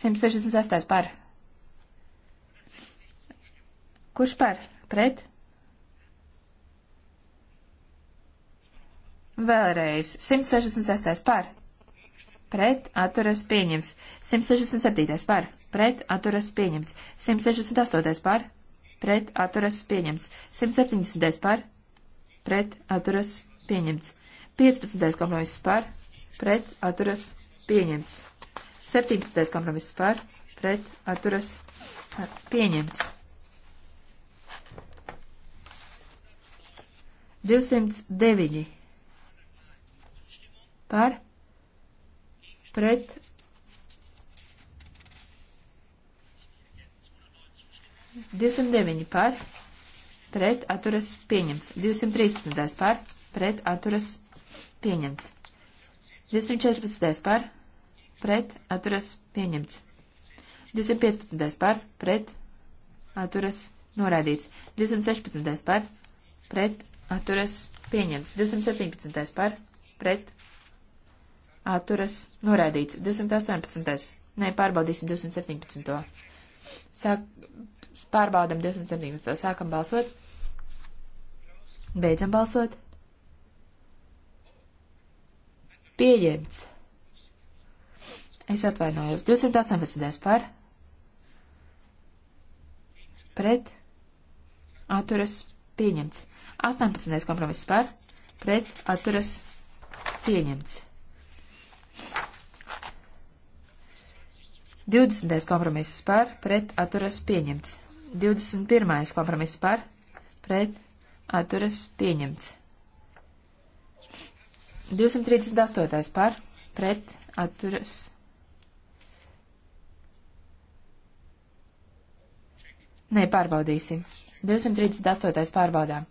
168 par. Kurš par? Pret? Vēlreiz. 168 par. Pret atturas pieņems. 167 par. Pret atturas pieņems. 168 par. Pret atturas pieņems. 170 par. Pret atturas pieņems. 15. kompromiss par, pret, atturas, pieņemts. 17. kompromiss par, pret, atturas, pieņemts. 209 par, pret, Divsimt deviņi par, pret, atturas, pieņemts. Divsimt trīspadsmitais par, pret, atturas, pieņemts pieņemts. 214. par, pret, atturas, pieņemts. 215. par, pret, atturas, noraidīts. 216. par, pret, atturas, pieņemts. 217. par, pret, atturas, noraidīts. 218. Nē, pārbaudīsim 217. Sāk, pārbaudam 217. Sākam balsot. Beidzam balsot. Pieņemts. Es atvainojos. 218. par. Pret. Atturas. Pieņemts. 18. kompromiss par. Pret. Atturas. Pieņemts. 20. kompromiss par. Pret. Atturas. Pieņemts. 21. kompromiss par. Pret. Atturas. Pieņemts. 238. par pret atturas. Nē, pārbaudīsim. 238. pārbaudām.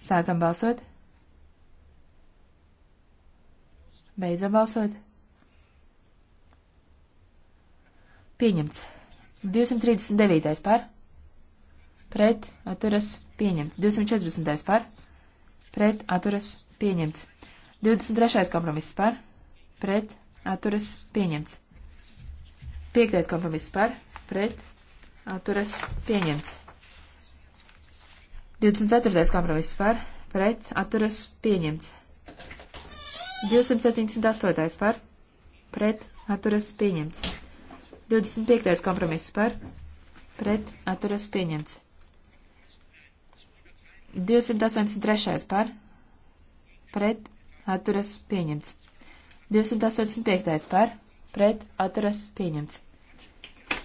Sākam balsot. Beidzam balsot. Pieņemts. 239. par. Pret atturas pieņemts. 240. par. Pret atturas pieņemts. 23. kompromiss par, pret, atturas, pieņemts. 5. kompromiss par, pret, atturas, pieņemts. 24. kompromiss par, pret, atturas, pieņemts. 278. par, pret, atturas, pieņemts. 25. kompromiss par, pret, atturas, pieņemts. 283. par, pret atturas pieņemts. 285. par pret atturas pieņemts.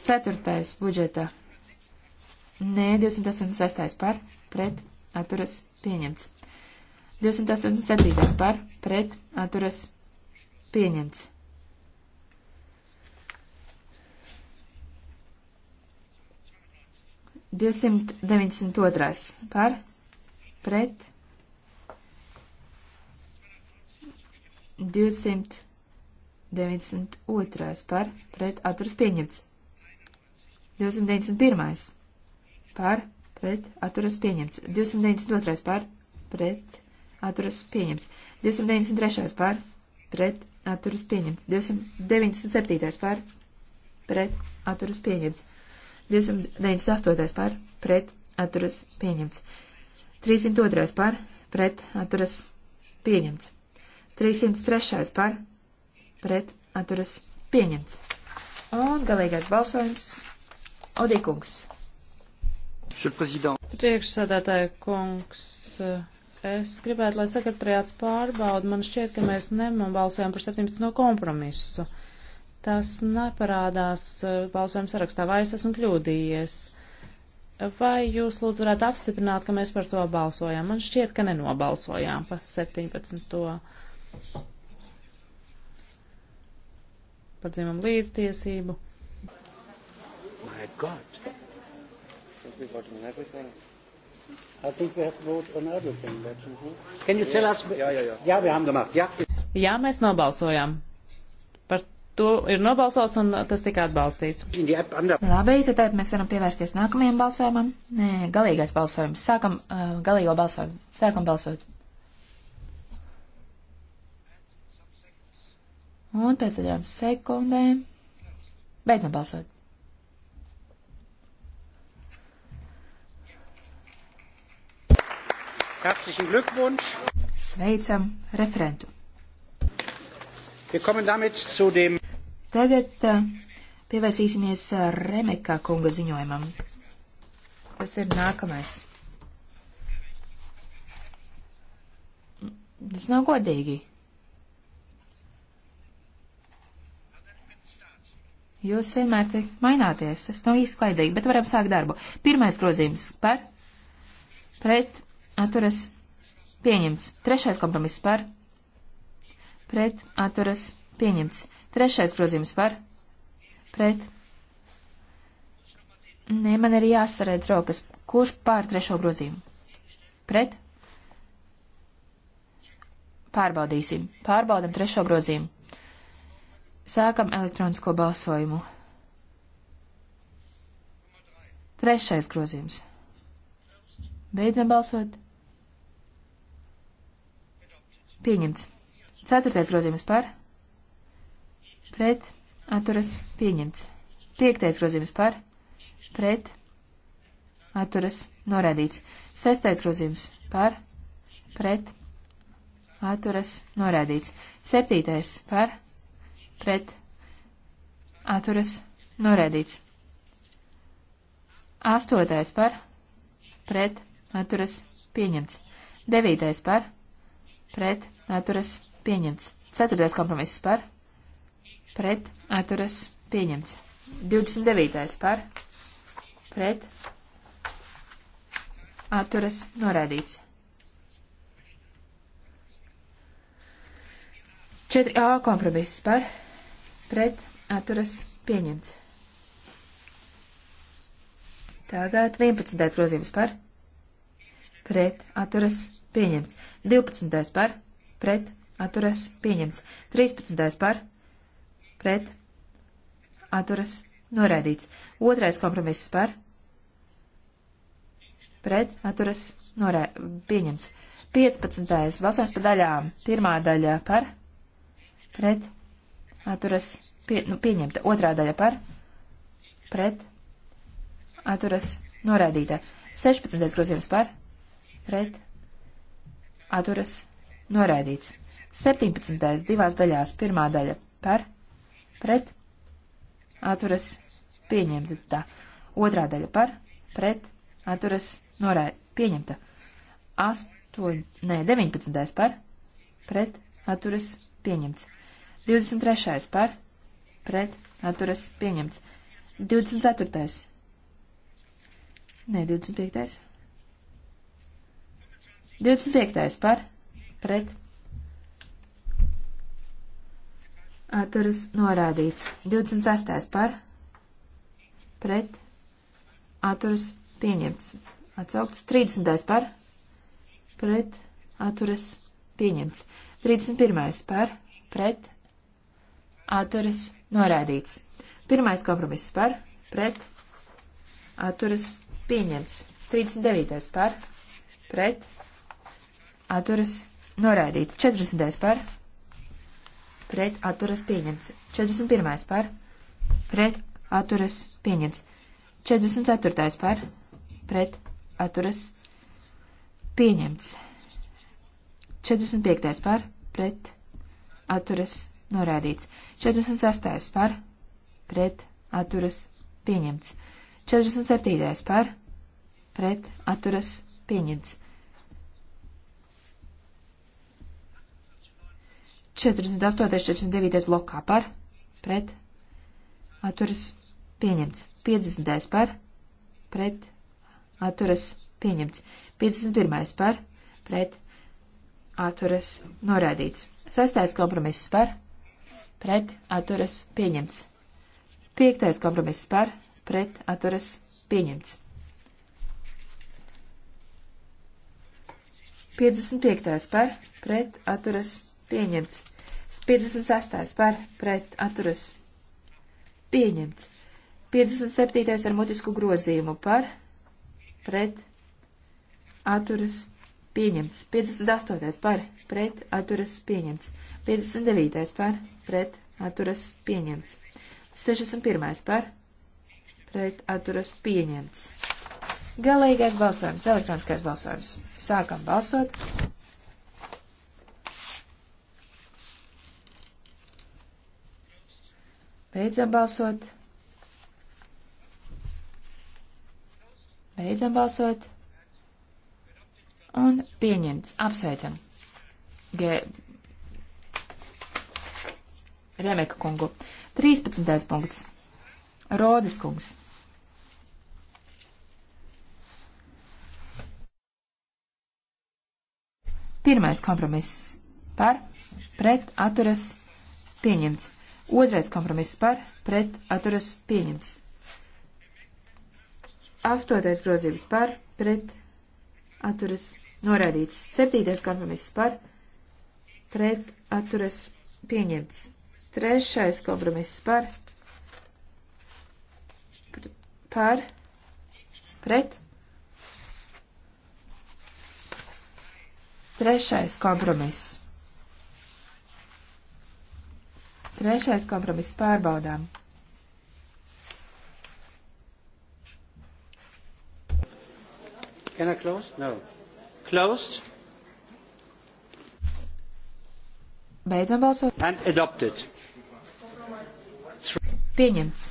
4. budžeta. Nē, 286. par pret atturas pieņemts. 287. par pret atturas pieņemts. Divsimt deviņdesmit otrais par pret 292. par pret atturas pieņemts. 291. par pret atturas pieņemts. 292. par pret atturas pieņemts. 293. par pret atturas pieņemts. 297. par pret atturas pieņemts. 298. par pret atturas pieņemts. 302. par pret atturas pieņemts. 303. par pret atturas pieņemts. Un galīgais balsojums Odīkungs. Priekšsēdētāja kungs, es gribētu, lai sekretariāts pārbauda. Man šķiet, ka mēs nebalsojam par 17 no kompromisu. Tas neparādās eh, balsojuma sarakstā, vai es esmu kļūdījies. Vai jūs lūdzu varētu apstiprināt, ka mēs par to balsojām? Man šķiet, ka nenobalsojām par 17 par dzimumu līdztiesību. My God! We got on everything. I think we have voted on everything. But, mm -hmm. Can you yeah. tell us? Jā, jā, jā. Jā, wir haben gemacht. Jā. jā, mēs nobalsojām. Par to ir nobalsots un tas tika atbalstīts. Labi, tad mēs varam pievērsties nākamajam balsojumam. Nē, galīgais balsojums. Sākam uh, galīgo balsojumu. Sākam balsot. Un pēc dažām sekundēm beidzam balsot. Herzlichen Glückwunsch. Sveicam referentu. Wir kommen damit zu dem. Tagad uh, pievērsīsimies uh, Remeka kunga ziņojumam. Tas ir nākamais. Tas nav godīgi. Jūs vienmēr te maināties, tas nav īsti klaidīgi, bet varam sākt darbu. Pirmais grozījums par, pret, atturas, pieņemts. Trešais kompromiss par, pret, atturas, pieņemts. Trešais grozījums par, pret. Nē, man ir jāsarēdz rokas. Kurš pār trešo grozījumu? Pret? Pārbaudīsim. Pārbaudam trešo grozījumu. Sākam elektronisko balsojumu. Trešais grozījums. Beidzam balsot. Pieņemts. Ceturtais grozījums par. Pret. Atturas. Pieņemts. Piektais grozījums par. Pret. Atturas. Norēdīts. Sestais grozījums par. Pret. Atturas. Norēdīts. Septītais par pret atturas norēdīts. Astotais par pret atturas pieņemts. Devītais par pret atturas pieņemts. Ceturtais kompromiss par pret atturas pieņemts. 29. par pret atturas norēdīts. 4a kompromiss par pret atturas pieņemts. Tagad 11. grozījums par pret atturas pieņemts. 12. par pret atturas pieņemts. 13. par pret atturas noraidīts. Otrais kompromiss par pret atturas norē, pieņemts. 15. balsojums par daļām. Pirmā daļa par pret atturas pie, nu, pieņemta. Otrā daļa par, pret, atturas noraidīta. 16. grozījums par, pret, atturas noraidīts. 17. divās daļās pirmā daļa par, pret, atturas pieņemta. Tā. Otrā daļa par, pret, atturas noraidīta. Pieņemta. 8, nē, 19. par, pret, atturas pieņemts. 23. par, pret, atturas pieņemts. 24. Nē, 25. 25. par, pret, atturas norādīts. 26. par, pret, atturas pieņemts. Atsaukts 30. par, pret, atturas pieņemts. 31. par, pret, atturas noraidīts. Pirmais kompromiss par, pret, atturas pieņemts. 39. par, pret, atturas noraidīts. 40. par, pret, atturas pieņemts. 41. par, pret, atturas pieņemts. 44. par, pret, atturas pieņemts. 45. par, pret, atturas norādīts. 46. par, pret, atturas, pieņemts. 47. par, pret, atturas, pieņemts. 48. 49. blokā par, pret, atturas, pieņemts. 50. par, pret, atturas, pieņemts. 51. par, pret, atturas, norādīts. 6. kompromiss par, pret atturas pieņemts. Piektais kompromiss par pret atturas pieņemts. 55. par pret atturas pieņemts. 56. par pret atturas pieņemts. 57. ar mutisku grozījumu par pret atturas pieņemts. 58. par pret atturas pieņemts. 59. par pret atturas pieņemts. 61. par pret atturas pieņemts. Galīgais balsojums, elektroniskais balsojums. Sākam balsot. Beidzam balsot. Beidzam balsot. Un pieņemts. Apsveicam. G Remeka kungu. 13. punkts. Rodas kungs. Pirmais kompromiss par, pret, atturas, pieņemts. Otrais kompromiss par, pret, atturas, pieņemts. Astotais grozījums par, pret, atturas, noraidīts. Septītais kompromiss par, pret, atturas, pieņemts. Trešais kompromiss par, pr par, pret. Trešais kompromiss. Trešais kompromiss pārbaudām. Can I close? No. Closed. Beidzam balsot. Pieņemts.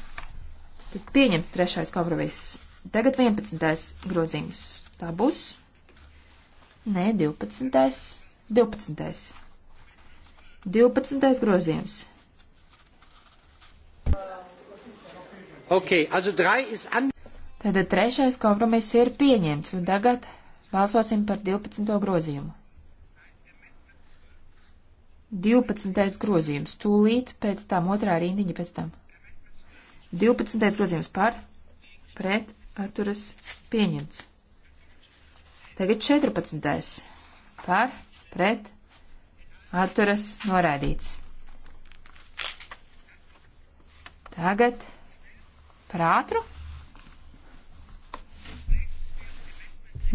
Pieņemts trešais kompromiss. Tagad 11. grozījums. Tā būs? Nē, 12. 12. 12. grozījums. Okay, also is an... Tātad trešais kompromiss ir pieņemts, un tagad balsosim par 12. grozījumu. 12. grozījums, tūlīt pēc tam otrā rindiņa pēc tam. 12. grozījums par, pret, atturas, pieņemts. Tagad 14. par, pret, atturas, norādīts. Tagad par ātru.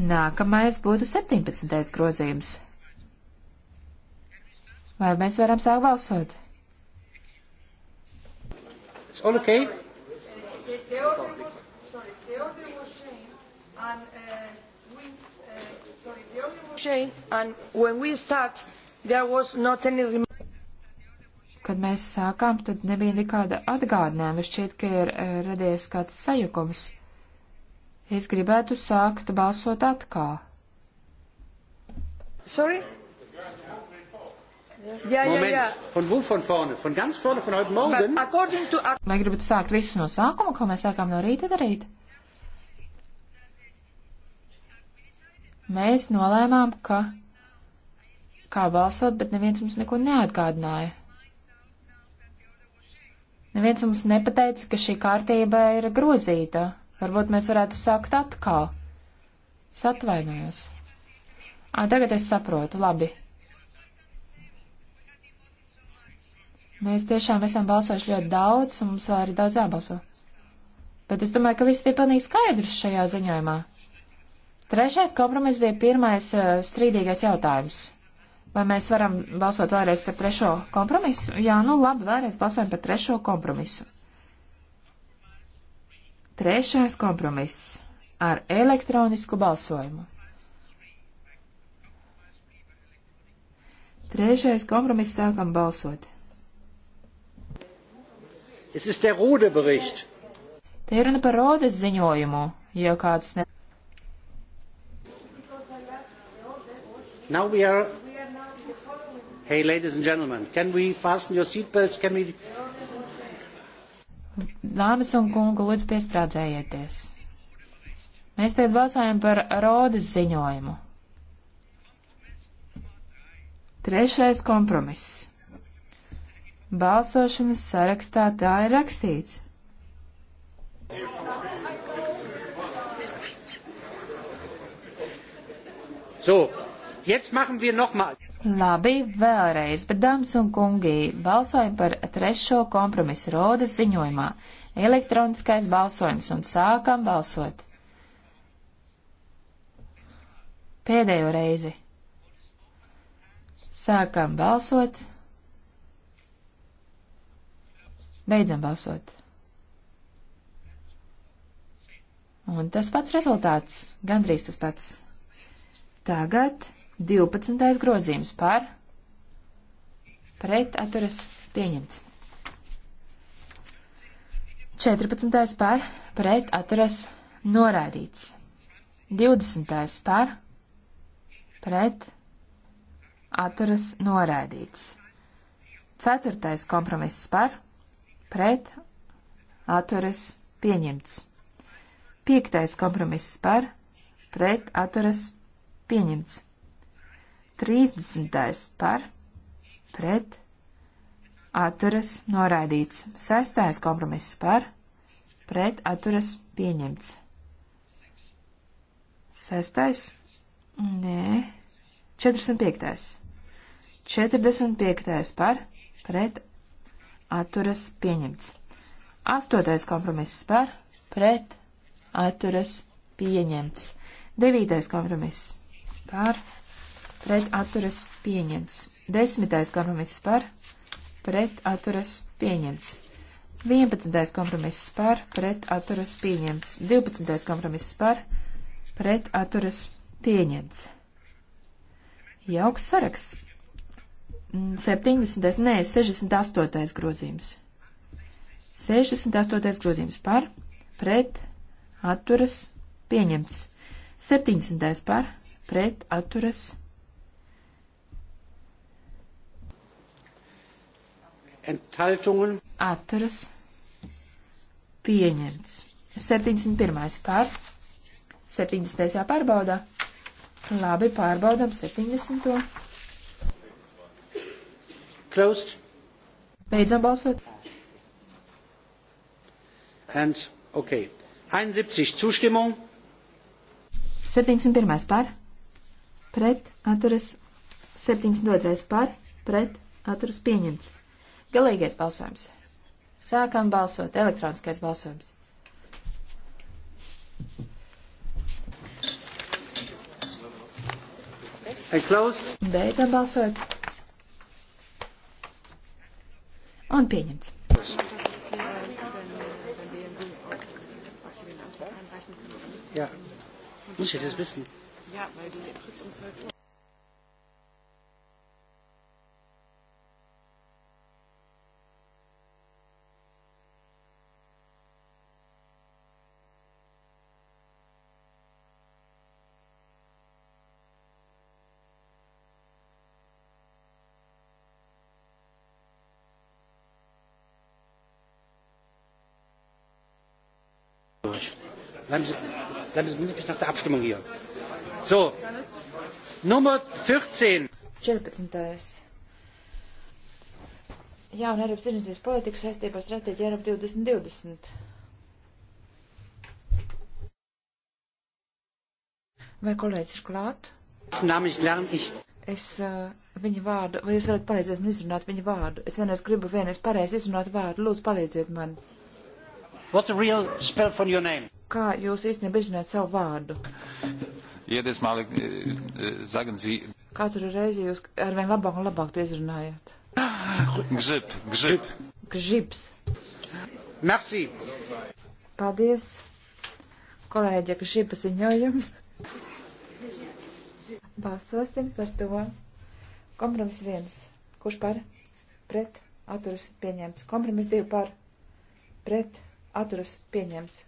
Nākamais būtu 17. grozījums Vai mēs varam sākt balsot? It's all okay. The, the order was, sorry, the order was changed, and uh, we, uh, sorry, the order was changed, and when we start, there was not any. Kad mēs sākām, tad nebija nekāda atgādinājuma. Šķiet, ka ir uh, radies kāds sajukums. Es gribētu sākt balsot atkal. Sorry? Jā, jā, jā. Von wo von vorne? Von ganz vorne, von heute morgen? To... Vai gribat sākt visu no sākuma, ko mēs sākām no rīta darīt? Mēs nolēmām, ka kā balsot, bet neviens mums neko neatgādināja. Neviens mums nepateica, ka šī kārtība ir grozīta. Varbūt mēs varētu sākt atkal. Es atvainojos. Ā, tagad es saprotu, labi. Mēs tiešām esam balsojuši ļoti daudz, un mums vēl ir daudz jābalso. Bet es domāju, ka viss bija pilnīgi skaidrs šajā ziņojumā. Trešais kompromiss bija pirmais uh, strīdīgais jautājums. Vai mēs varam balsot vēlreiz par trešo kompromisu? Jā, nu labi, vēlreiz balsojam par trešo kompromisu. Trešais kompromiss ar elektronisku balsojumu. Trešais kompromiss sākam balsot. Es ist der Rode bericht. Te ir runa par Rodes ziņojumu, ja kāds ne. Now we are. Hey, ladies and gentlemen, can we fasten your seatbelts? Can we. Dāmas un kungi, lūdzu, piestrādzējieties. Mēs tagad balsājam par Rodas ziņojumu. Trešais kompromiss. Balsošanas sarakstā tā ir rakstīts. So, jetzt machen wir noch mal. Labi, vēlreiz, bet dāmas un kungi, balsojam par trešo kompromisu rodas ziņojumā. Elektroniskais balsojums un sākam balsot. Pēdējo reizi. Sākam balsot. Beidzam balsot. Un tas pats rezultāts, gandrīz tas pats. Tagad 12. grozījums par pret atturas pieņemts. 14. par pret atturas norādīts. 20. par pret atturas norādīts. 4. kompromiss par pret, atturas pieņemts. Piektais kompromiss par, pret, atturas pieņemts. Trīsdesmitais par, pret, atturas noraidīts. Sestais kompromiss par, pret, atturas pieņemts. Sestais? Nē. 45. 45. par, pret, atturas pieņemts. Astotais kompromiss par, pret, atturas pieņemts. Devītais kompromiss par, pret, atturas pieņemts. Desmitais kompromiss par, pret, atturas pieņemts. 11. kompromiss par, pret atturas pieņemts. 12. kompromiss par, pret atturas pieņemts. Jauks saraksts. 70. Nē, 68. grozījums. 68. grozījums par, pret, atturas, pieņemts. 70. par, pret, atturas. Enthaltungen. Atturas. Pieņemts. 71. par. 70. jāpārbauda. Labi, pārbaudam 70. Closed. Beidzam balsot. And, okay. 71 zustimmung. 701 par, pret, atturas, 72 par, pret, atturas pieņemts. Galīgais balsojums. Sākam balsot, elektroniskais balsojums. Beidzam balsot. un pieņemts. Ja, muss ich das wissen? Ja, weil die Frist um 12 Uhr. Bleiben Sie, bleiben Sie nicht bis nach der Abstimmung hier. So, Nummer 14. 14. Jauna Eiropas tirdzniecības politika saistībā ar stratēģiju Eiropa 2020. Vai kolēģis ir klāt? Es uh, viņa vārdu, vai jūs varat palīdzēt man izrunāt viņa vārdu? Es vienreiz gribu vienreiz pareizi izrunāt vārdu, lūdzu palīdziet man. What's the real spell for your name? kā jūs īstenībā izrunājat savu vārdu. Jedes mal sagen e, e, Sie. Katru reizi jūs arvien labāk un labāk izrunājat. Gžip, gžip. Gžips. Merci. Paldies. Kolēģi, ka šī pasiņojums. Balsosim par to. Kompromis viens. Kurš par? Pret. Atturas pieņemts. Kompromis divi par. Pret. Atturas pieņemts.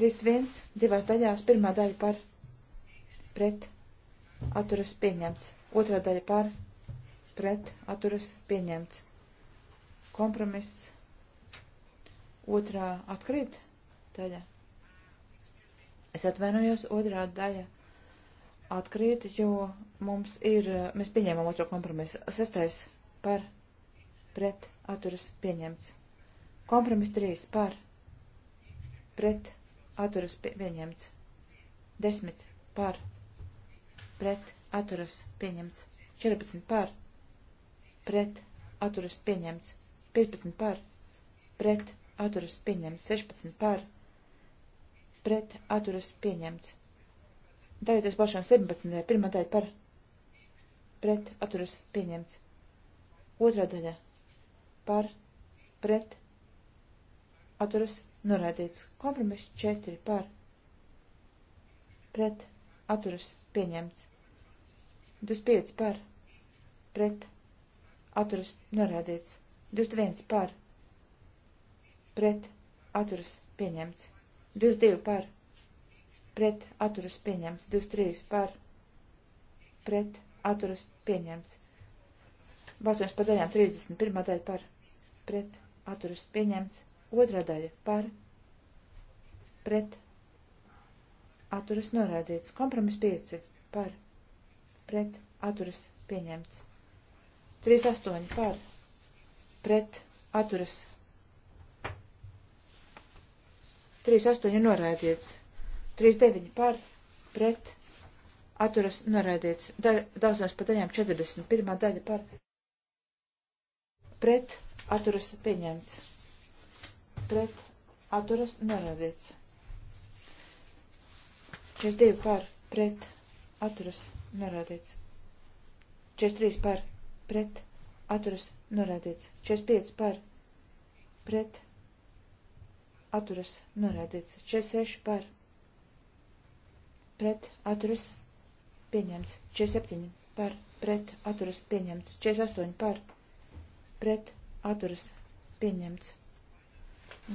3.1. divās daļās. Pirmā daļa par pret atturas pieņemts. Otrā daļa par pret atturas pieņemts. Kompromiss. Otrā atkrīt daļa. Es atvainojos, otrā daļa atkrīt, jo mums ir, mēs pieņēmām otro kompromisu. Sestais par pret atturas pieņemts. Kompromiss 3 par pret atturas pieņemts. 10 par pret atturas pieņemts. 14 par pret atturas pieņemts. 15 par pret atturas pieņemts. 16 par pret atturas pieņemts. Darīties pašām 17. Pirmā daļa par pret atturas pieņemts. Otrā daļa par pret atturas pieņemts norādīts. Kompromiss 4 par pret atturas pieņemts. 25 par pret atturas norādīts. 21 par pret atturas pieņemts. 22 par pret atturas pieņemts. 23 par pret atturas pieņemts. Balsojums par daļām 31. daļa par pret atturas pieņemts. Otrā daļa par pret atturas norādīts. Kompromis 5 par pret atturas pieņemts. 38 par pret atturas. 38 norādīts. 39 par pret atturas norādīts. Daudzās pa daļām 40. Pirmā daļa par pret atturas pieņemts pret atturas norādīts. 42 par pret atturas norādīts. 43 par pret atturas norādīts. 45 par pret atturas norādīts. 46 par pret atturas pieņemts. 47 par pret atturas pieņemts. 48 par pret atturas pieņemts.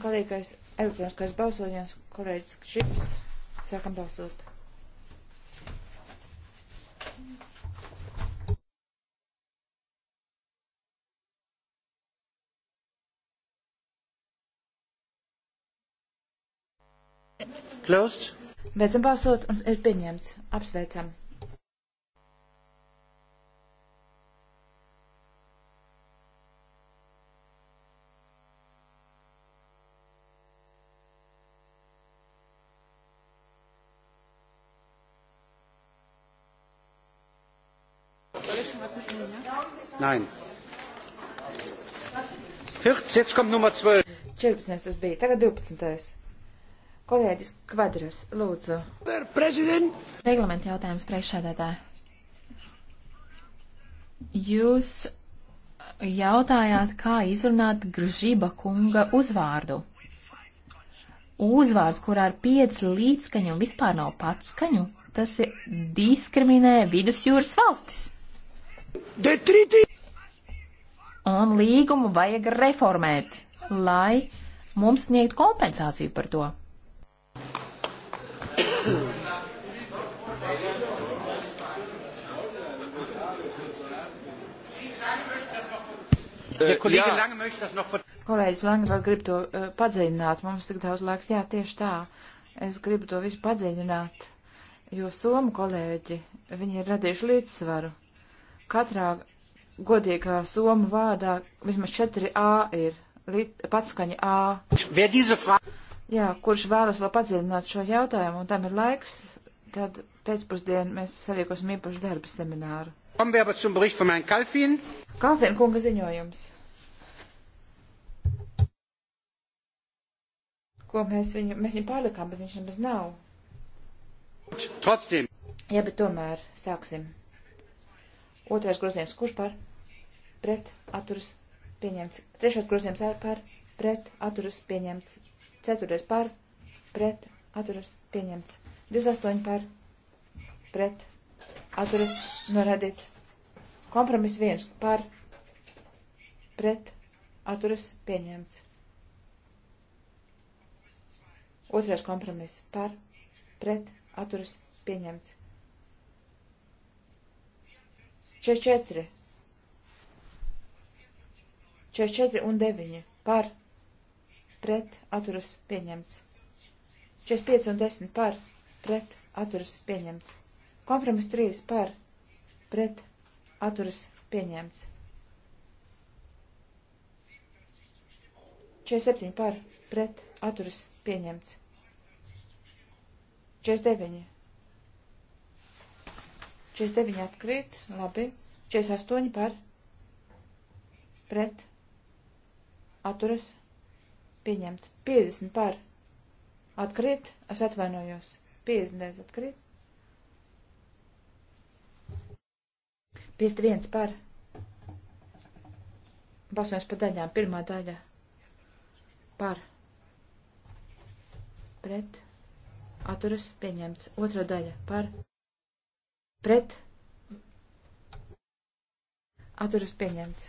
Galīgais elektroniskais balsojums, kolēģis Kšips. Sākam balsot. Closed. Beidzam balsot un ir pieņemts. Apsveicam. Nein. 14, jetzt kommt Nummer 12. 14. tas bija, tagad 12. Kolēģis Kvadras, lūdzu. President. Reglamenta jautājums priekšsēdētā. Jūs jautājāt, kā izrunāt Gržība kunga uzvārdu. Uzvārds, kurā ir pieci līdzskaņi un vispār nav pats skaņu, tas diskriminē vidusjūras valstis. Detriti! un līgumu vajag reformēt, lai mums sniegtu kompensāciju par to. Ja kolēģi Lange möchte das noch Kolēģis Lange vēl grib to uh, padziļināt. Mums tik daudz laiks. Jā, tieši tā. Es gribu to visu padziļināt, jo somu kolēģi, viņi ir radījuši līdzsvaru. Katrā godīgā Soma vārdā vismaz 4A ir patskaņa A. Jā, kurš vēlas vēl padziļināt šo jautājumu, un tam ir laiks, tad pēcpusdien mēs sarīkosim īpašu darba semināru. Kalfin kunga ziņojums. Ko mēs viņu, mēs viņu pārlikām, bet viņš nemaz nav. Trotzdem. Jā, bet tomēr sāksim. Otrais grozījums, kurš par pret atturas pieņemts. Trešais grozījums ar par pret atturas pieņemts. Ceturtais par pret atturas pieņemts. 28 par pret atturas norādīts. Kompromiss viens par pret atturas pieņemts. Otrais kompromiss par pret atturas pieņemts. 44. 44 un 9 par pret atturas pieņemts. 45 un 10 par pret atturas pieņemts. Kompromiss 3 par pret atturas pieņemts. 47 par pret atturas pieņemts. 49 49 atkrīt, labi. 48 par pret atturas pieņemts. 50 par atkrīt, es atvainojos. 50 atkrīt. 51 par balsojums par daļām. Pirmā daļa par pret atturas pieņemts. Otra daļa par pret pret atturas pieņemts.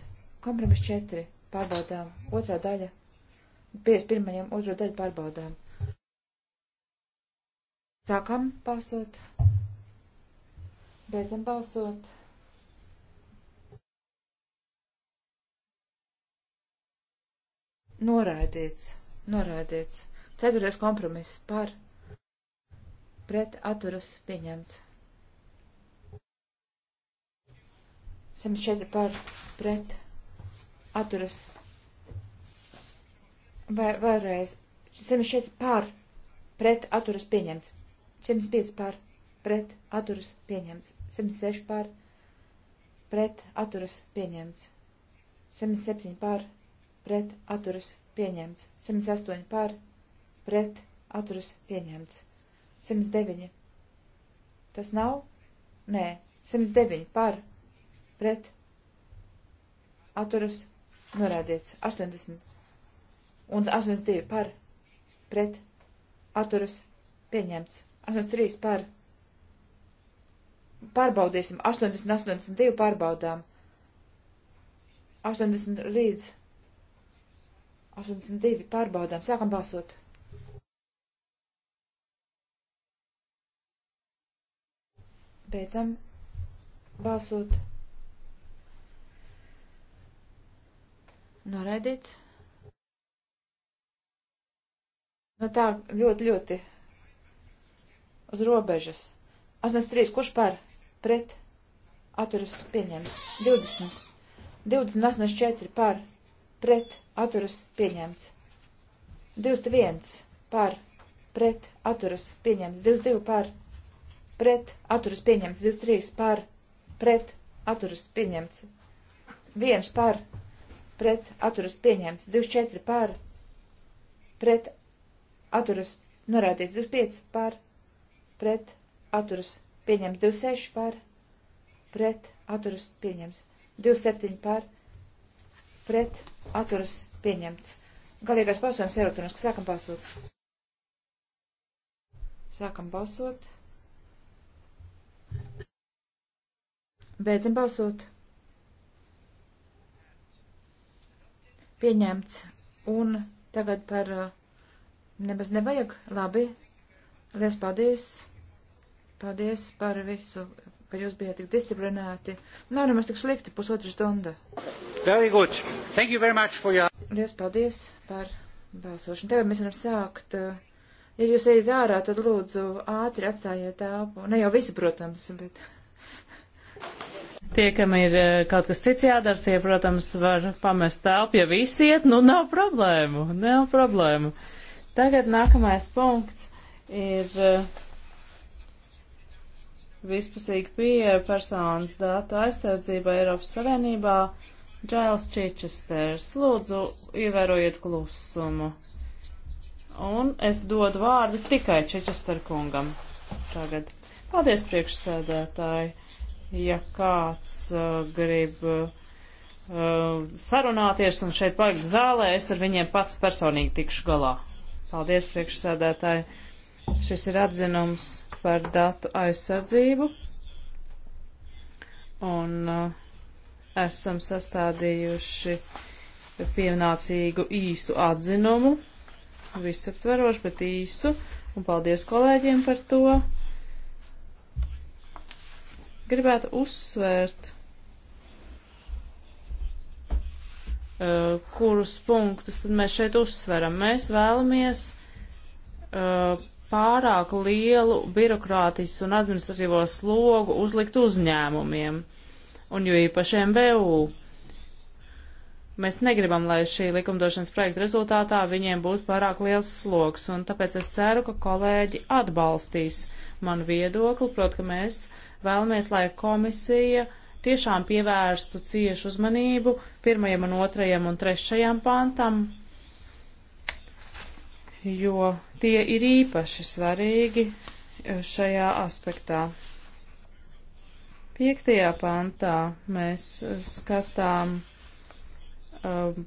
Kompromis 4 pārbaudām. Otrā daļa 51. otro daļu pārbaudām. Sākam balsot. Beidzam balsot. Noraidīts, noraidīts. Ceturtais kompromiss par pret atturas pieņemts. 104 par pret atturas. Vai, vēlreiz. 104 par pret atturas pieņemts. 105 par pret atturas pieņemts. 106 par pret atturas pieņemts. 107 par pret atturas pieņemts. 108 par pret atturas pieņemts. 109. Tas nav? Nē. 109 par pret pret atturas norādīts 80 un 82 par pret atturas pieņemts 83 par pārbaudīsim 80 82 pārbaudām 80 līdz 82 pārbaudām sākam balsot beidzam balsot Noraidīts. Nu tā, ļoti, ļoti uz robežas. 83, kurš par? Pret. Atturas pieņemts. 20. 20, 84 par. Pret. Atturas pieņemts. 21 par. Pret. Atturas pieņemts. 22 par. Pret. Atturas pieņemts. 23 par. Pret. Atturas pieņemts. 1 par pret atturas pieņemts, 24 par pret atturas norādīts, 25 par pret atturas pieņemts, 26 par pret atturas pieņemts, 27 par pret atturas pieņemts. Galīgais balsojums elektroniski. Sākam balsot. Sākam balsot. Beidzam balsot. pieņemts. Un tagad par eh, nemaz nevajag. Labi. Lies paldies. Paldies par visu, ka jūs bijāt tik disciplinēti. Nav nemaz tik slikti pusotra stunda. Very good. Thank you very much for your. Lies paldies par balsošanu. Tagad mēs varam sākt. Eh, ja jūs ejat ārā, tad lūdzu ātri atstājiet tāpu. Ne jau visi, protams, bet. Tie, kam ir eh, kaut kas cits jādara, tie, protams, var pamest telpu. Ja visi iet, nu nav problēmu, nav problēmu. Tagad nākamais punkts ir eh, vispasīgi pieeja personas datu aizsardzība Eiropas Savienībā. Džēls Čičesters, lūdzu, ievērojiet klusumu. Un es dodu vārdu tikai Čičester kungam tagad. Paldies, priekšsēdētāji! ja kāds uh, grib uh, sarunāties un šeit palikt zālē, es ar viņiem pats personīgi tikšu galā. Paldies, priekšsēdētāji. Šis ir atzinums par datu aizsardzību. Un uh, esam sastādījuši pienācīgu īsu atzinumu, visaptverošu, bet īsu, un paldies kolēģiem par to. Gribētu uzsvērt, uh, kurus punktus tad mēs šeit uzsveram. Mēs vēlamies uh, pārāk lielu birokrātisku un administratīvo slogu uzlikt uzņēmumiem, un jo īpaši MVU. Mēs negribam, lai šī likumdošanas projekta rezultātā viņiem būtu pārāk liels sloks, un tāpēc es ceru, ka kolēģi atbalstīs manu viedokli, prot, ka mēs vēlamies, lai komisija tiešām pievērstu ciešu uzmanību pirmajam un otrajam un trešajam pantam, jo tie ir īpaši svarīgi eh, šajā aspektā. Piektajā pantā mēs eh, skatām um,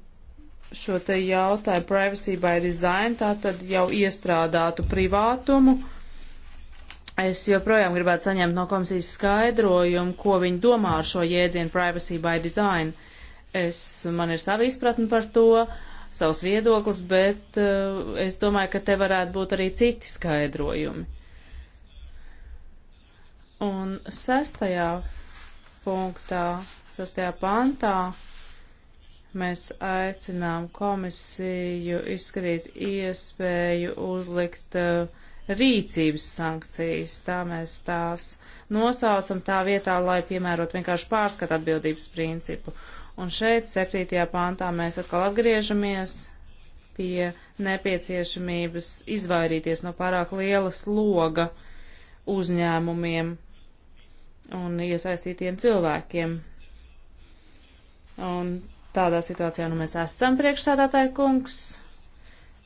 šo te jautāju privacy by design, tātad jau iestrādātu privātumu. Uh, Es joprojām gribētu saņemt no komisijas skaidrojumu, ko viņi domā ar šo jēdzienu privacy by design. Es, man ir sava izpratne par to, savs viedoklis, bet uh, es domāju, ka te varētu būt arī citi skaidrojumi. Un sestajā punktā, sestajā pantā mēs aicinām komisiju izskatīt iespēju uzlikt uh, rīcības sankcijas, tā mēs tās nosaucam tā vietā, lai piemērot vienkārši pārskat atbildības principu. Un šeit, 7. pāntā, mēs atkal atgriežamies pie nepieciešamības izvairīties no pārāk liela sloga uzņēmumiem un iesaistītiem cilvēkiem. Un tādā situācijā nu mēs esam priekšsādātāja kungs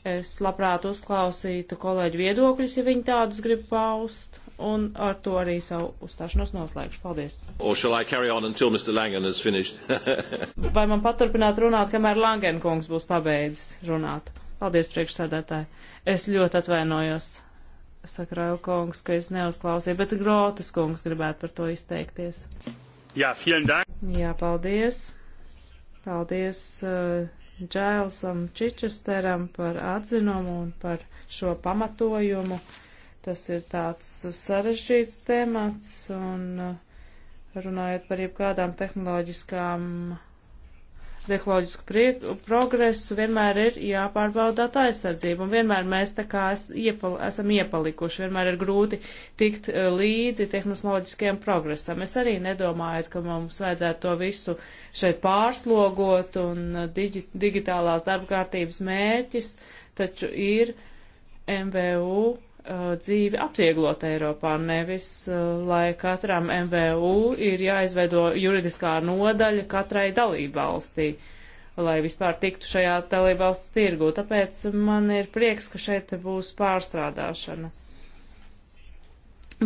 Es labprāt uzklausītu kolēģu viedokļus, ja viņi tādus grib paust. Un ar to arī savu uzstāšanos noslēgšu. Paldies. *laughs* Vai man paturpināt runāt, kamēr Langenkungs būs pabeidzis runāt? Paldies, priekšsēdētāji. Es ļoti atvainojos, saka Railkungs, ka es neuzklausīju, bet Grotas kungs gribētu par to izteikties. Jā, vielen dank. Jā, paldies. Paldies. Uh, Džēlsam Čičesteram par atzinumu un par šo pamatojumu. Tas ir tāds sarežģīts temats un uh, runājot par jebkādām tehnoloģiskām uh, tehnoloģisku priek, progresu, vienmēr ir jāpārbauda tā aizsardzība, un vienmēr mēs tā kā es, iepal, esam iepalikuši, vienmēr ir grūti tikt uh, līdzi tehnoloģiskajam progresam. Es arī nedomāju, ka mums vajadzētu to visu šeit pārslogot, un eh, digi, digitālās darba kārtības mērķis taču ir MVU Uh, dzīvi atvieglot Eiropā, nevis uh, lai katram MVU ir jāizveido juridiskā nodaļa katrai dalībvalstī, lai vispār tiktu šajā dalībvalsts tirgu. Tāpēc man ir prieks, ka šeit būs pārstrādāšana.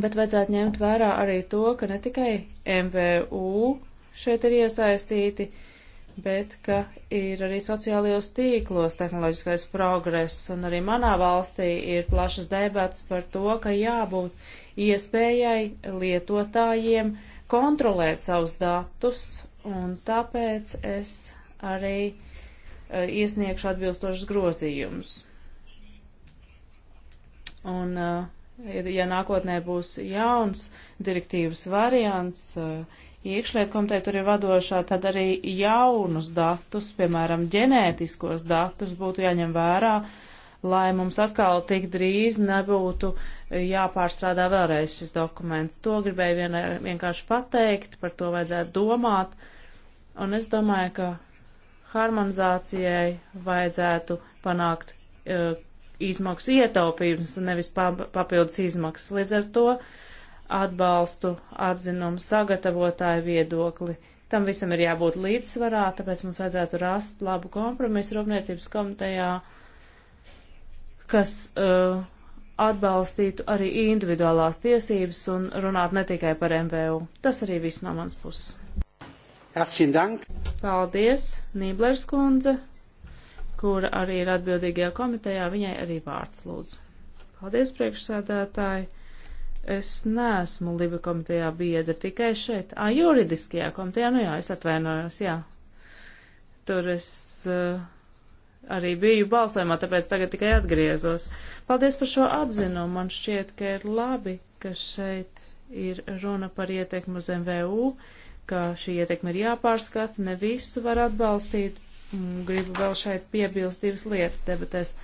Bet vajadzētu ņemt vērā arī to, ka ne tikai MVU šeit ir iesaistīti, uh, bet ka ir arī sociālajos tīklos tehnoloģiskais progress, un arī manā valstī ir plašas debats par to, ka jābūt iespējai lietotājiem kontrolēt savus datus, un tāpēc es arī e, iesniegšu atbilstošas grozījumus. Un, e, ja nākotnē būs jauns direktīvas variants, uh, iekšlietu komiteja tur ir vadošā, tad arī jaunus datus, piemēram, ģenētiskos datus būtu jāņem vērā, lai mums atkal tik drīz nebūtu jāpārstrādā vēlreiz šis dokuments. To gribēju vien, vienkārši pateikt, par to vajadzētu domāt, un es domāju, ka harmonizācijai vajadzētu panākt uh, izmaksu ietaupījums, nevis papildus izmaksas. Līdz ar to uh, atbalstu atzinumu sagatavotāju viedokli. Tam visam ir jābūt līdzsvarā, tāpēc mums vajadzētu rast labu kompromisu Rūpniecības komitejā, kas uh, atbalstītu arī individuālās tiesības un runātu ne tikai par MVU. Tas arī viss no mans puses. Paldies, Nīblers kundze, kura arī ir atbildīgajā komitejā, viņai arī vārds lūdzu. Paldies, priekšsēdētāji! Es neesmu Liba komitejā biedra, tikai šeit. Ā, juridiskajā komitejā, nu jā, es atvainojos, jā. Tur es uh, arī biju balsojumā, tāpēc tagad tikai atgriezos. Paldies par šo atzinumu. Man šķiet, ka ir labi, ka šeit ir runa par ietekmu uz MVU, ka šī ietekme ir jāpārskata, ne visu var atbalstīt. Mm, gribu vēl šeit piebilst divas lietas debatēs.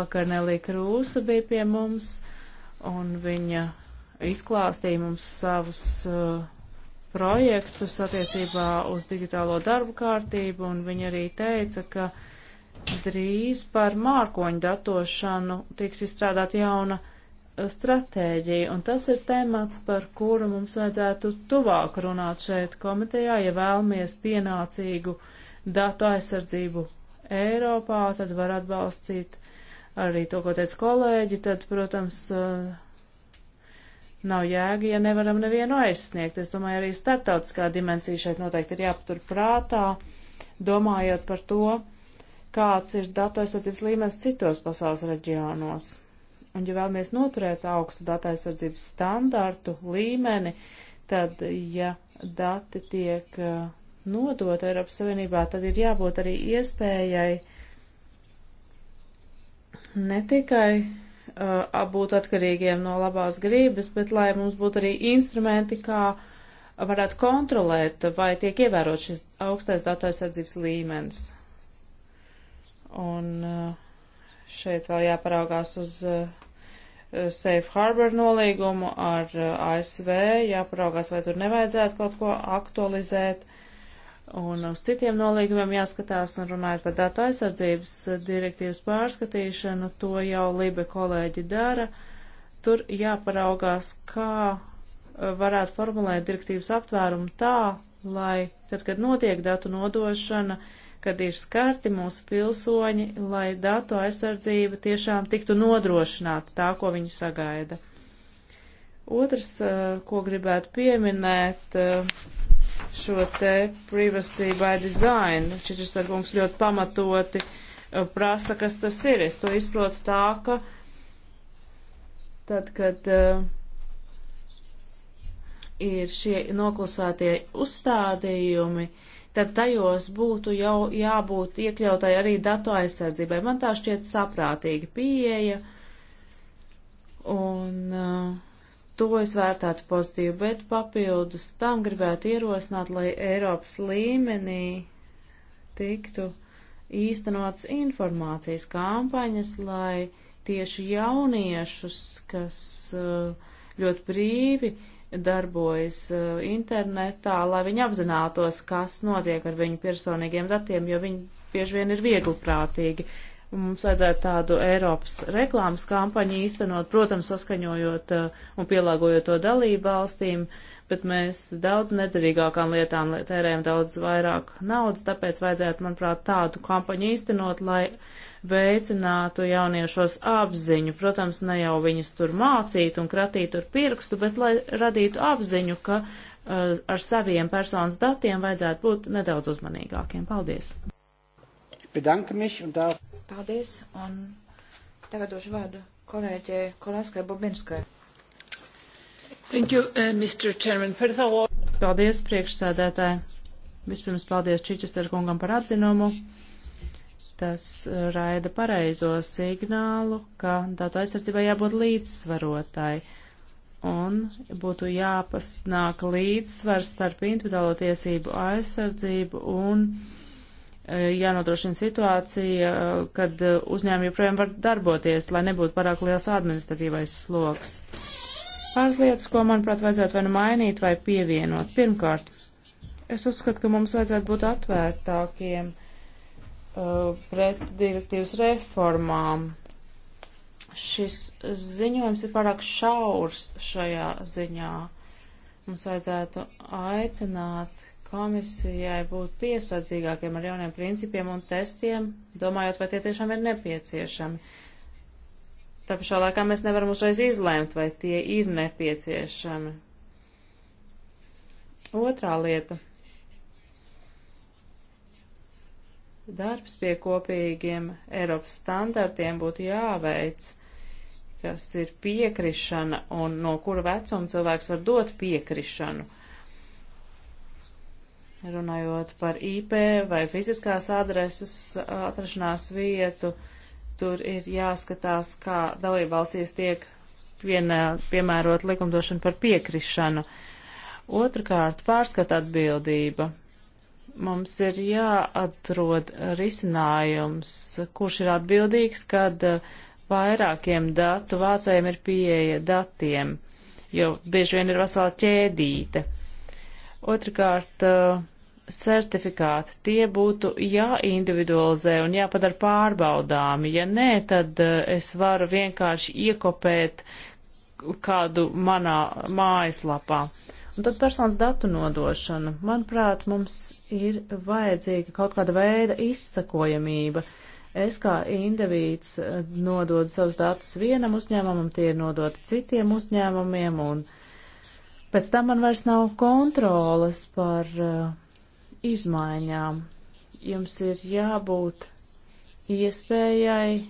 Vakar Nelī Krūsa bija pie mums, un viņa izklāstīja mums savus uh, projektus attiecībā uz digitālo darbu kārtību, un viņa arī teica, ka drīz par mārkoņu datošanu tiks izstrādāt jauna uh, stratēģija, un tas ir temats, par kuru mums vajadzētu tuvāk runāt šeit komitejā, ja vēlamies pienācīgu datu aizsardzību Eiropā, tad var atbalstīt arī to, ko teica kolēģi, tad, protams, uh, Nav jēga, ja nevaram nevienu aizsniegt. Es domāju, arī startautiskā dimensija šeit noteikti ir jāpatur prātā, domājot par to, kāds ir datu aizsardzības līmenis citos pasaules reģionos. Un, ja vēlamies noturēt augstu datu aizsardzības standartu līmeni, tad, ja dati tiek uh, nodot Eiropas Savienībā, tad ir jābūt arī iespējai ne tikai uh, būt atkarīgiem no labās grības, bet lai mums būtu arī instrumenti, kā varētu kontrolēt, vai tiek ievērot šis augstais datu aizsardzības līmenis. Un uh, šeit vēl jāparaugās uz uh, Safe Harbor nolīgumu ar uh, ASV, jāparaugās, vai tur nevajadzētu kaut ko aktualizēt. Uh, un uz citiem nolīgumiem jāskatās, un runājot par datu aizsardzības direktīvas pārskatīšanu, to jau Libe kolēģi dara. Tur jāparaugās, kā eh, varētu formulēt direktīvas aptvērumu tā, lai tad, kad notiek datu nodošana, kad ir skarti mūsu pilsoņi, lai datu aizsardzība tiešām tiktu nodrošināta tā, ko viņi sagaida. Otrs, eh, ko gribētu pieminēt, eh, šo te privacy by design. Čičistar kungs ļoti pamatoti uh, prasa, kas tas ir. Es to izprotu tā, ka tad, kad uh, ir šie noklusētie uzstādījumi, tad tajos būtu jau jābūt iekļautai arī datu aizsardzībai. Man tā šķiet saprātīga pieeja. Un uh, to es vērtētu pozitīvi, bet papildus tam gribētu ierosināt, lai Eiropas līmenī tiktu īstenots informācijas kampaņas, lai tieši jauniešus, kas uh, ļoti brīvi darbojas uh, internetā, lai viņi apzinātos, kas notiek ar viņu personīgiem datiem, jo viņi bieži vien ir viegli prātīgi. Uh, un mums vajadzētu tādu Eiropas reklāmas kampaņu īstenot, protams, saskaņojot uh, un pielāgojot to dalību valstīm, bet mēs daudz nederīgākām lietām tērējam daudz vairāk naudas, tāpēc vajadzētu, manuprāt, tādu kampaņu īstenot, lai veicinātu jauniešos apziņu, protams, ne jau viņus tur mācītu un kratītu ar pirkstu, bet lai radītu apziņu, ka uh, ar saviem personas datiem vajadzētu būt nedaudz uzmanīgākiem. Paldies! bedanke mich un darf. Paldies, un tagad došu vārdu kolēģei Kolēskai Bobinskai. Thank you, uh, Mr. Chairman. First of all. Paldies, priekšsēdētāji. Vispirms paldies Čičester kungam par atzinumu. Tas uh, raida pareizo signālu, ka datu aizsardzībai jābūt līdzsvarotai un būtu jāpasnāk līdzsvars starp individuālo tiesību aizsardzību un uh, Eh, jānodrošina situācija, eh, kad eh, uzņēmumi joprojām var darboties, lai nebūtu pārāk liels administratīvais sloks. Pāris lietas, ko, manuprāt, vajadzētu vai nu mainīt, vai pievienot. Pirmkārt, es uzskatu, ka mums vajadzētu būt atvērtākiem uh, pret direktīvas reformām. Šis ziņojums ir pārāk šaurs šajā ziņā. Mums vajadzētu aicināt komisijai būt piesardzīgākiem ar jauniem principiem un testiem, domājot, vai tie tiešām ir nepieciešami. Tā pašā laikā mēs nevaram uzreiz izlēmt, vai tie ir nepieciešami. Otrā lieta. Darbs pie kopīgiem Eiropas standartiem būtu jāveic, kas ir piekrišana un no kura vecuma cilvēks var dot piekrišanu runājot par IP vai fiziskās adreses atrašanās vietu, tur ir jāskatās, kā dalībvalstīs tiek pienā, piemērot likumdošanu par piekrišanu. Otrakārt, pārskat atbildība. Mums ir jāatrod risinājums, kurš ir atbildīgs, kad vairākiem datu vācējiem ir pieeja datiem, jo bieži vien ir vesela ķēdīte Otrakārt, eh, certifikāti tie būtu jāindividualizē un jāpadara pārbaudāmi. Ja nē, tad eh, es varu vienkārši iekopēt kādu manā mājaslapā. Un tad personas datu nodošana. Manuprāt, mums ir vajadzīga kaut kāda veida izsakojamība. Es kā indivīds eh, nododu savus datus vienam uzņēmumam, tie ir nodoti citiem uzņēmumiem, un Pēc tam man vairs nav kontrolas par uh, izmaiņām. Jums ir jābūt iespējai uh,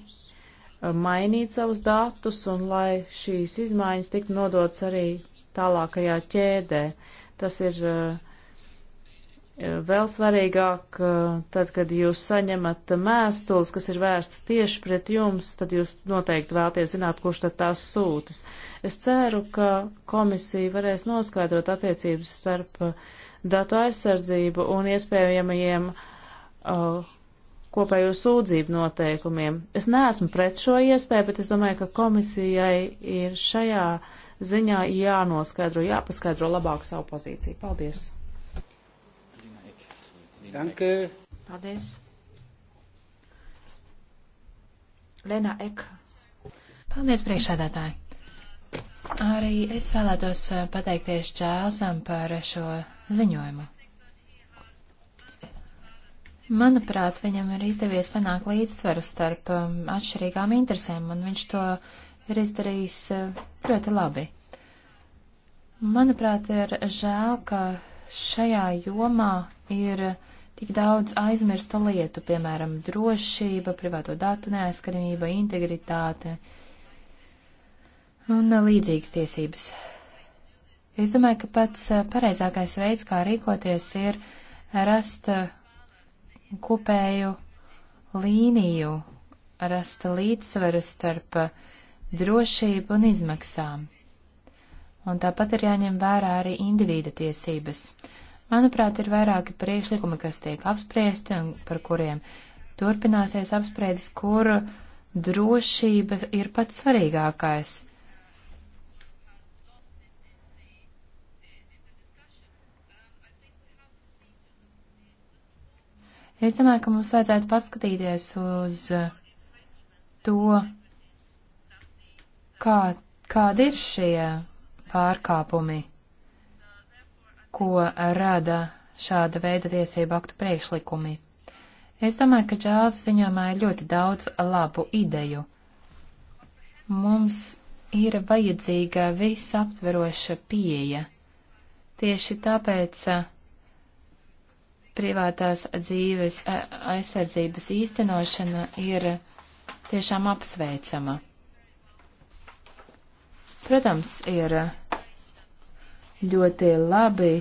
mainīt savus datus un lai šīs izmaiņas tiktu nodots arī tālākajā ķēdē. Tas ir uh, Vēl svarīgāk, tad, kad jūs saņemat mēstules, kas ir vērstas tieši pret jums, tad jūs noteikti vēlties zināt, kurš tad tās sūtas. Es ceru, ka komisija varēs noskaidrot attiecības starp datu aizsardzību un iespējamajiem uh, kopējo sūdzību noteikumiem. Es neesmu pret šo iespēju, bet es domāju, ka komisijai ir šajā ziņā jānoskaidro, jāpaskaidro labāk savu pozīciju. Paldies! Danke. Paldies. Lena Ek. Paldies, priekšsēdētāji. Arī es vēlētos eh, pateikties Čēlsam par šo ziņojumu. Manuprāt, viņam ir izdevies panākt līdzsvaru starp um, atšķirīgām interesēm, un viņš to ir izdarījis eh, ļoti labi. Manuprāt, ir žēl, ka šajā jomā ir tik daudz aizmirstu lietu, piemēram, drošība, privāto datu neaizskaramība, integritāte un līdzīgas tiesības. Es domāju, ka pats eh, pareizākais veids, kā rīkoties, ir rast eh, kopēju līniju, rast līdzsveru starp eh, drošību un izmaksām. Un tāpat ir jāņem vērā arī individa tiesības. Manuprāt, ir vairāki priekšlikumi, kas tiek apspriesti un par kuriem turpināsies apspriedis, kur drošība ir pats svarīgākais. Es domāju, ka mums vajadzētu paskatīties uz to, kā, kādi ir šie pārkāpumi ko rada šāda veida tiesību aktu priekšlikumi. Es domāju, ka Čāles ziņojumā ir ļoti daudz labu ideju. Mums ir vajadzīga visaptveroša pieeja. Tieši tāpēc privātās dzīves aizsardzības īstenošana ir tiešām apsveicama. Protams, ir ļoti labi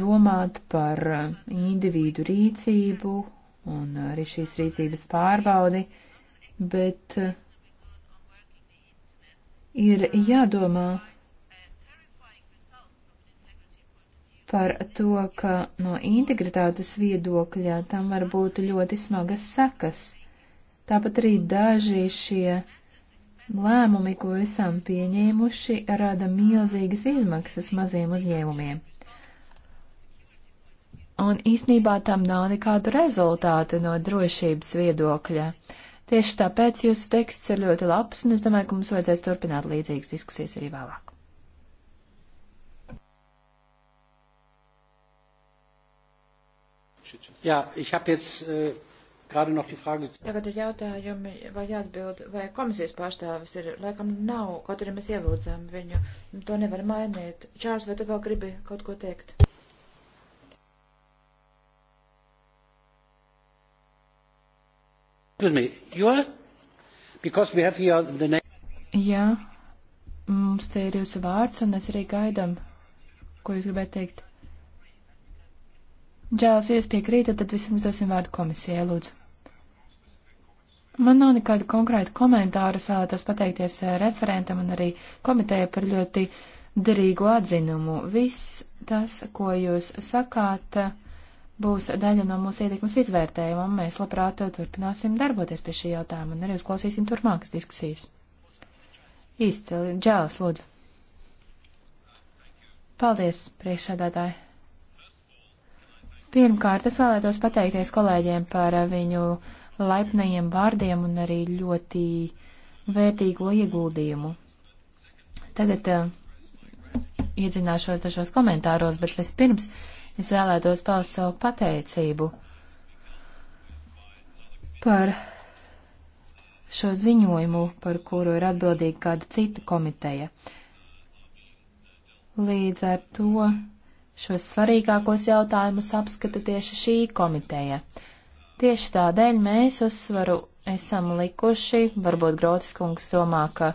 domāt par uh, individu rīcību un arī šīs rīcības pārbaudi, bet uh, ir jādomā par to, ka no integritātes viedokļa tam var būt ļoti smagas sekas. Tāpat arī daži šie Lēmumi, ko esam pieņēmuši, rada milzīgas izmaksas maziem uzņēmumiem. Un īsnībā tam nav nekādu rezultātu no drošības viedokļa. Tieši tāpēc jūsu teksts ir ļoti labs, un es domāju, ka mums vajadzēs turpināt līdzīgas diskusijas arī vēlāk. Ja, ich habe jetzt äh, Tagad ir jautājumi, vai jāatbild, vai komisijas pārstāvis ir, laikam nav, kaut arī mēs ielūdzām viņu, to nevar mainīt. Čārs, vai tu vēl gribi kaut ko teikt? Jā, mums te ir jūsu vārds, un mēs arī gaidām, ko jūs gribētu teikt. Džēls, ja jūs piekrītat, tad vismaz dosim vārdu komisijai, lūdzu. Man nav nekāda konkrēta komentāra, es vēlētos pateikties eh, referentam un arī komiteja par ļoti derīgu atzinumu. Viss tas, ko jūs sakāt, būs daļa no mūsu ietekmes izvērtējuma, un mēs labprāt turpināsim darboties pie šī jautājuma un arī uzklausīsim turpmākas diskusijas. Izcili, Džēls, lūdzu. Paldies, priekšsēdētāji. Pirmkārt, es vēlētos pateikties kolēģiem par viņu laipnajiem vārdiem un arī ļoti vērtīgo ieguldījumu. Tagad uh, iedzināšos dažos komentāros, bet vispirms es vēlētos paust savu pateicību par šo ziņojumu, par kuru ir atbildīga kāda cita komiteja. Līdz ar to Šos svarīgākos jautājumus apskata tieši šī komiteja. Tieši tādēļ mēs uzsvaru esam likuši, varbūt Grotis kungs domā, ka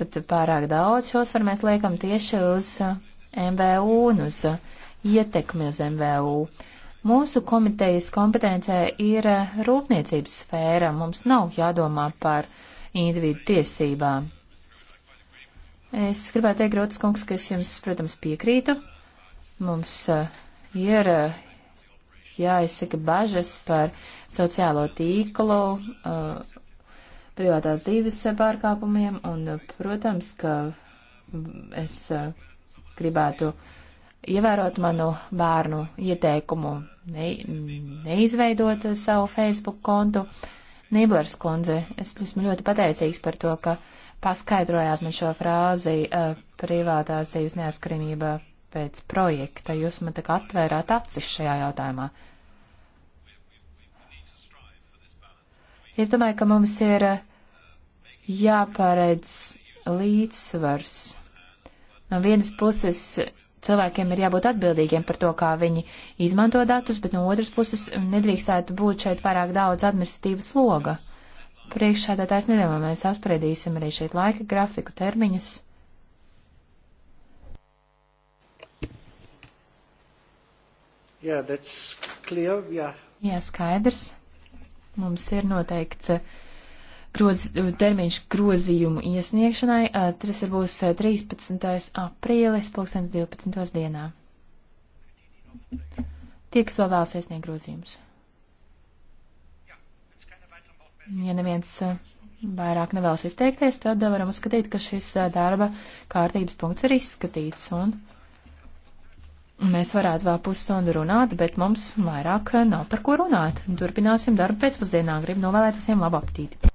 pat pārāk daudz šos var mēs liekam tieši uz MVU un uz ietekmi uz MVU. Mūsu komitejas kompetencē ir rūpniecības sfēra, mums nav jādomā par individu tiesībām. Es gribētu teikt, Grotas kungs, ka es jums, protams, piekrītu, Mums eh, ir eh, jāizsaka bažas par sociālo tīklu, eh, privātās dzīves pārkāpumiem, un, protams, ka es gribētu ievērot manu bērnu ieteikumu, ne, neizveidot savu Facebook kontu. Niblers kundze, es esmu ļoti pateicīgs par to, ka paskaidrojāt man šo frāzi uh, privātās dzīves neaskarība pēc projekta. Jūs man tā kā atvērāt acis šajā jautājumā. Es domāju, ka mums ir eh, jāpāredz līdzsvars. No vienas puses cilvēkiem ir jābūt atbildīgiem par to, kā viņi izmanto datus, bet no otras puses nedrīkstētu būt šeit pārāk daudz administratīvas sloga. Priekšādātājs nedomā, mēs apspriedīsim arī šeit laika grafiku termiņus. Yeah, that's clear, yeah. Jā, skaidrs. Mums ir noteikts uh, groz, uh, termiņš grozījumu iesniegšanai. Uh, tas ir būs 13. aprīlis, 2012. dienā. Tie, kas vēl vēlas iesniegt grozījumus. Ja neviens vairāk nevēlas izteikties, tad varam uzskatīt, ka šis darba kārtības punkts ir izskatīts. Un Mēs varētu vēl pusstundu runāt, bet mums vairāk nav par ko runāt. Turpināsim darbu pēcpusdienā. Gribu novēlēt visiem labu aptīti!